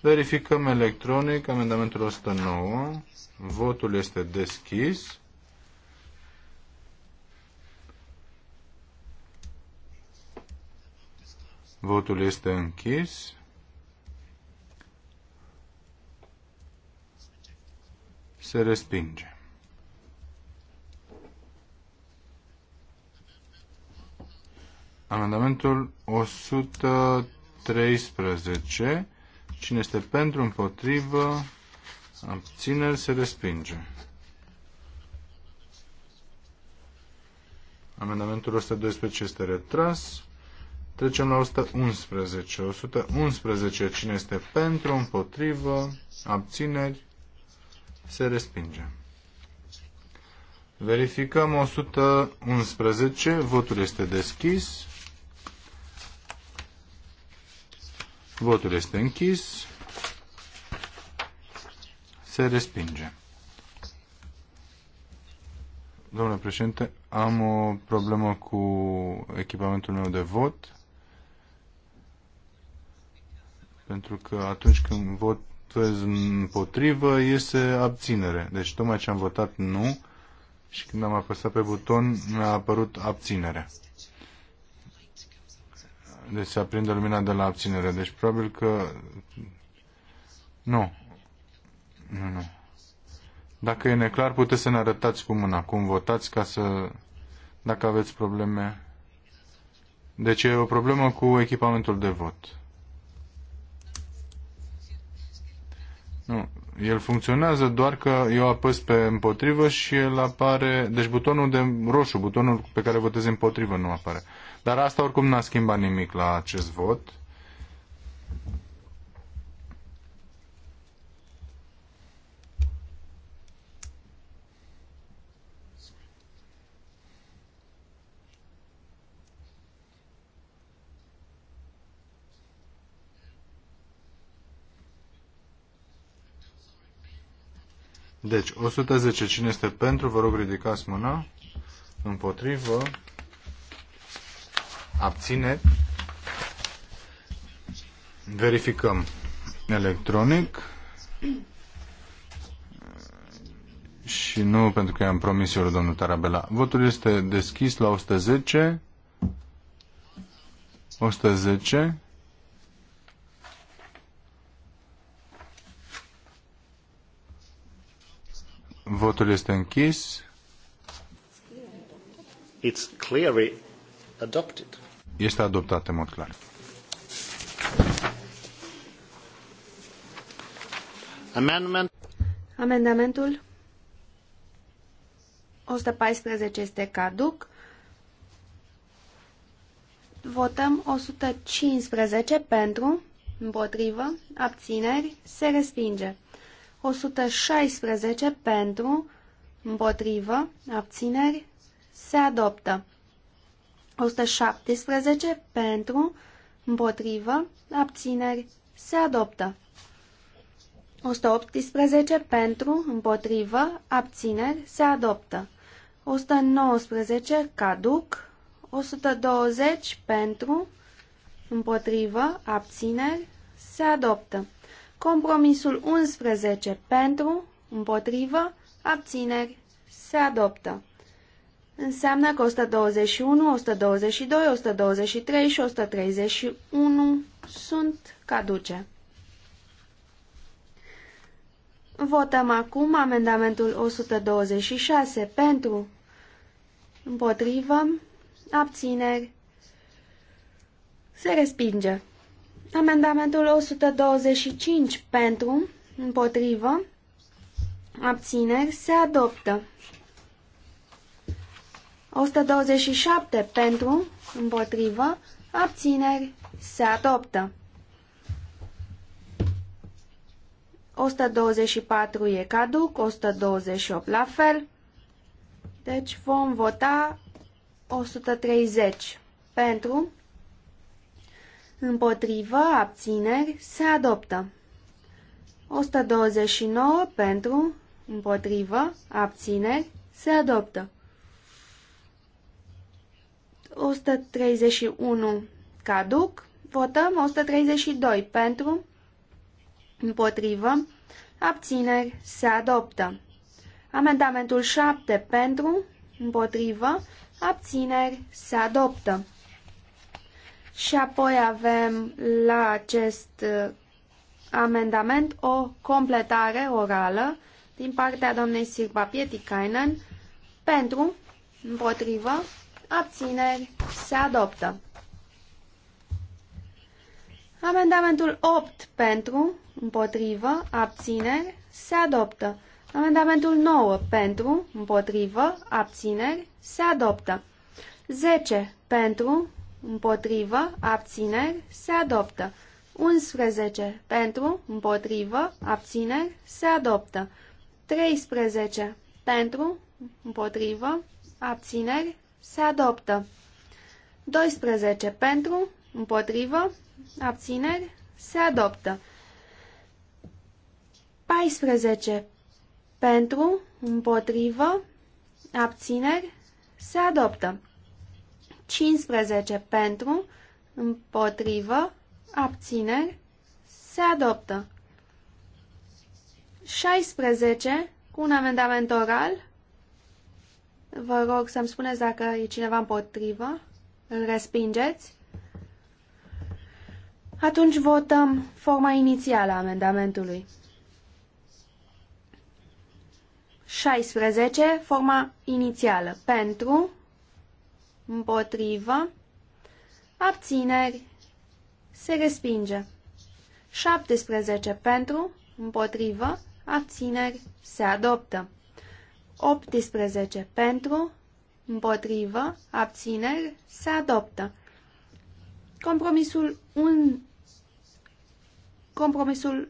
Verificăm electronic amendamentul 109. Votul este deschis. Votul este închis. Se respinge. Amendamentul 113. Cine este pentru, împotrivă, abțineri, se respinge. Amendamentul 112 este retras. Trecem la 111. 111. Cine este pentru, împotrivă, abțineri, se respinge. Verificăm 111. Votul este deschis. Votul este închis. Se respinge. Domnule președinte, am o problemă cu echipamentul meu de vot. Pentru că atunci când votez împotrivă, iese abținere. Deci tocmai ce am votat nu și când am apăsat pe buton, mi-a apărut abținere. Deci se aprinde lumina de la abținere. Deci probabil că... Nu. Nu, nu. Dacă e neclar, puteți să ne arătați cu mâna, cum votați, ca să... Dacă aveți probleme... Deci e o problemă cu echipamentul de vot. Nu, el funcționează doar că eu apăs pe împotrivă și el apare... Deci butonul de roșu, butonul pe care votez împotrivă nu apare. Dar asta oricum n-a schimbat nimic la acest vot. Deci, 110. Cine este pentru, vă rog ridicați mâna. Împotrivă abțineri. Verificăm electronic și nu pentru că i-am promis eu domnul Tarabela. Votul este deschis la 110. 110. Votul este închis. It's clearly adopted. Este adoptat în mod clar. Amendment. Amendamentul 114 este caduc. Votăm 115 pentru, împotrivă, abțineri, se respinge. 116 pentru, împotrivă, abțineri, se adoptă. 117 pentru, împotrivă, abțineri, se adoptă. 118 pentru, împotrivă, abțineri, se adoptă. 119 caduc, 120 pentru, împotrivă, abțineri, se adoptă. Compromisul 11 pentru, împotrivă, abțineri, se adoptă. Înseamnă că 121, 122, 123 și 131 sunt caduce. Votăm acum amendamentul 126 pentru, împotrivă, abțineri, se respinge. Amendamentul 125 pentru, împotrivă, abțineri, se adoptă. 127 pentru, împotrivă, abțineri, se adoptă. 124 e caduc, 128 la fel. Deci vom vota 130 pentru, împotrivă, abțineri, se adoptă. 129 pentru, împotrivă, abțineri, se adoptă. 131 caduc. Votăm 132 pentru, împotrivă, abțineri, se adoptă. Amendamentul 7 pentru, împotrivă, abțineri, se adoptă. Și apoi avem la acest uh, amendament o completare orală din partea doamnei Sirba Pietikainen pentru, împotrivă, abțineri, se adoptă. Amendamentul 8 pentru, împotrivă, abțineri, se adoptă. Amendamentul 9 pentru, împotrivă, abțineri, se adoptă. 10 pentru, împotrivă, abțineri, se adoptă. 11 pentru, împotrivă, abțineri, se adoptă. 13 pentru, împotrivă, abțineri, se adoptă. 12 pentru, împotrivă, abțineri, se adoptă. 14 pentru, împotrivă, abțineri, se adoptă. 15 pentru, împotrivă, abțineri, se adoptă. 16 cu un amendament oral Vă rog să-mi spuneți dacă e cineva împotrivă. Îl respingeți? Atunci votăm forma inițială a amendamentului. 16. Forma inițială. Pentru, împotrivă, abțineri, se respinge. 17. Pentru, împotrivă, abțineri, se adoptă. 18 pentru, împotrivă, abțineri, se adoptă. Compromisul 1, compromisul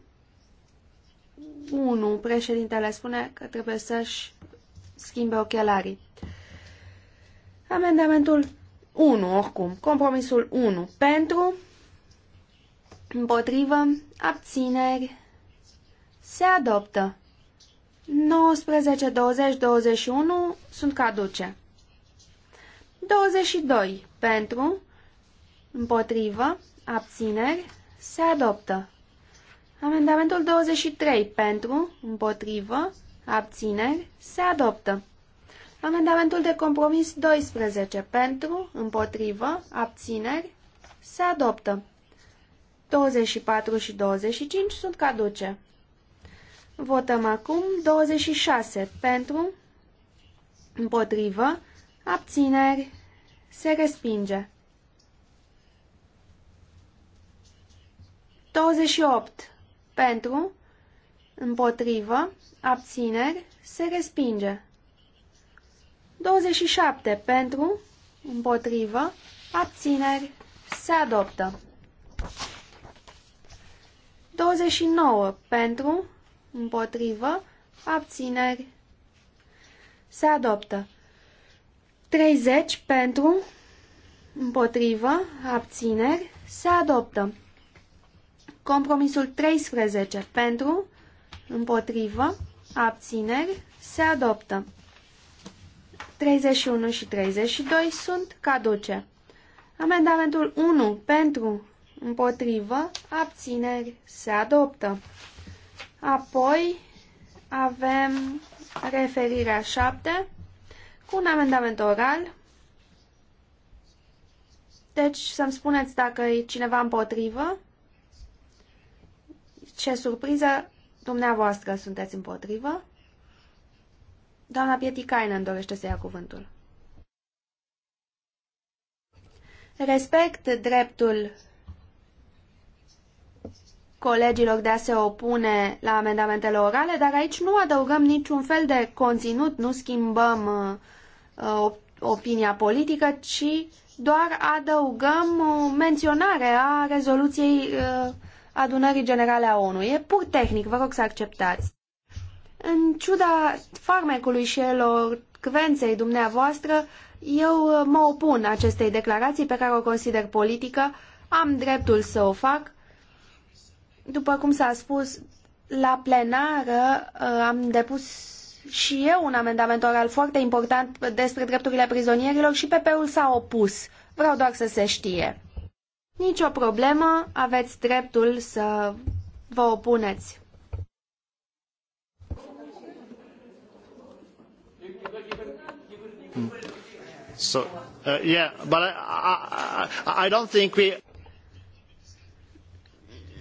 1, președintele spune că trebuie să-și schimbe ochelarii. Amendamentul 1, oricum, compromisul 1, pentru, împotrivă, abțineri, se adoptă. 19, 20, 21 sunt caduce. 22 pentru, împotrivă, abțineri, se adoptă. Amendamentul 23 pentru, împotrivă, abțineri, se adoptă. Amendamentul de compromis 12 pentru, împotrivă, abțineri, se adoptă. 24 și 25 sunt caduce. Votăm acum 26 pentru, împotrivă, abțineri, se respinge. 28 pentru, împotrivă, abțineri, se respinge. 27 pentru, împotrivă, abțineri, se adoptă. 29 pentru, Împotrivă. Abțineri. Se adoptă. 30 pentru. Împotrivă. Abțineri. Se adoptă. Compromisul 13 pentru. Împotrivă. Abțineri. Se adoptă. 31 și 32 sunt caduce. Amendamentul 1 pentru. Împotrivă. Abțineri. Se adoptă. Apoi avem referirea 7 cu un amendament oral. Deci să-mi spuneți dacă e cineva împotrivă. Ce surpriză, dumneavoastră sunteți împotrivă. Doamna Pietikainen dorește să ia cuvântul. Respect dreptul colegilor de a se opune la amendamentele orale, dar aici nu adăugăm niciun fel de conținut, nu schimbăm uh, uh opinia politică, ci doar adăugăm o uh, menționare a rezoluției uh, adunării generale a ONU. E pur tehnic, vă rog să acceptați. În ciuda farmecului și elocvenței dumneavoastră, eu uh, mă opun acestei declarații pe care o consider politică, am dreptul să o fac, după cum s-a spus, la plenară uh, am depus și eu un amendament oral foarte important despre drepturile prizonierilor și PP-ul s-a opus. Vreau doar să se știe. Nici o problemă, aveți dreptul să vă opuneți. So, uh, yeah, but I, I, I don't think we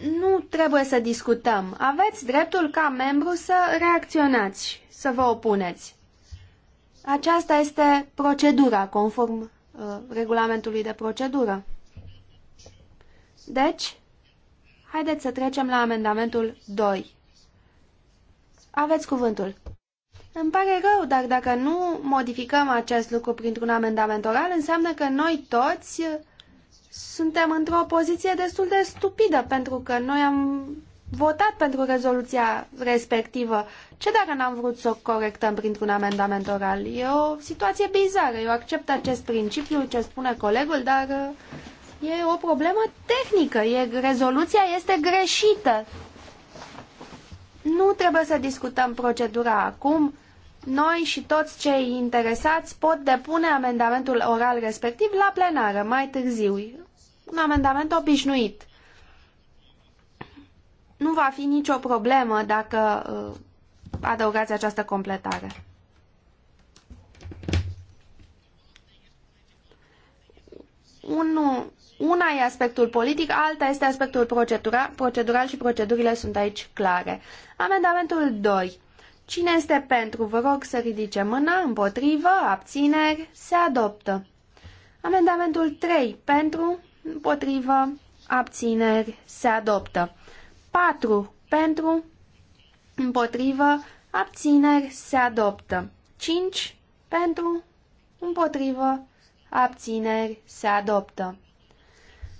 nu trebuie să discutăm. Aveți dreptul ca membru să reacționați, să vă opuneți. Aceasta este procedura, conform uh, regulamentului de procedură. Deci, haideți să trecem la amendamentul 2. Aveți cuvântul. Îmi pare rău, dar dacă nu modificăm acest lucru printr-un amendament oral, înseamnă că noi toți suntem într-o poziție destul de stupidă, pentru că noi am votat pentru rezoluția respectivă. Ce dacă n-am vrut să o corectăm printr-un amendament oral? E o situație bizară. Eu accept acest principiu, ce spune colegul, dar uh, e o problemă tehnică. E, rezoluția este greșită. Nu trebuie să discutăm procedura acum noi și toți cei interesați pot depune amendamentul oral respectiv la plenară, mai târziu. Un amendament obișnuit. Nu va fi nicio problemă dacă uh, adăugați această completare. Unu, una e aspectul politic, alta este aspectul procedura, procedural și procedurile sunt aici clare. Amendamentul 2 Cine este pentru, vă rog să ridice mâna, împotrivă, abțineri, se adoptă. Amendamentul 3, pentru, împotrivă, abțineri, se adoptă. 4, pentru, împotrivă, abțineri, se adoptă. 5, pentru, împotrivă, abțineri, se adoptă.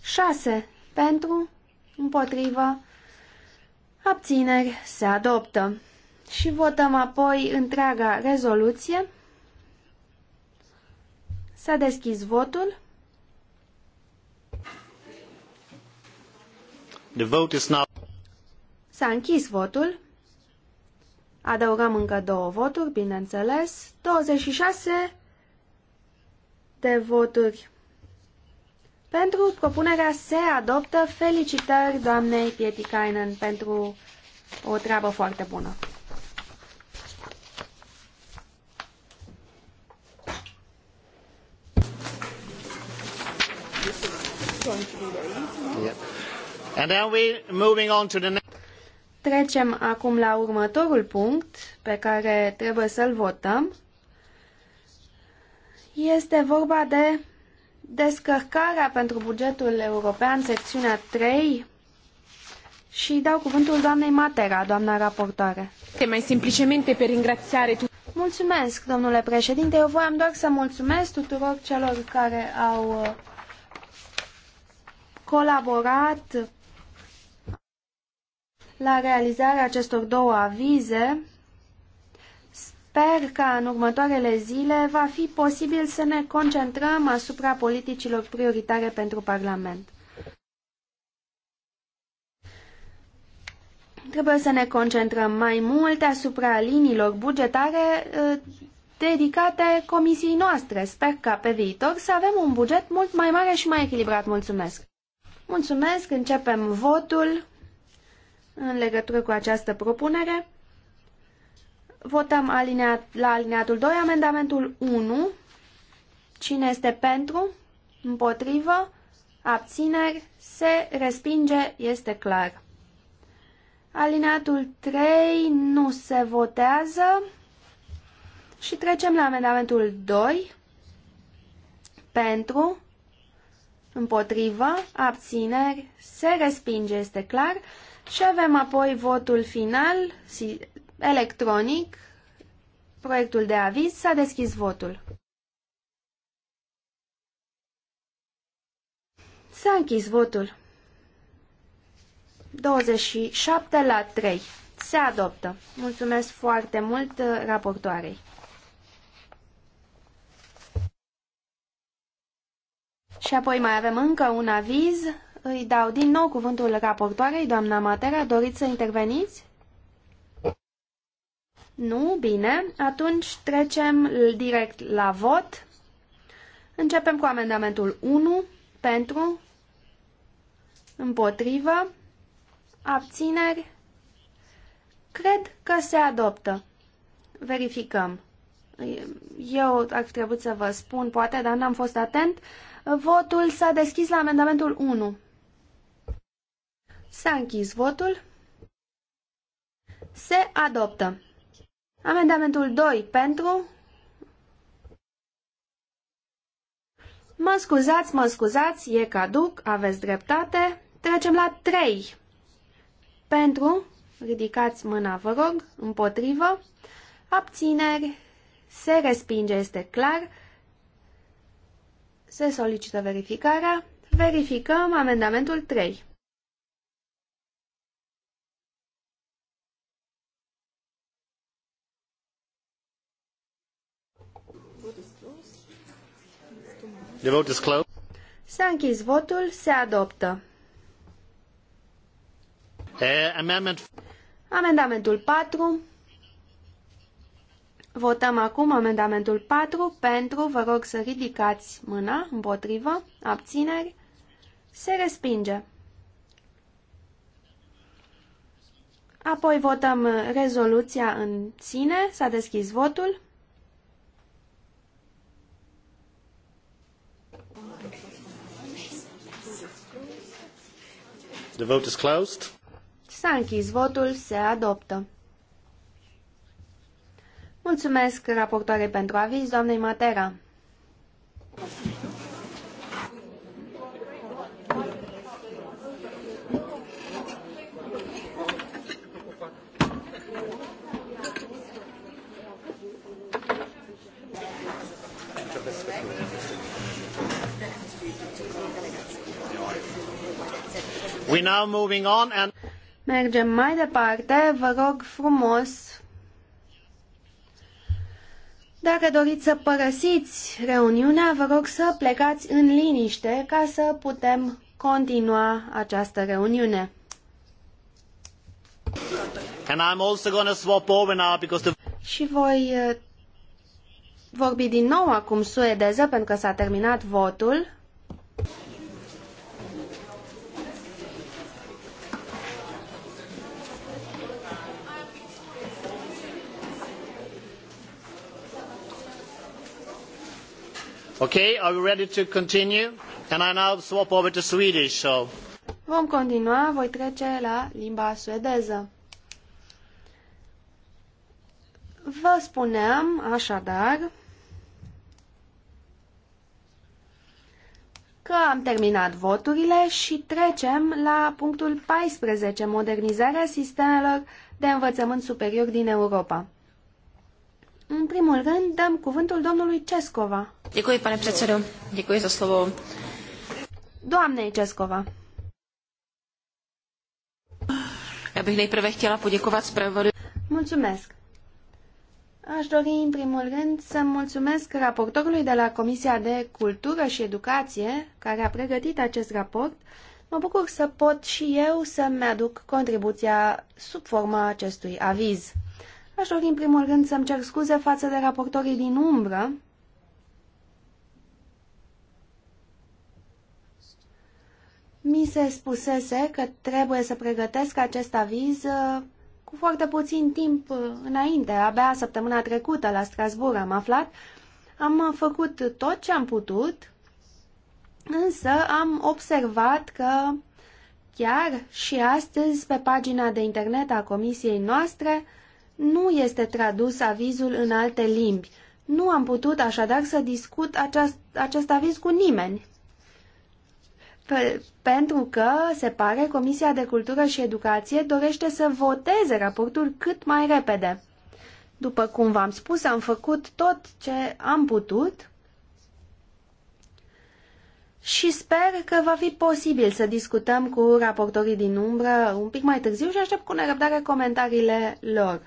6, pentru, împotrivă, abțineri, se adoptă și votăm apoi întreaga rezoluție. S-a deschis votul. The vote is now... S-a închis votul. Adăugăm încă două voturi, bineînțeles. 26 de voturi. Pentru propunerea se adoptă felicitări doamnei Pietikainen pentru o treabă foarte bună. Trecem acum la următorul punct pe care trebuie să-l votăm. Este vorba de descărcarea pentru bugetul european, secțiunea 3, și dau cuvântul doamnei Matera, doamna raportoare. Mai simplicemente pe ringrațiare tu... Mulțumesc, domnule președinte. Eu voiam doar să mulțumesc tuturor celor care au colaborat la realizarea acestor două avize. Sper că în următoarele zile va fi posibil să ne concentrăm asupra politicilor prioritare pentru Parlament. Trebuie să ne concentrăm mai mult asupra liniilor bugetare ă, dedicate comisiei noastre. Sper ca pe viitor să avem un buget mult mai mare și mai echilibrat. Mulțumesc! Mulțumesc, începem votul în legătură cu această propunere. Votăm alineat, la alineatul 2, amendamentul 1. Cine este pentru? Împotrivă? Abțineri? Se respinge? Este clar. Alineatul 3 nu se votează. Și trecem la amendamentul 2. Pentru? împotrivă, abțineri, se respinge, este clar. Și avem apoi votul final, electronic, proiectul de aviz, s-a deschis votul. S-a închis votul. 27 la 3. Se adoptă. Mulțumesc foarte mult raportoarei. Și apoi mai avem încă un aviz. Îi dau din nou cuvântul raportoarei, doamna Matera. Doriți să interveniți? Nu? Bine. Atunci trecem direct la vot. Începem cu amendamentul 1 pentru, împotrivă, abțineri. Cred că se adoptă. Verificăm. Eu ar fi trebuit să vă spun, poate, dar n-am fost atent. Votul s-a deschis la amendamentul 1. S-a închis votul. Se adoptă. Amendamentul 2 pentru. Mă scuzați, mă scuzați, e caduc, aveți dreptate. Trecem la 3. Pentru, ridicați mâna, vă rog, împotrivă, abțineri, se respinge, este clar. Se solicită verificarea. Verificăm amendamentul 3. The vote is closed. S-a închis votul, se adoptă. Uh, amendamentul 4. Votăm acum amendamentul 4 pentru, vă rog să ridicați mâna, împotrivă, abțineri, se respinge. Apoi votăm rezoluția în sine, s-a deschis votul. The vote is closed. S-a închis votul, se adoptă. Mulțumesc raportoare pentru aviz, doamnei Matera. We now moving on and... Mergem mai departe, vă rog frumos dacă doriți să părăsiți reuniunea, vă rog să plecați în liniște ca să putem continua această reuniune. And I'm also going to swap over now because the... Și voi eh, vorbi din nou acum suedeză pentru că s-a terminat votul. Okay, are we ready to continue? And I now swap over to Swedish, so... Vom continua, voi trece la limba suedeză. Vă spuneam, așadar, că am terminat voturile și trecem la punctul 14, modernizarea sistemelor de învățământ superior din Europa. În primul rând, dăm cuvântul domnului Cescova. Děkuji, pane předsedo. Děkuji za slovo. Doamne Cescova. Já bych nejprve chtěla poděkovat zpravodaj. Mulțumesc. Aș dori, în primul rând, să mulțumesc raportorului de la Comisia de Cultură și Educație, care a pregătit acest raport. Mă bucur să pot și eu să-mi aduc contribuția sub forma acestui aviz. Aș dori în primul rând să-mi cer scuze față de raportorii din umbră. Mi se spusese că trebuie să pregătesc acest aviz uh, cu foarte puțin timp uh, înainte, abia săptămâna trecută la Strasbourg am aflat. Am uh, făcut tot ce am putut, însă am observat că chiar și astăzi pe pagina de internet a comisiei noastre nu este tradus avizul în alte limbi. Nu am putut așadar să discut aceast, acest aviz cu nimeni. P pentru că, se pare, Comisia de Cultură și Educație dorește să voteze raportul cât mai repede. După cum v-am spus, am făcut tot ce am putut și sper că va fi posibil să discutăm cu raportorii din umbră un pic mai târziu și aștept cu nerăbdare comentariile lor.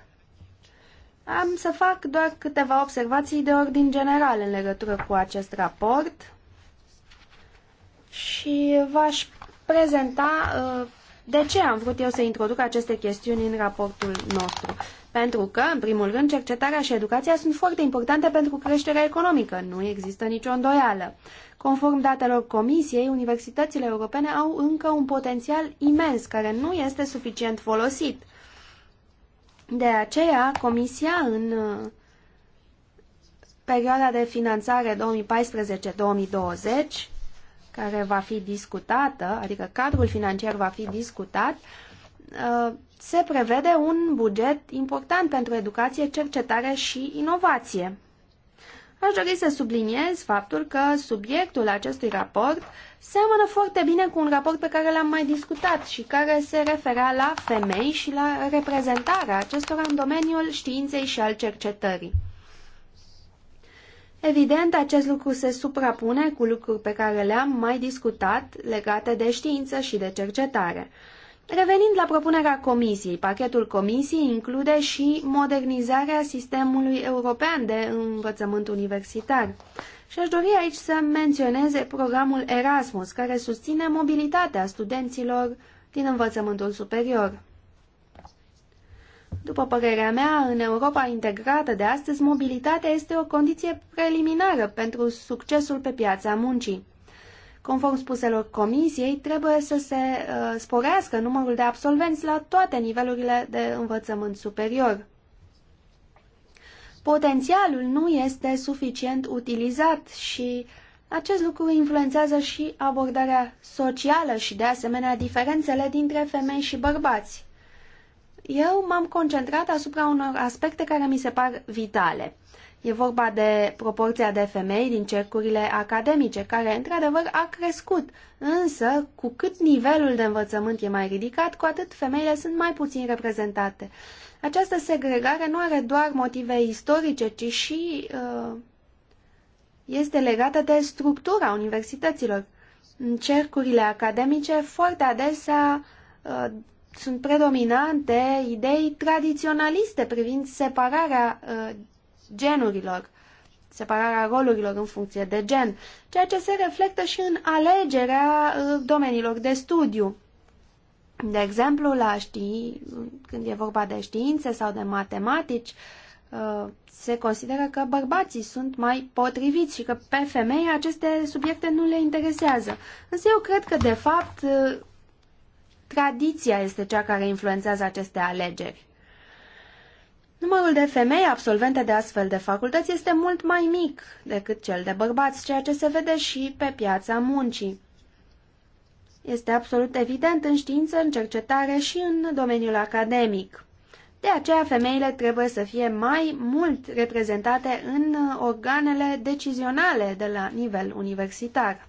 Am să fac doar câteva observații de ordin general în legătură cu acest raport și v-aș prezenta uh, de ce am vrut eu să introduc aceste chestiuni în raportul nostru. Pentru că, în primul rând, cercetarea și educația sunt foarte importante pentru creșterea economică, nu există nicio îndoială. Conform datelor Comisiei, universitățile europene au încă un potențial imens care nu este suficient folosit de aceea, Comisia în uh, perioada de finanțare 2014-2020, care va fi discutată, adică cadrul financiar va fi discutat, uh, se prevede un buget important pentru educație, cercetare și inovație. Aș dori să subliniez faptul că subiectul acestui raport seamănă foarte bine cu un raport pe care l-am mai discutat și care se referea la femei și la reprezentarea acestora în domeniul științei și al cercetării. Evident, acest lucru se suprapune cu lucruri pe care le-am mai discutat legate de știință și de cercetare. Revenind la propunerea Comisiei, pachetul Comisiei include și modernizarea sistemului european de învățământ universitar. Și aș dori aici să menționeze programul Erasmus, care susține mobilitatea studenților din învățământul superior. După părerea mea, în Europa integrată de astăzi, mobilitatea este o condiție preliminară pentru succesul pe piața muncii. Conform spuselor comisiei, trebuie să se uh, sporească numărul de absolvenți la toate nivelurile de învățământ superior. Potențialul nu este suficient utilizat și acest lucru influențează și abordarea socială și, de asemenea, diferențele dintre femei și bărbați. Eu m-am concentrat asupra unor aspecte care mi se par vitale. E vorba de proporția de femei din cercurile academice, care într-adevăr a crescut, însă cu cât nivelul de învățământ e mai ridicat, cu atât femeile sunt mai puțin reprezentate. Această segregare nu are doar motive istorice, ci și uh, este legată de structura universităților. În cercurile academice, foarte adesea uh, sunt predominante idei tradiționaliste privind separarea uh, genurilor, separarea rolurilor în funcție de gen, ceea ce se reflectă și în alegerea uh, domeniilor de studiu. De exemplu, la știi, când e vorba de științe sau de matematici, uh, se consideră că bărbații sunt mai potriviți și că pe femei aceste subiecte nu le interesează. Însă eu cred că, de fapt, uh, tradiția este cea care influențează aceste alegeri. Numărul de femei absolvente de astfel de facultăți este mult mai mic decât cel de bărbați, ceea ce se vede și pe piața muncii. Este absolut evident în știință, în cercetare și în domeniul academic. De aceea, femeile trebuie să fie mai mult reprezentate în organele decizionale de la nivel universitar.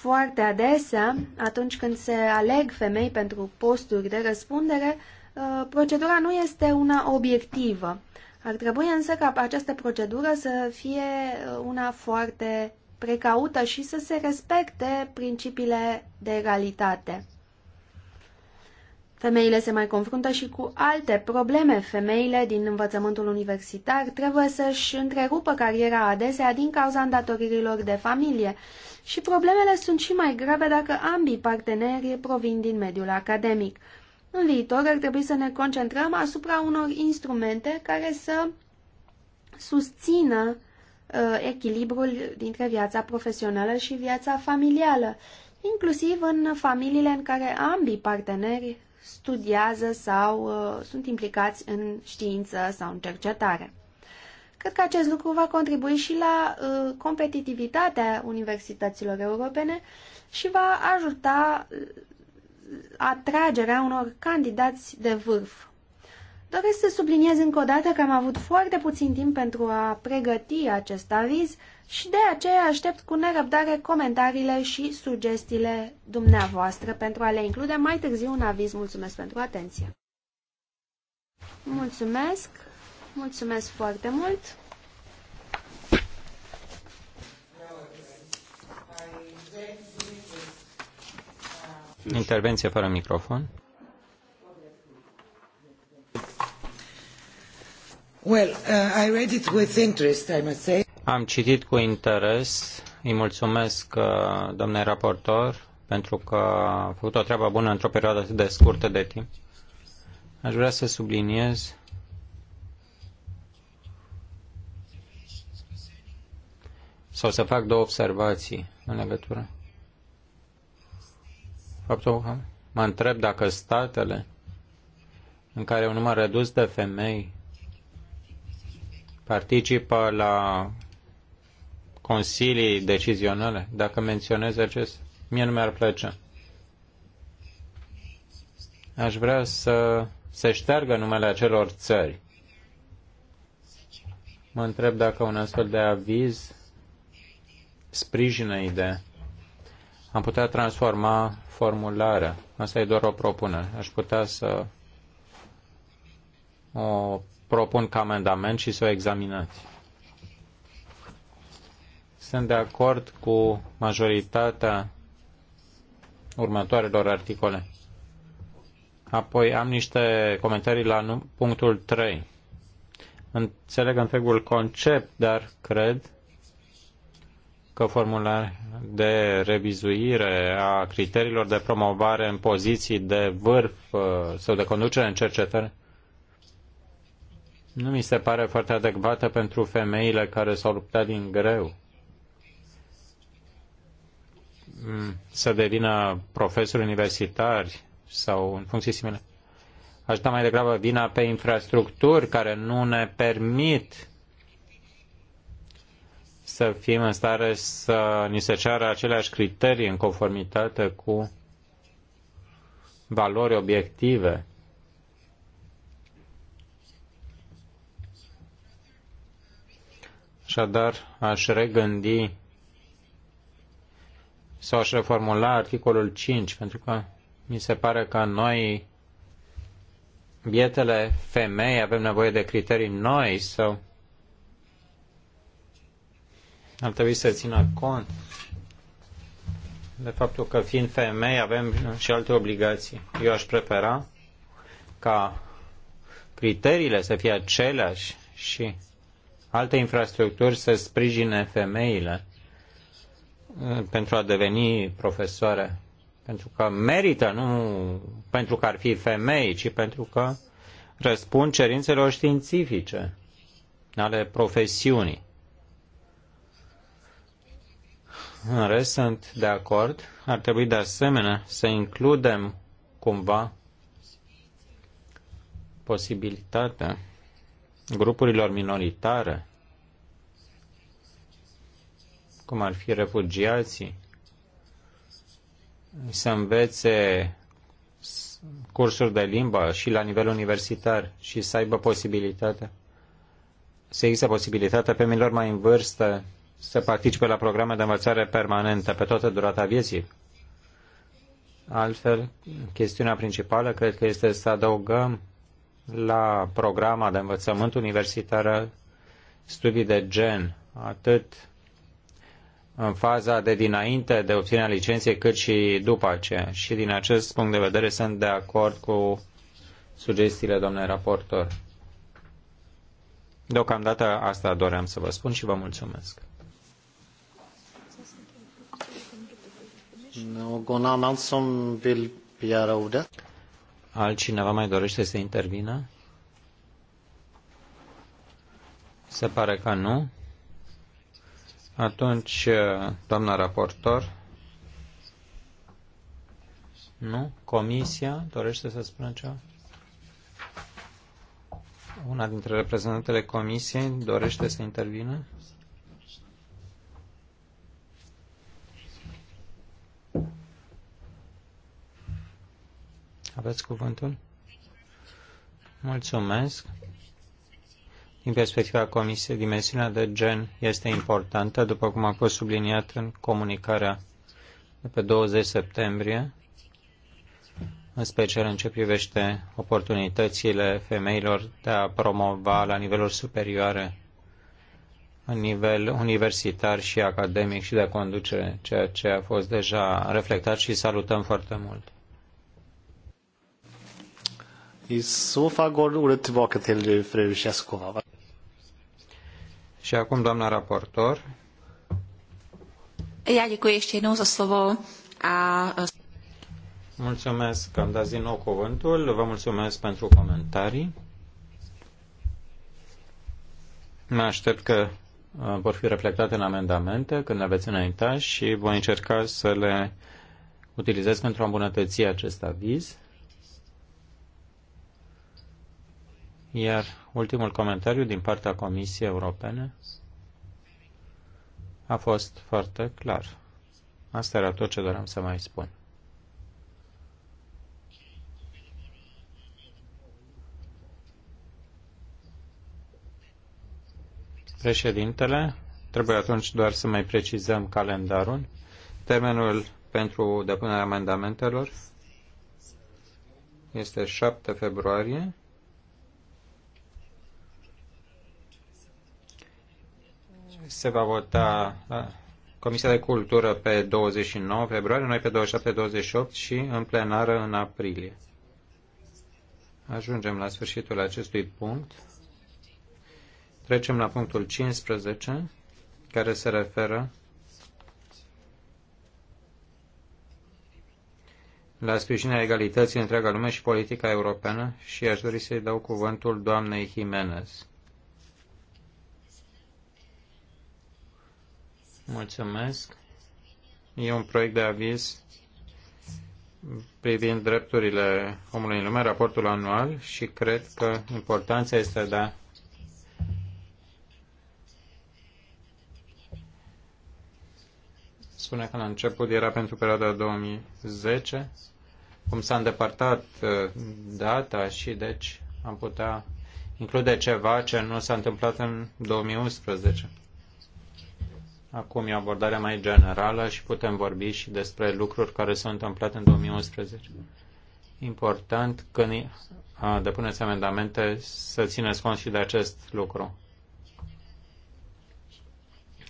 Foarte adesea, atunci când se aleg femei pentru posturi de răspundere, uh, procedura nu este una obiectivă. Ar trebui însă ca această procedură să fie uh, una foarte precaută și să se respecte principiile de egalitate. Femeile se mai confruntă și cu alte probleme. Femeile din învățământul universitar trebuie să-și întrerupă cariera adesea din cauza îndatoririlor de familie și problemele sunt și mai grave dacă ambii parteneri provin din mediul academic. În viitor ar trebui să ne concentrăm asupra unor instrumente care să susțină uh, echilibrul dintre viața profesională și viața familială, inclusiv în familiile în care ambii parteneri studiază sau uh, sunt implicați în știință sau în cercetare. Cred că acest lucru va contribui și la uh, competitivitatea universităților europene și va ajuta uh, atragerea unor candidați de vârf. Doresc să subliniez încă o dată că am avut foarte puțin timp pentru a pregăti acest aviz și de aceea aștept cu nerăbdare comentariile și sugestiile dumneavoastră pentru a le include mai târziu un aviz. Mulțumesc pentru atenție! Mulțumesc! Mulțumesc foarte mult! Intervenție fără microfon. Well, uh, I read it with interest, I must say. Am citit cu interes. Îi mulțumesc, uh, domnule raportor, pentru că a făcut o treabă bună într-o perioadă atât de scurtă de timp. Aș vrea să subliniez sau să fac două observații în legătură. Faptul că mă întreb dacă statele în care un număr redus de femei participă la consilii decizionale, dacă menționez acest, mie nu mi-ar plăcea. Aș vrea să se șteargă numele acelor țări. Mă întreb dacă un astfel de aviz sprijină ideea. Am putea transforma formularea. Asta e doar o propunere. Aș putea să o propun ca amendament și să o examinați. Sunt de acord cu majoritatea următoarelor articole. Apoi am niște comentarii la punctul 3. Înțeleg întregul concept, dar cred că formularea de revizuire a criteriilor de promovare în poziții de vârf uh, sau de conducere în cercetare nu mi se pare foarte adecvată pentru femeile care s-au luptat din greu Mm, să devină profesori universitari sau în funcții similare. Aș da mai degrabă vina pe infrastructuri care nu ne permit să fim în stare să ni se ceară aceleași criterii în conformitate cu valori obiective. Așadar, aș regândi sau aș reformula articolul 5, pentru că mi se pare că noi, bietele femei, avem nevoie de criterii noi sau ar trebui să țină cont de faptul că fiind femei avem și alte obligații. Eu aș prefera ca criteriile să fie aceleași și alte infrastructuri să sprijine femeile pentru a deveni profesoare. Pentru că merită, nu pentru că ar fi femei, ci pentru că răspund cerințelor științifice ale profesiunii. În rest, sunt de acord. Ar trebui de asemenea să includem cumva posibilitatea grupurilor minoritare cum ar fi refugiații, să învețe cursuri de limbă și la nivel universitar și să aibă posibilitatea, să există posibilitatea pe milor mai în vârstă să participe la programe de învățare permanentă pe toată durata vieții. Altfel, chestiunea principală cred că este să adăugăm la programa de învățământ universitară studii de gen, atât în faza de dinainte de obținerea licenței, cât și după aceea. Și din acest punct de vedere sunt de acord cu sugestiile domnului raportor. Deocamdată asta doream să vă spun și vă mulțumesc. Gonan Altcineva mai dorește să intervină? Se pare că nu. Atunci, uh, doamna raportor, nu? Comisia dorește să spună ceva? Una dintre reprezentantele comisiei dorește să intervină? Aveți cuvântul? Mulțumesc. Din perspectiva Comisiei, dimensiunea de gen este importantă, după cum a fost subliniat în comunicarea de pe 20 septembrie, în special în ce privește oportunitățile femeilor de a promova la niveluri superioare, în nivel universitar și academic și de a conducere, ceea ce a fost deja reflectat și salutăm foarte mult. I så fall går ordet tillbaka till fru Cheskova. Și acum, doamna raportor. Ja děkuji ještě jednou za slovo. A... Mulțumesc că am dat din nou cuvântul. Vă mulțumesc pentru comentarii. Mă aștept că vor fi reflectate în amendamente când le veți înainte și voi încerca să le utilizez pentru a îmbunătăți acest aviz. Iar ultimul comentariu din partea Comisiei Europene a fost foarte clar. Asta era tot ce doream să mai spun. Președintele, trebuie atunci doar să mai precizăm calendarul. Termenul pentru depunerea amendamentelor este 7 februarie se va vota la Comisia de Cultură pe 29 februarie, noi pe 27-28 și în plenară în aprilie. Ajungem la sfârșitul acestui punct. Trecem la punctul 15, care se referă la sprijinirea egalității întreaga lume și politica europeană și aș dori să-i dau cuvântul doamnei Jimenez. Mulțumesc. E un proiect de aviz privind drepturile omului în lume, raportul anual și cred că importanța este de a spune că la început era pentru perioada 2010, cum s-a îndepărtat uh, data și deci am putea include ceva ce nu s-a întâmplat în 2011. Acum e o abordare mai generală și putem vorbi și despre lucruri care s-au întâmplat în 2011. Important când depuneți amendamente să țineți cont și de acest lucru.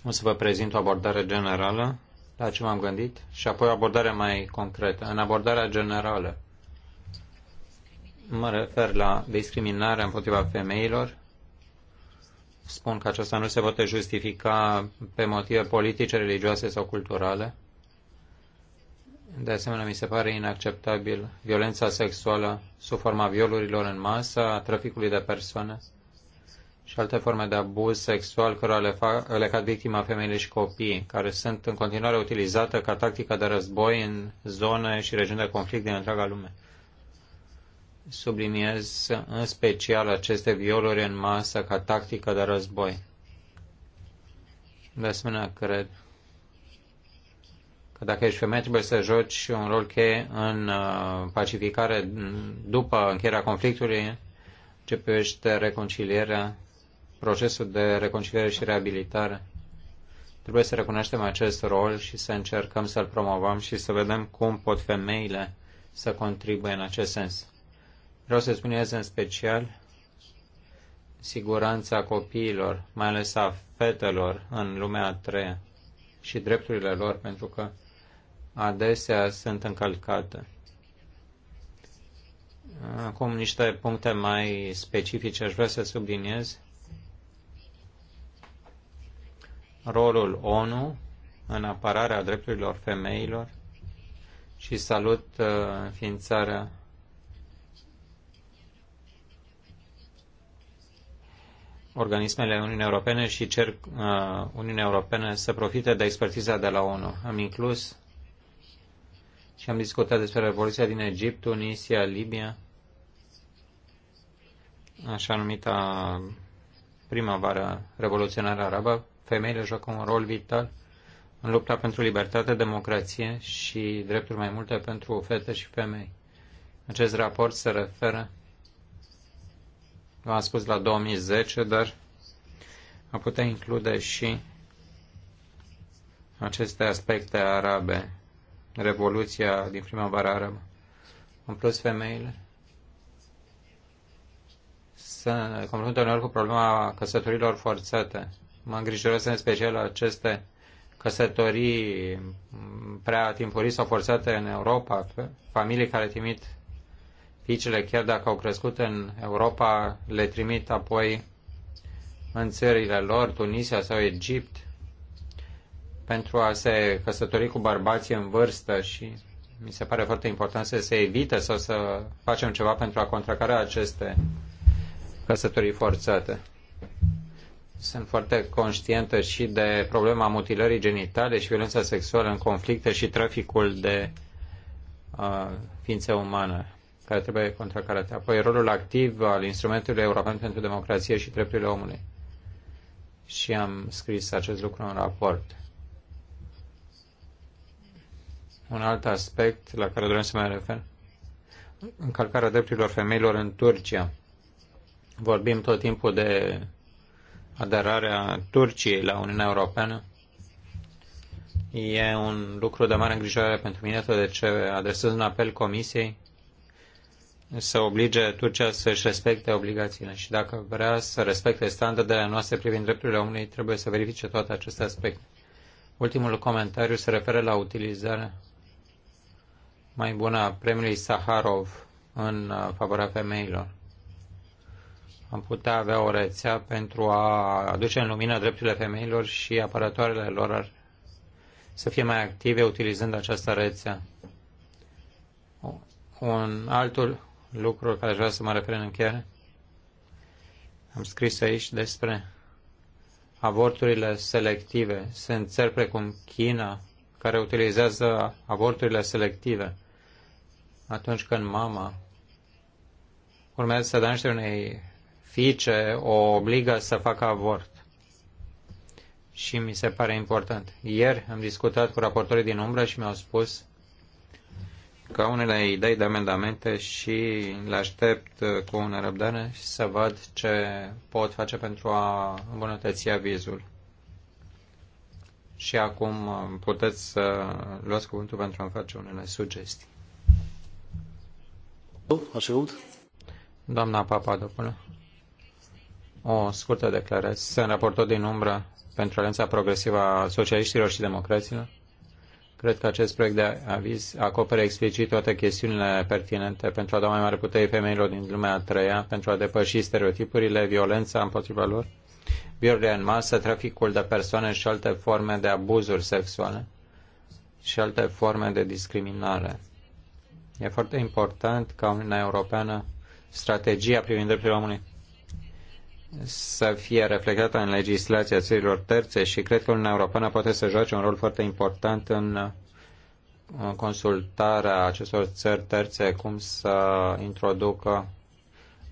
O să vă prezint o abordare generală la ce m-am gândit și apoi o abordare mai concretă. În abordarea generală mă refer la discriminarea împotriva femeilor spun că aceasta nu se poate justifica pe motive politice, religioase sau culturale. De asemenea, mi se pare inacceptabil violența sexuală sub forma violurilor în masă, a traficului de persoane și alte forme de abuz sexual care le, fac, le cad victima femeile și copiii, care sunt în continuare utilizate ca tactică de război în zone și regiuni de conflict din întreaga lume subliniez în special aceste violuri în masă ca tactică de război. De asemenea, cred că dacă ești femeie, trebuie să joci un rol cheie în uh, pacificare după încheierea conflictului, ce privește reconcilierea, procesul de reconciliere și reabilitare. Trebuie să recunoaștem acest rol și să încercăm să-l promovăm și să vedem cum pot femeile să contribuie în acest sens. Vreau să spuneți în special siguranța copiilor, mai ales a fetelor în lumea a treia și drepturile lor, pentru că adesea sunt încălcate. Acum niște puncte mai specifice aș vrea să subliniez. Rolul ONU în apărarea drepturilor femeilor și salut uh, ființarea organismele Uniunii Europene și cer uh, Uniunii Europene să profite de expertiza de la ONU. Am inclus și am discutat despre revoluția din Egipt, Tunisia, Libia, așa numita primăvară revoluționară arabă. Femeile joacă un rol vital în lupta pentru libertate, democrație și drepturi mai multe pentru fete și femei. Acest raport se referă v-am spus la 2010, dar a putea include și aceste aspecte arabe, revoluția din primăvara arabă. În plus, femeile să confruntă uneori cu problema căsătorilor forțate. Mă îngrijoresc în special aceste căsătorii prea timpurii sau forțate în Europa, familii care trimit Ficile, chiar dacă au crescut în Europa, le trimit apoi în țările lor, Tunisia sau Egipt, pentru a se căsători cu bărbații în vârstă și mi se pare foarte important să se evite sau să facem ceva pentru a contracara aceste căsătorii forțate. Sunt foarte conștientă și de problema mutilării genitale și violența sexuală în conflicte și traficul de uh, ființe umane care trebuie contracarate. Apoi rolul activ al instrumentului european pentru democrație și drepturile omului. Și am scris acest lucru în raport. Un alt aspect la care dorem să mă refer, încălcarea drepturilor femeilor în Turcia. Vorbim tot timpul de aderarea Turciei la Uniunea Europeană. E un lucru de mare îngrijorare pentru mine, tot de ce adresez un apel Comisiei să oblige Turcia să-și respecte obligațiile și dacă vrea să respecte standardele noastre privind drepturile omului, trebuie să verifice toate aceste aspecte. Ultimul comentariu se referă la utilizarea mai bună a premiului Saharov în uh, favoarea femeilor. Am putea avea o rețea pentru a aduce în lumină drepturile femeilor și apărătoarele lor ar să fie mai active utilizând această rețea. Un altul, lucruri care aș vrea să mă refer în încheiere. Am scris aici despre avorturile selective. Sunt țări precum China care utilizează avorturile selective atunci când mama urmează să dea unei fiice, o obligă să facă avort. Și mi se pare important. Ieri am discutat cu raportorii din umbră și mi-au spus ca unele idei de amendamente și le aștept uh, cu o nerăbdare și să văd ce pot face pentru a îmbunătăți avizul. Și acum uh, puteți să luați cuvântul pentru a face unele sugestii. Doamna după o scurtă declarație. Sunt raportor din umbră pentru Alianța Progresivă a Socialiștilor și Democraților Cred că acest proiect de aviz acoperă explicit toate chestiunile pertinente pentru a da mai mare putere femeilor din lumea a treia, pentru a depăși stereotipurile, violența împotriva lor, violurile în masă, traficul de persoane și alte forme de abuzuri sexuale și alte forme de discriminare. E foarte important ca Uniunea Europeană strategia privind drepturile omului să fie reflectată în legislația țărilor terțe și cred că Uniunea Europeană poate să joace un rol foarte important în consultarea acestor țări terțe cum să introducă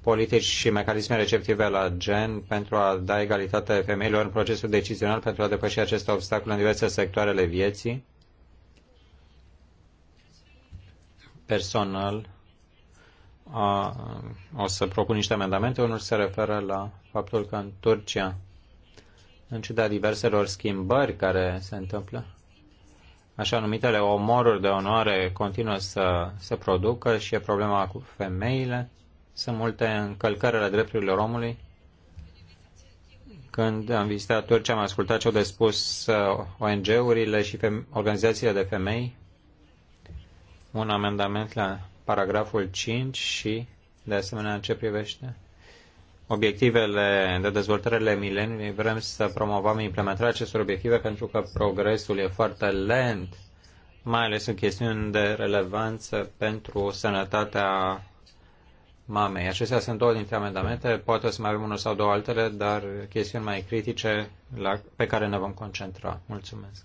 politici și mecanisme receptive la gen pentru a da egalitate femeilor în procesul decizional pentru a depăși aceste obstacole în diverse sectoarele vieții. Personal, o să propun niște amendamente. Unul se referă la faptul că în Turcia, în ciuda diverselor schimbări care se întâmplă, așa numitele omoruri de onoare continuă să se producă și e problema cu femeile. Sunt multe încălcări ale drepturilor omului. Când am vizitat Turcia, am ascultat ce au de spus uh, ONG-urile și organizațiile de femei. Un amendament la paragraful 5 și, de asemenea, în ce privește obiectivele de dezvoltare ale mileniului, vrem să promovăm implementarea acestor obiective pentru că progresul e foarte lent, mai ales în chestiuni de relevanță pentru sănătatea mamei. Acestea sunt două dintre amendamente, poate o să mai avem unul sau două altele, dar chestiuni mai critice la, pe care ne vom concentra. Mulțumesc.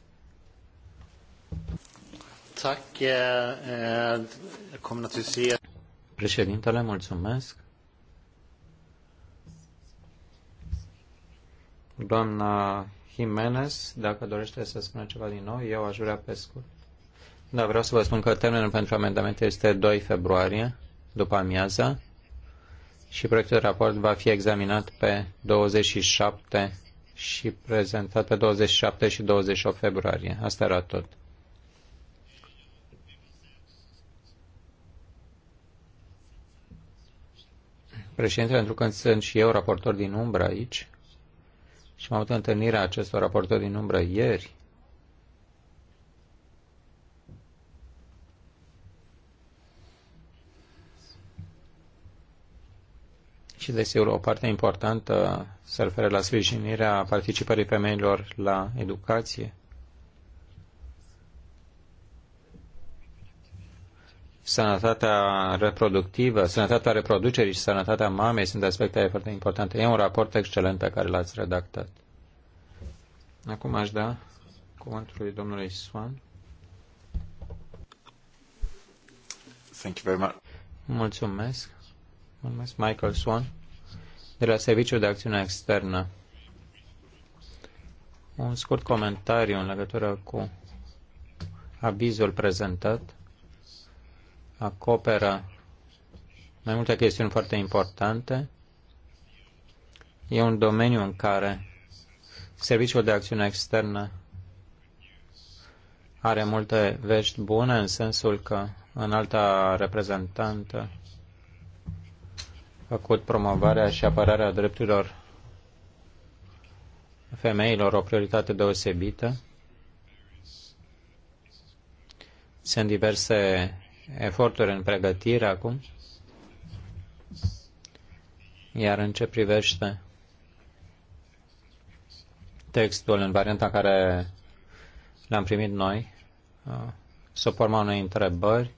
Tack. Eh, eh, Președintele, mulțumesc. Doamna Jimenez, dacă dorește să spună ceva din nou, eu aș vrea pe scurt. Da, vreau să vă spun că termenul pentru amendamente este 2 februarie, după amiază și proiectul de raport va fi examinat pe 27 și prezentat pe 27 și 28 februarie. Asta era tot. Președinte, pentru că sunt și eu raportor din umbră aici, și m-am avut întâlnirea acestor raportori din umbră ieri. Și, desigur, o parte importantă se referă la sprijinirea participării femeilor la educație sănătatea reproductivă, sănătatea reproducerii și sănătatea mamei sunt aspecte foarte importante. E un raport excelent pe care l-ați redactat. Acum aș da cuvântul lui domnului Swan. Thank you very much. Mulțumesc. Mulțumesc, Michael Swan, de la Serviciul de Acțiune Externă. Un scurt comentariu în legătură cu avizul prezentat acoperă mai multe chestiuni foarte importante. E un domeniu în care Serviciul de Acțiune Externă are multe vești bune în sensul că în alta reprezentantă făcut promovarea și apărarea drepturilor femeilor o prioritate deosebită. Sunt diverse eforturi în pregătire acum. Iar în ce privește textul în varianta care l-am primit noi, uh, sub forma unei întrebări,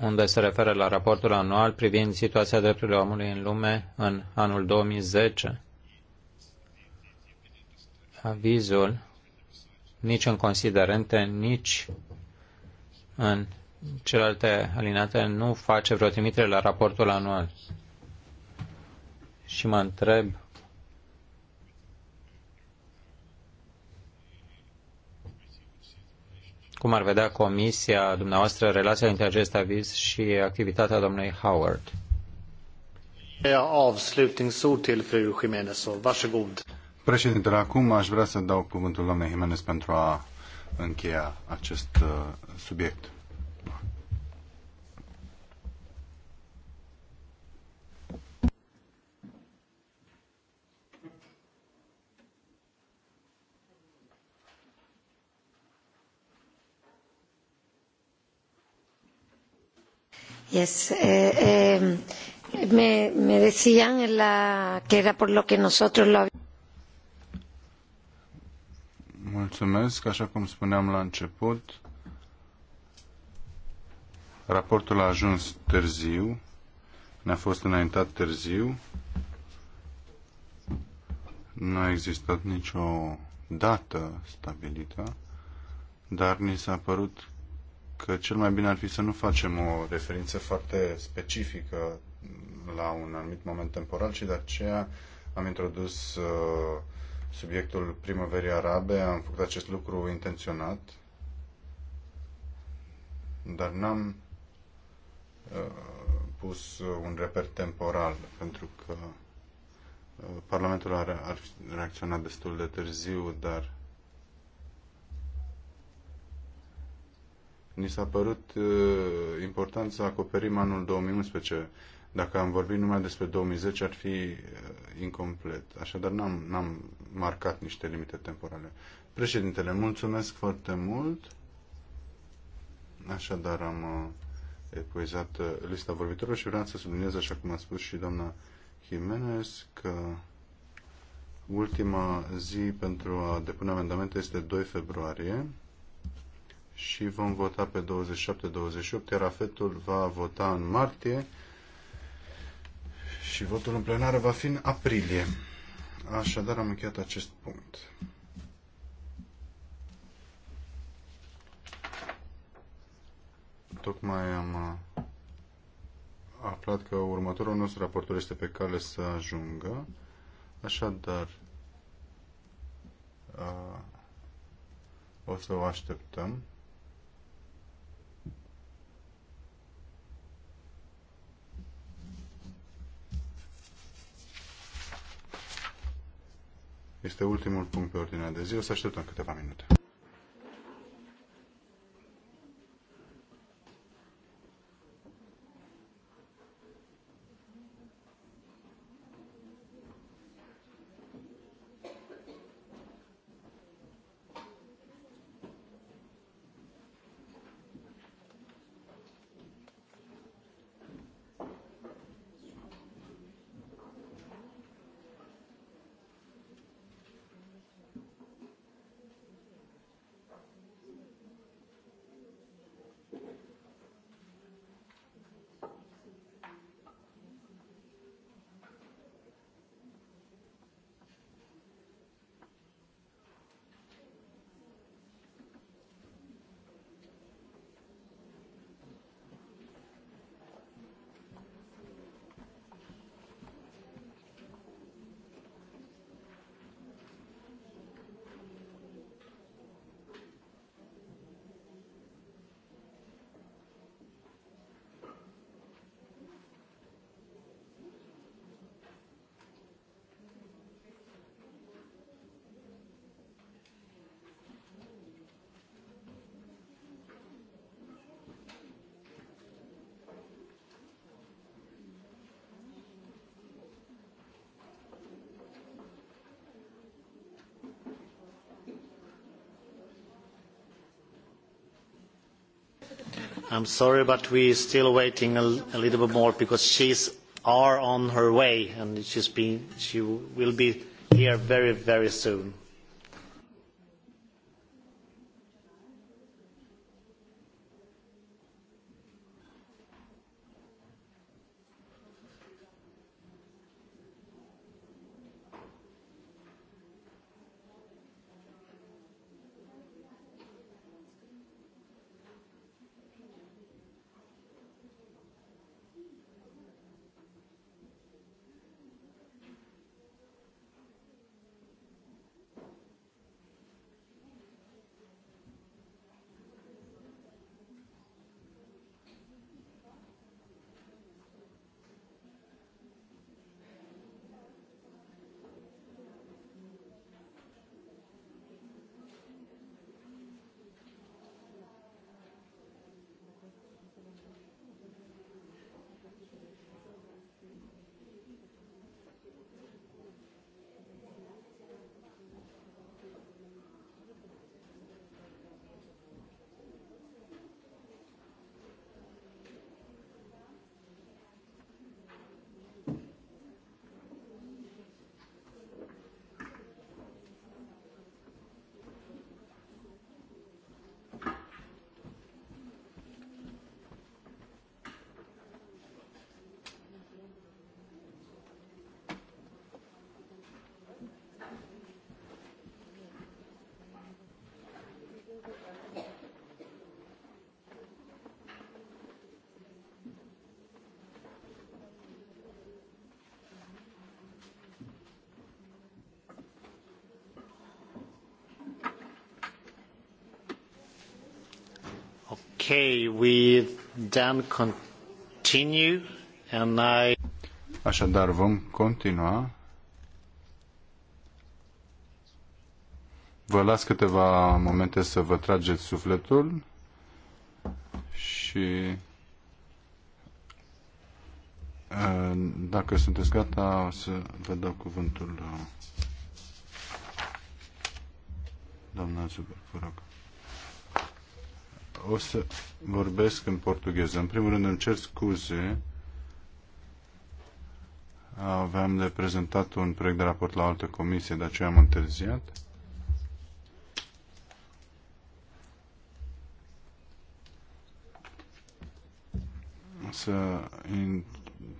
unde se referă la raportul anual privind situația drepturilor omului în lume în anul 2010. Avizul nici în considerente, nici în celelalte alinate nu face vreo trimitere la raportul anual. Și mă întreb cum ar vedea comisia dumneavoastră relația dintre acest aviz și activitatea domnului Howard. Președintele, acum aș vrea să dau cuvântul doamnei Jimenez pentru a încheia acest uh, subiect. Yes. Eh, eh, me, me decían la, que era por lo que nosotros lo Mulțumesc. Așa cum spuneam la început, raportul a ajuns târziu, ne-a fost înaintat târziu. Nu a existat nicio dată stabilită, dar ni s-a părut că cel mai bine ar fi să nu facem o referință foarte specifică la un anumit moment temporal, ci de aceea am introdus uh, subiectul primăverii arabe. Am făcut acest lucru intenționat, dar n-am uh, pus un reper temporal, pentru că uh, Parlamentul ar reacționat destul de târziu, dar ni s-a părut uh, important să acoperim anul 2011. Dacă am vorbit numai despre 2010, ar fi uh, incomplet. Așadar, n-am, n-am marcat niște limite temporale. Președintele, mulțumesc foarte mult. Așadar am uh, epuizat uh, lista vorbitorilor și vreau să subliniez, așa cum a spus și doamna Jimenez, că ultima zi pentru a depune amendamente este 2 februarie și vom vota pe 27-28, iar afetul va vota în martie și votul în plenară va fi în aprilie. Așadar am încheiat acest punct. Tocmai am uh, aflat că următorul nostru raportor este pe cale să ajungă. Așadar, uh, o să o așteptăm. Este ultimul punct pe ordinea de zi. O să așteptăm câteva minute. I'm sorry, but we're still waiting a, little bit more because she's are on her way and she's been, she will be here very, very soon. Okay, we then continue and I... Așadar, vom continua. Vă las câteva momente să vă trageți sufletul și uh, dacă sunteți gata, o să vă dau cuvântul uh, doamna Zuber, vă rog o să vorbesc în portugheză. În primul rând îmi cer scuze. Aveam de prezentat un proiect de raport la altă comisie, dar ce am întârziat. Să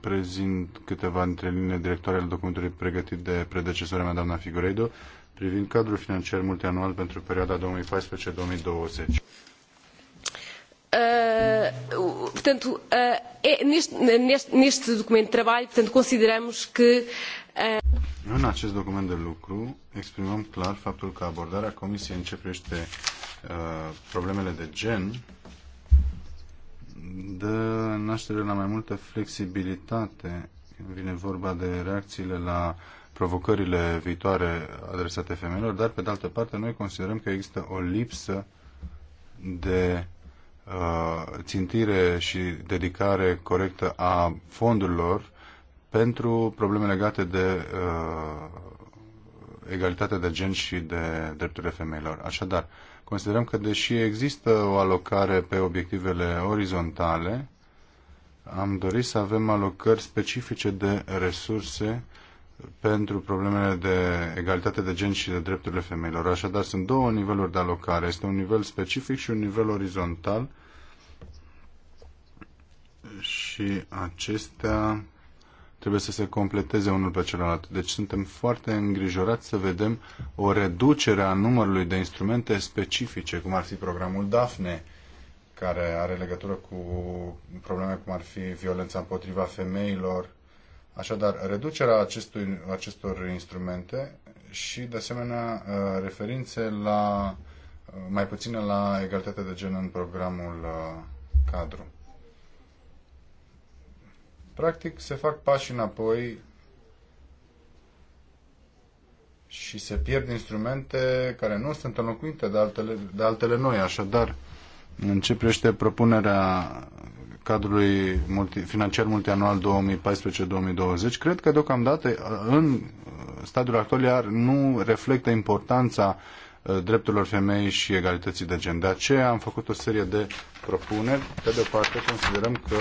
prezint câteva dintre linii directoare ale documentului pregătit de predecesoarea mea, doamna Figureido, privind cadrul financiar multianual pentru perioada 2014-2020. Ah, portanto, uh, é neste, neste, neste documento de trabalho, portanto, consideramos que. Ah, în acest document de lucru exprimăm clar faptul că abordarea Comisiei în ce privește uh, problemele de gen dă naștere la mai multă flexibilitate când vine vorba de reacțiile la provocările viitoare adresate femeilor, dar pe de altă parte noi considerăm că există o lipsă de Uh, țintire și dedicare corectă a fondurilor pentru probleme legate de uh, egalitatea de gen și de drepturile femeilor. Așadar, considerăm că deși există o alocare pe obiectivele orizontale, am dorit să avem alocări specifice de resurse pentru problemele de egalitate de gen și de drepturile femeilor. Așadar, sunt două niveluri de alocare. Este un nivel specific și un nivel orizontal și acestea trebuie să se completeze unul pe celălalt. Deci suntem foarte îngrijorați să vedem o reducere a numărului de instrumente specifice, cum ar fi programul DAFNE, care are legătură cu probleme cum ar fi violența împotriva femeilor, Așadar, reducerea acestui, acestor instrumente și, de asemenea, uh, referințe la uh, mai puține la egalitatea de gen în programul uh, cadru. Practic, se fac pași înapoi și se pierd instrumente care nu sunt înlocuite de altele, de altele noi. Așadar, în ce privește propunerea cadrului multi, financiar multianual 2014-2020, cred că deocamdată în stadiul actual nu reflectă importanța uh, drepturilor femei și egalității de gen. De aceea am făcut o serie de propuneri. Pe de o parte, considerăm că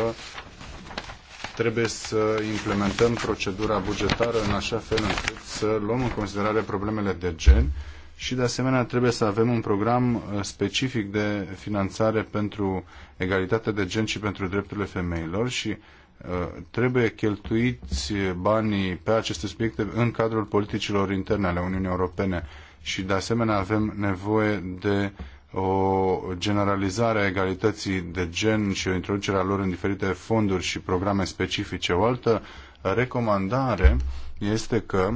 trebuie să implementăm procedura bugetară în așa fel încât să luăm în considerare problemele de gen și de asemenea trebuie să avem un program uh, specific de finanțare pentru egalitate de gen și pentru drepturile femeilor și uh, trebuie cheltuiți banii pe aceste subiecte în cadrul politicilor interne ale Uniunii Europene și de asemenea avem nevoie de o generalizare a egalității de gen și o introducere a lor în diferite fonduri și programe specifice. O altă recomandare este că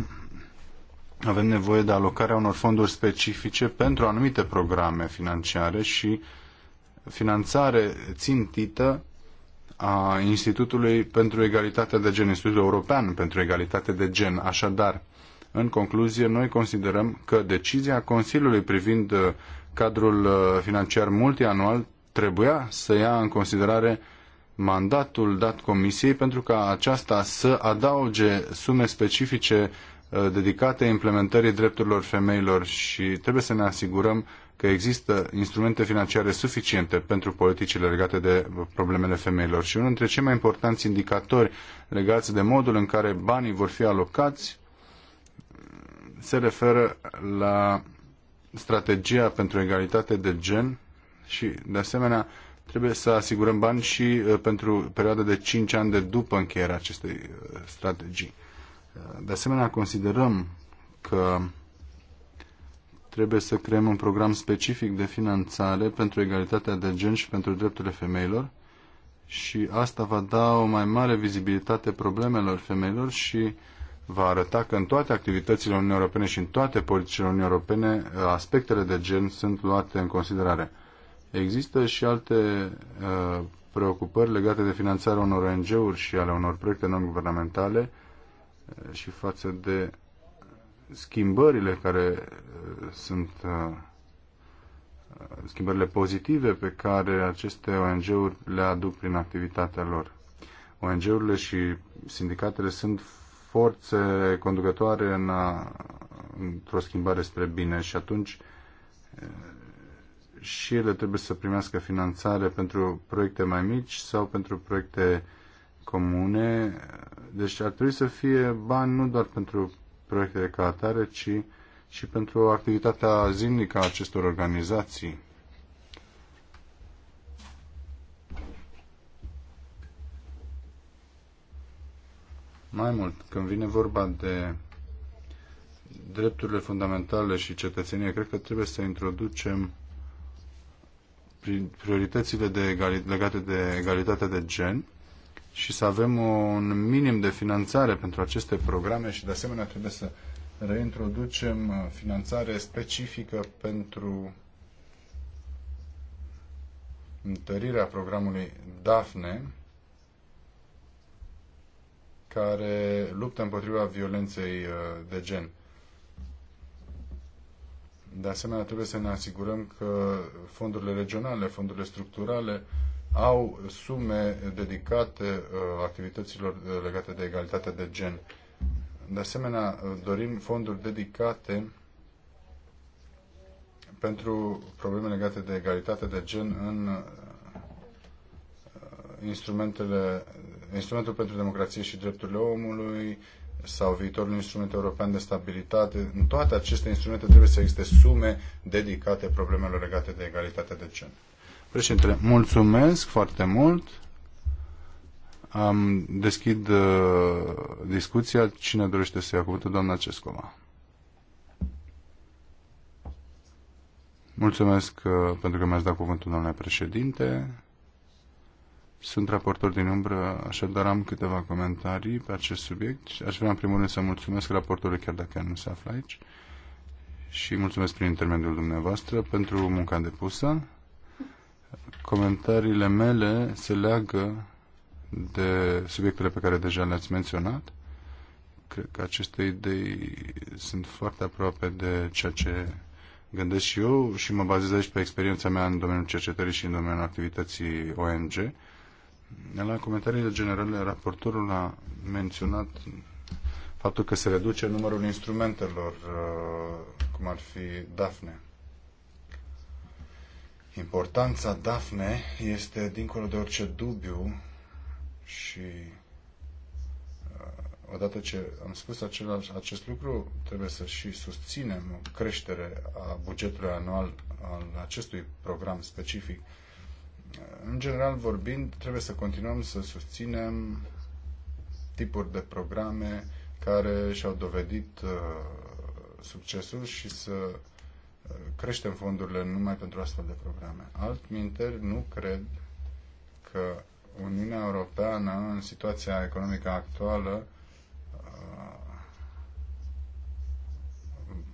avem nevoie de alocarea unor fonduri specifice pentru anumite programe financiare și finanțare țintită a Institutului pentru Egalitate de Gen, Institutul European pentru Egalitate de Gen. Așadar, în concluzie, noi considerăm că decizia Consiliului privind uh, cadrul uh, financiar multianual trebuia să ia în considerare mandatul dat Comisiei pentru ca aceasta să adauge sume specifice Uh, dedicate implementării drepturilor femeilor și trebuie să ne asigurăm că există instrumente financiare suficiente pentru politicile legate de problemele femeilor. Și unul dintre cei mai importanți indicatori legați de modul în care banii vor fi alocați se referă la strategia pentru egalitate de gen și, de asemenea, trebuie să asigurăm bani și uh, pentru perioada de 5 ani de după încheierea acestei uh, strategii. De asemenea, considerăm că trebuie să creăm un program specific de finanțare pentru egalitatea de gen și pentru drepturile femeilor și asta va da o mai mare vizibilitate problemelor femeilor și va arăta că în toate activitățile Uniunii Europene și în toate politicile Uniunii Europene aspectele de gen sunt luate în considerare. Există și alte uh, preocupări legate de finanțarea unor ONG-uri și ale unor proiecte non-guvernamentale uh, și față de schimbările care uh, sunt uh, uh, schimbările pozitive pe care aceste ONG-uri le aduc prin activitatea lor. ONG-urile și sindicatele sunt forțe conducătoare în a, într-o schimbare spre bine și atunci și ele trebuie să primească finanțare pentru proiecte mai mici sau pentru proiecte comune deci ar trebui să fie bani nu doar pentru proiectele ca atare, ci și pentru activitatea zilnică a acestor organizații. Mai mult, când vine vorba de drepturile fundamentale și cetățenie, cred că trebuie să introducem prioritățile de egali- legate de egalitatea de gen și să avem un minim de finanțare pentru aceste programe și de asemenea trebuie să reintroducem uh, finanțare specifică pentru întărirea programului DAFNE care luptă împotriva violenței uh, de gen. De asemenea, trebuie să ne asigurăm că fondurile regionale, fondurile structurale, au sume dedicate uh, activităților uh, legate de egalitatea de gen. De asemenea, uh, dorim fonduri dedicate pentru probleme legate de egalitate de gen în instrumentele, instrumentul pentru democrație și drepturile omului sau viitorul instrument european de stabilitate. În toate aceste instrumente trebuie să existe sume dedicate problemelor legate de egalitate de gen. Președintele, mulțumesc foarte mult. Am deschid uh, discuția. Cine dorește să ia cuvântul? Doamna Cescova. Mulțumesc uh, pentru că mi-ați dat cuvântul, domnule președinte. Sunt raportor din umbră, așadar am câteva comentarii pe acest subiect. Aș vrea în primul rând să mulțumesc raportorului, chiar dacă nu se află aici, și mulțumesc prin intermediul dumneavoastră pentru munca depusă. Comentariile mele se leagă de subiectele pe care deja le-ați menționat. Cred că aceste idei sunt foarte aproape de ceea ce gândesc și eu și mă bazez aici pe experiența mea în domeniul cercetării și în domeniul activității ONG. La comentariile generale, raportorul a menționat faptul că se reduce numărul instrumentelor, uh, cum ar fi DAFNE. Importanța Dafne este dincolo de orice dubiu și uh, odată ce am spus același, acest lucru, trebuie să și susținem o creștere a bugetului anual al acestui program specific. În general vorbind, trebuie să continuăm să susținem tipuri de programe care și-au dovedit uh, succesul și să creștem fondurile numai pentru astfel de programe. Altminteri, nu cred că Uniunea Europeană, în situația economică actuală, uh,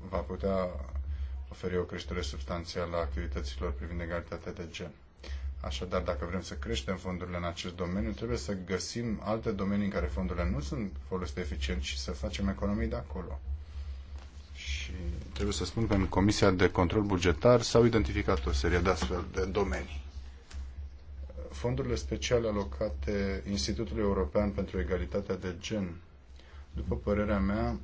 va putea oferi o creștere substanțială a activităților privind egalitatea de gen. Așadar, dacă vrem să creștem fondurile în acest domeniu, trebuie să găsim alte domenii în care fondurile nu sunt folosite eficient și să facem economii de acolo și trebuie să spun că în Comisia de Control Bugetar s-au identificat o serie de astfel de domenii. Fondurile speciale alocate Institutului European pentru Egalitatea de Gen, după părerea mea,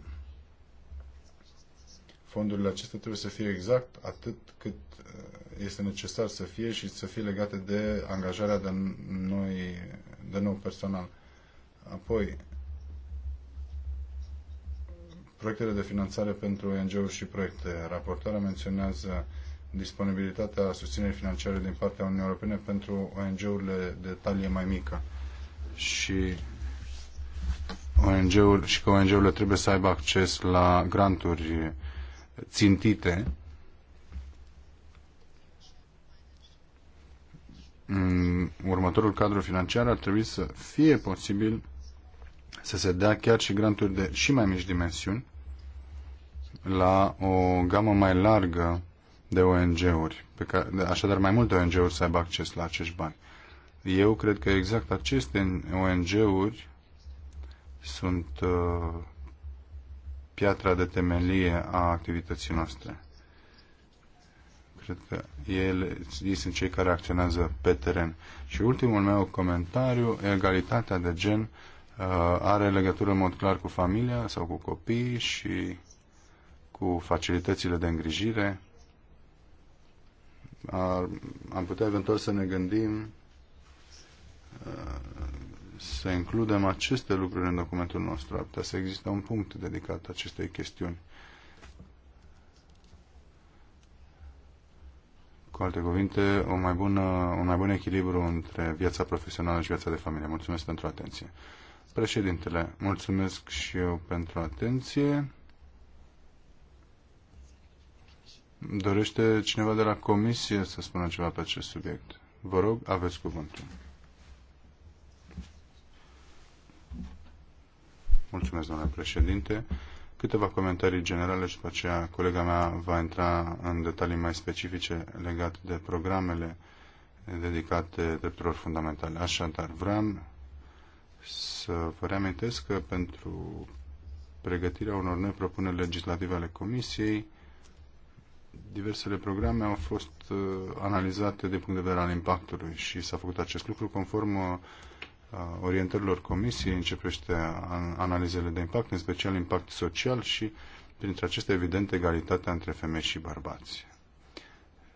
fondurile acestea trebuie să fie exact atât cât uh, este necesar să fie și să fie legate de angajarea de noi, de nou personal. Apoi, proiectele de finanțare pentru ONG-uri și proiecte. Raportarea menționează disponibilitatea susținerii financiare din partea Uniunii Europene pentru ONG-urile de talie mai mică și ONG-uri și că ONG-urile trebuie să aibă acces la granturi țintite în următorul cadru financiar ar trebui să fie posibil să se dea chiar și granturi de și mai mici dimensiuni la o gamă mai largă de ONG-uri, pe care, așadar mai multe ONG-uri să aibă acces la acești bani. Eu cred că exact aceste ONG-uri sunt uh, piatra de temelie a activității noastre. Cred că ele, ei sunt cei care acționează pe teren. Și ultimul meu comentariu, egalitatea de gen uh, are legătură în mod clar cu familia sau cu copii și cu facilitățile de îngrijire, ar, am putea eventual să ne gândim uh, să includem aceste lucruri în documentul nostru. Ar putea să există un punct dedicat acestei chestiuni. Cu alte cuvinte, o mai bună, un mai bun echilibru între viața profesională și viața de familie. Mulțumesc pentru atenție. Președintele, mulțumesc și eu pentru atenție. Dorește cineva de la comisie să spună ceva pe acest subiect? Vă rog, aveți cuvântul. Mulțumesc, domnule președinte. Câteva comentarii generale și după aceea colega mea va intra în detalii mai specifice legate de programele dedicate drepturilor fundamentale. Așadar, vreau să vă reamintesc că pentru pregătirea unor noi propuneri legislative ale Comisiei, diversele programe au fost uh, analizate de punct de vedere al impactului și s-a făcut acest lucru conform uh, orientărilor comisiei, începește analizele de impact, în special impact social și printre acestea, evident, egalitatea între femei și bărbați.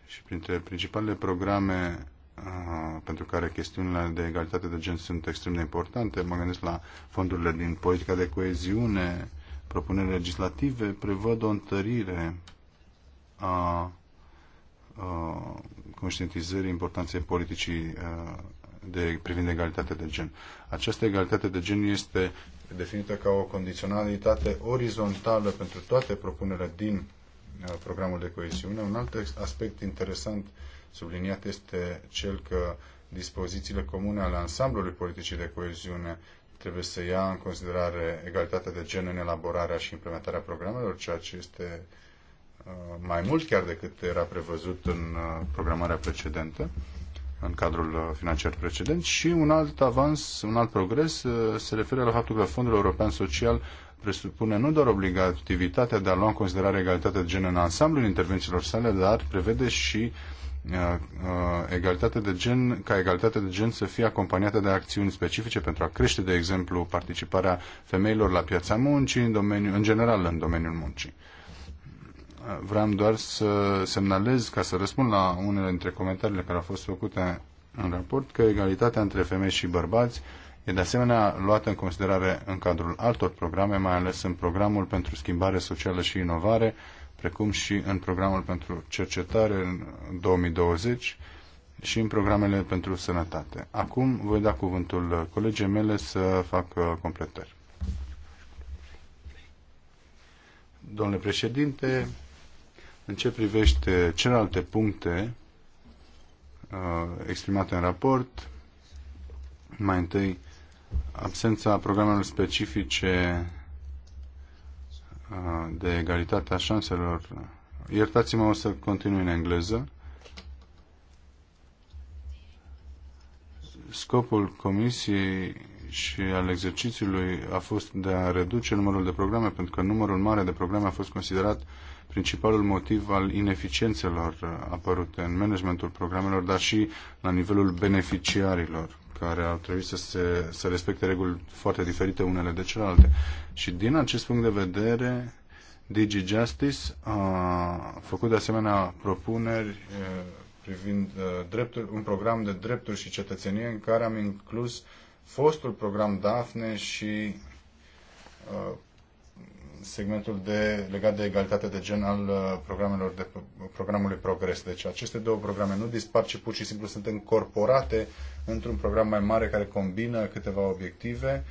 Și printre principalele programe uh, pentru care chestiunile de egalitate de gen sunt extrem de importante. Mă gândesc la fondurile din politica de coeziune, propuneri legislative prevăd o întărire a conștientizării importanței politicii de, privind egalitatea de gen. Această egalitate de gen este definită ca o condiționalitate orizontală pentru toate propunerile din programul de coeziune. Un alt aspect interesant subliniat este cel că dispozițiile comune ale ansamblului politicii de coeziune trebuie să ia în considerare egalitatea de gen în elaborarea și implementarea programelor, ceea ce este Uh, mai mult chiar decât era prevăzut în uh, programarea precedentă, în cadrul uh, financiar precedent și un alt avans, un alt progres se referă la faptul că Fondul European Social presupune nu doar obligativitatea de a lua în considerare egalitatea de gen în ansamblul intervențiilor sale, dar prevede și egalitatea de gen, ca egalitatea de gen să fie acompaniată de acțiuni specifice pentru a crește, de exemplu, participarea femeilor la piața muncii, în, domeniu, în general în domeniul muncii. Vreau doar să semnalez, ca să răspund la unele dintre comentariile care au fost făcute în raport, că egalitatea între femei și bărbați e de asemenea luată în considerare în cadrul altor programe, mai ales în programul pentru schimbare socială și inovare, precum și în programul pentru cercetare în 2020 și în programele pentru sănătate. Acum voi da cuvântul colegii mele să facă completări. Domnule președinte, în ce privește celelalte puncte uh, exprimate în raport, mai întâi absența programelor specifice uh, de egalitate a șanselor. Iertați-mă, o să continui în engleză. Scopul comisiei și al exercițiului a fost de a reduce numărul de programe, pentru că numărul mare de programe a fost considerat uh, principalul motiv al ineficiențelor apărute în managementul programelor, dar și la nivelul beneficiarilor care ar trebui să, se, să respecte reguli foarte diferite unele de celelalte. Și din acest punct de vedere, Digi Justice a făcut de asemenea propuneri eh, privind eh, dreptul, un program de drepturi și cetățenie în care am inclus fostul program DAFNE și eh, segmentul de, legat de egalitate de gen al uh, programelor de, programului Progres. Deci aceste două programe nu dispar, ci pur și simplu sunt încorporate într-un program mai mare care combină câteva obiective,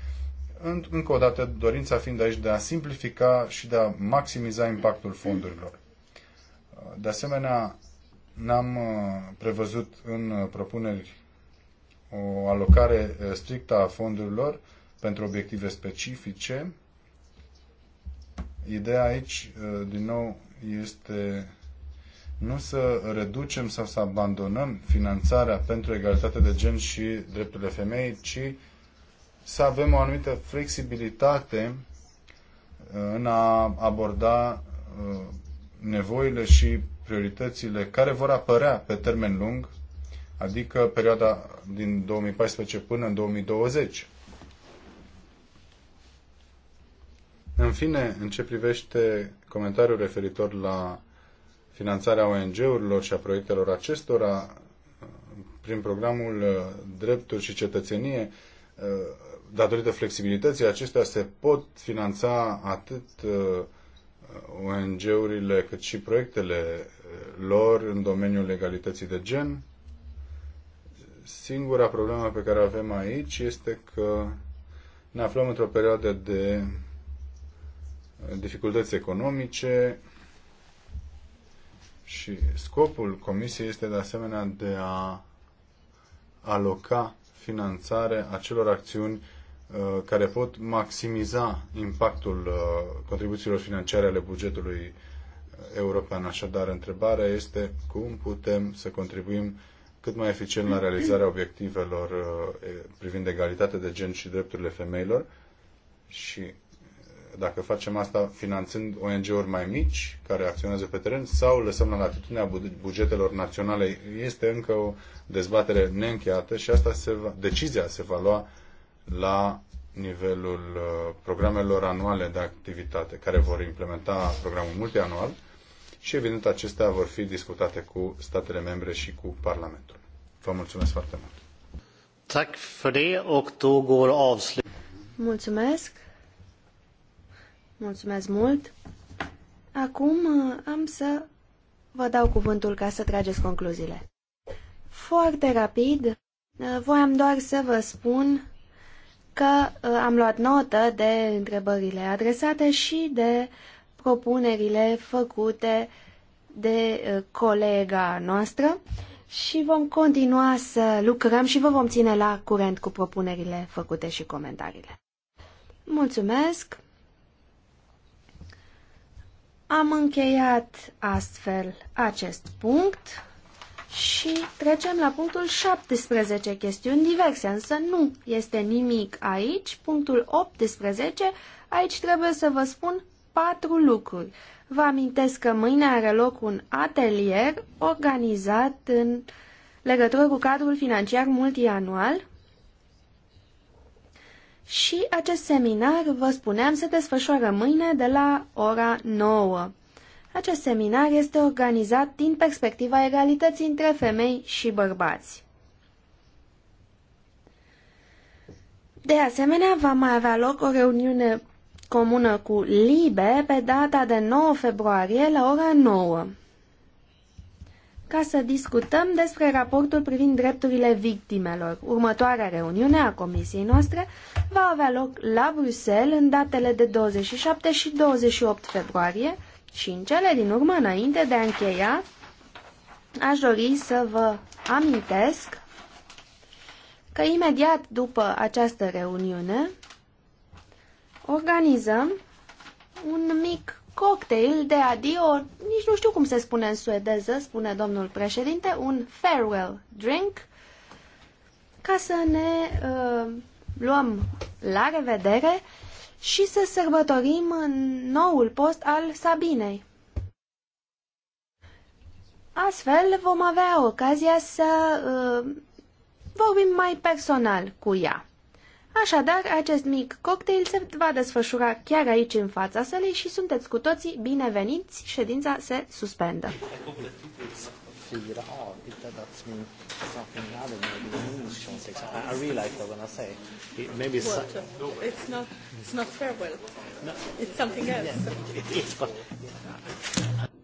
încă o dată dorința fiind aici de a simplifica și de a maximiza impactul fondurilor. Uh, de asemenea, n-am uh, prevăzut în propuneri o alocare strictă a fondurilor pentru obiective specifice, Ideea aici, uh, din nou, este nu să reducem sau să abandonăm finanțarea pentru egalitate de gen și drepturile femeii, ci să avem o anumită flexibilitate uh, în a aborda uh, nevoile și prioritățile care vor apărea pe termen lung, adică perioada din 2014 până în 2020. În fine, în ce privește comentariul referitor la finanțarea ONG-urilor și a proiectelor acestora prin programul uh, Drepturi și Cetățenie, uh, datorită flexibilității acestea se pot finanța atât uh, ONG-urile cât și proiectele lor în domeniul legalității de gen. Singura problemă pe care o avem aici este că ne aflăm într-o perioadă de dificultăți economice și scopul Comisiei este de asemenea de a aloca finanțare acelor acțiuni uh, care pot maximiza impactul uh, contribuțiilor financiare ale bugetului european. Așadar, întrebarea este cum putem să contribuim cât mai eficient la realizarea obiectivelor uh, privind egalitatea de gen și drepturile femeilor și dacă facem asta finanțând ONG-uri mai mici care acționează pe teren sau lăsăm la latitudinea bugetelor naționale. Este încă o dezbatere neîncheiată și asta se va, decizia se va lua la nivelul uh, programelor anuale de activitate care vor implementa programul multianual și evident acestea vor fi discutate cu statele membre și cu Parlamentul. Vă mulțumesc foarte mult! Mulțumesc! Mulțumesc mult. Acum uh, am să vă dau cuvântul ca să trageți concluziile. Foarte rapid, uh, voiam doar să vă spun că uh, am luat notă de întrebările adresate și de propunerile făcute de colega noastră și vom continua să lucrăm și vă vom ține la curent cu propunerile făcute și comentariile. Mulțumesc! Am încheiat astfel acest punct și trecem la punctul 17, chestiuni diverse, însă nu este nimic aici. Punctul 18, aici trebuie să vă spun patru lucruri. Vă amintesc că mâine are loc un atelier organizat în legătură cu cadrul financiar multianual și acest seminar, vă spuneam, se desfășoară mâine de la ora 9. Acest seminar este organizat din perspectiva egalității între femei și bărbați. De asemenea, va mai avea loc o reuniune comună cu LIBE pe data de 9 februarie la ora 9 ca să discutăm despre raportul privind drepturile victimelor. Următoarea reuniune a comisiei noastre va avea loc la Bruxelles în datele de 27 și 28 februarie și în cele din urmă, înainte de a încheia, aș dori să vă amintesc că imediat după această reuniune organizăm un mic cocktail de adio, nici nu știu cum se spune în suedeză, spune domnul președinte, un farewell drink, ca să ne uh, luăm la revedere și să sărbătorim noul post al Sabinei. Astfel vom avea ocazia să uh, vorbim mai personal cu ea. Așadar, acest mic cocktail se va desfășura chiar aici în fața sălii și sunteți cu toții bineveniți, ședința se suspendă. <laughs>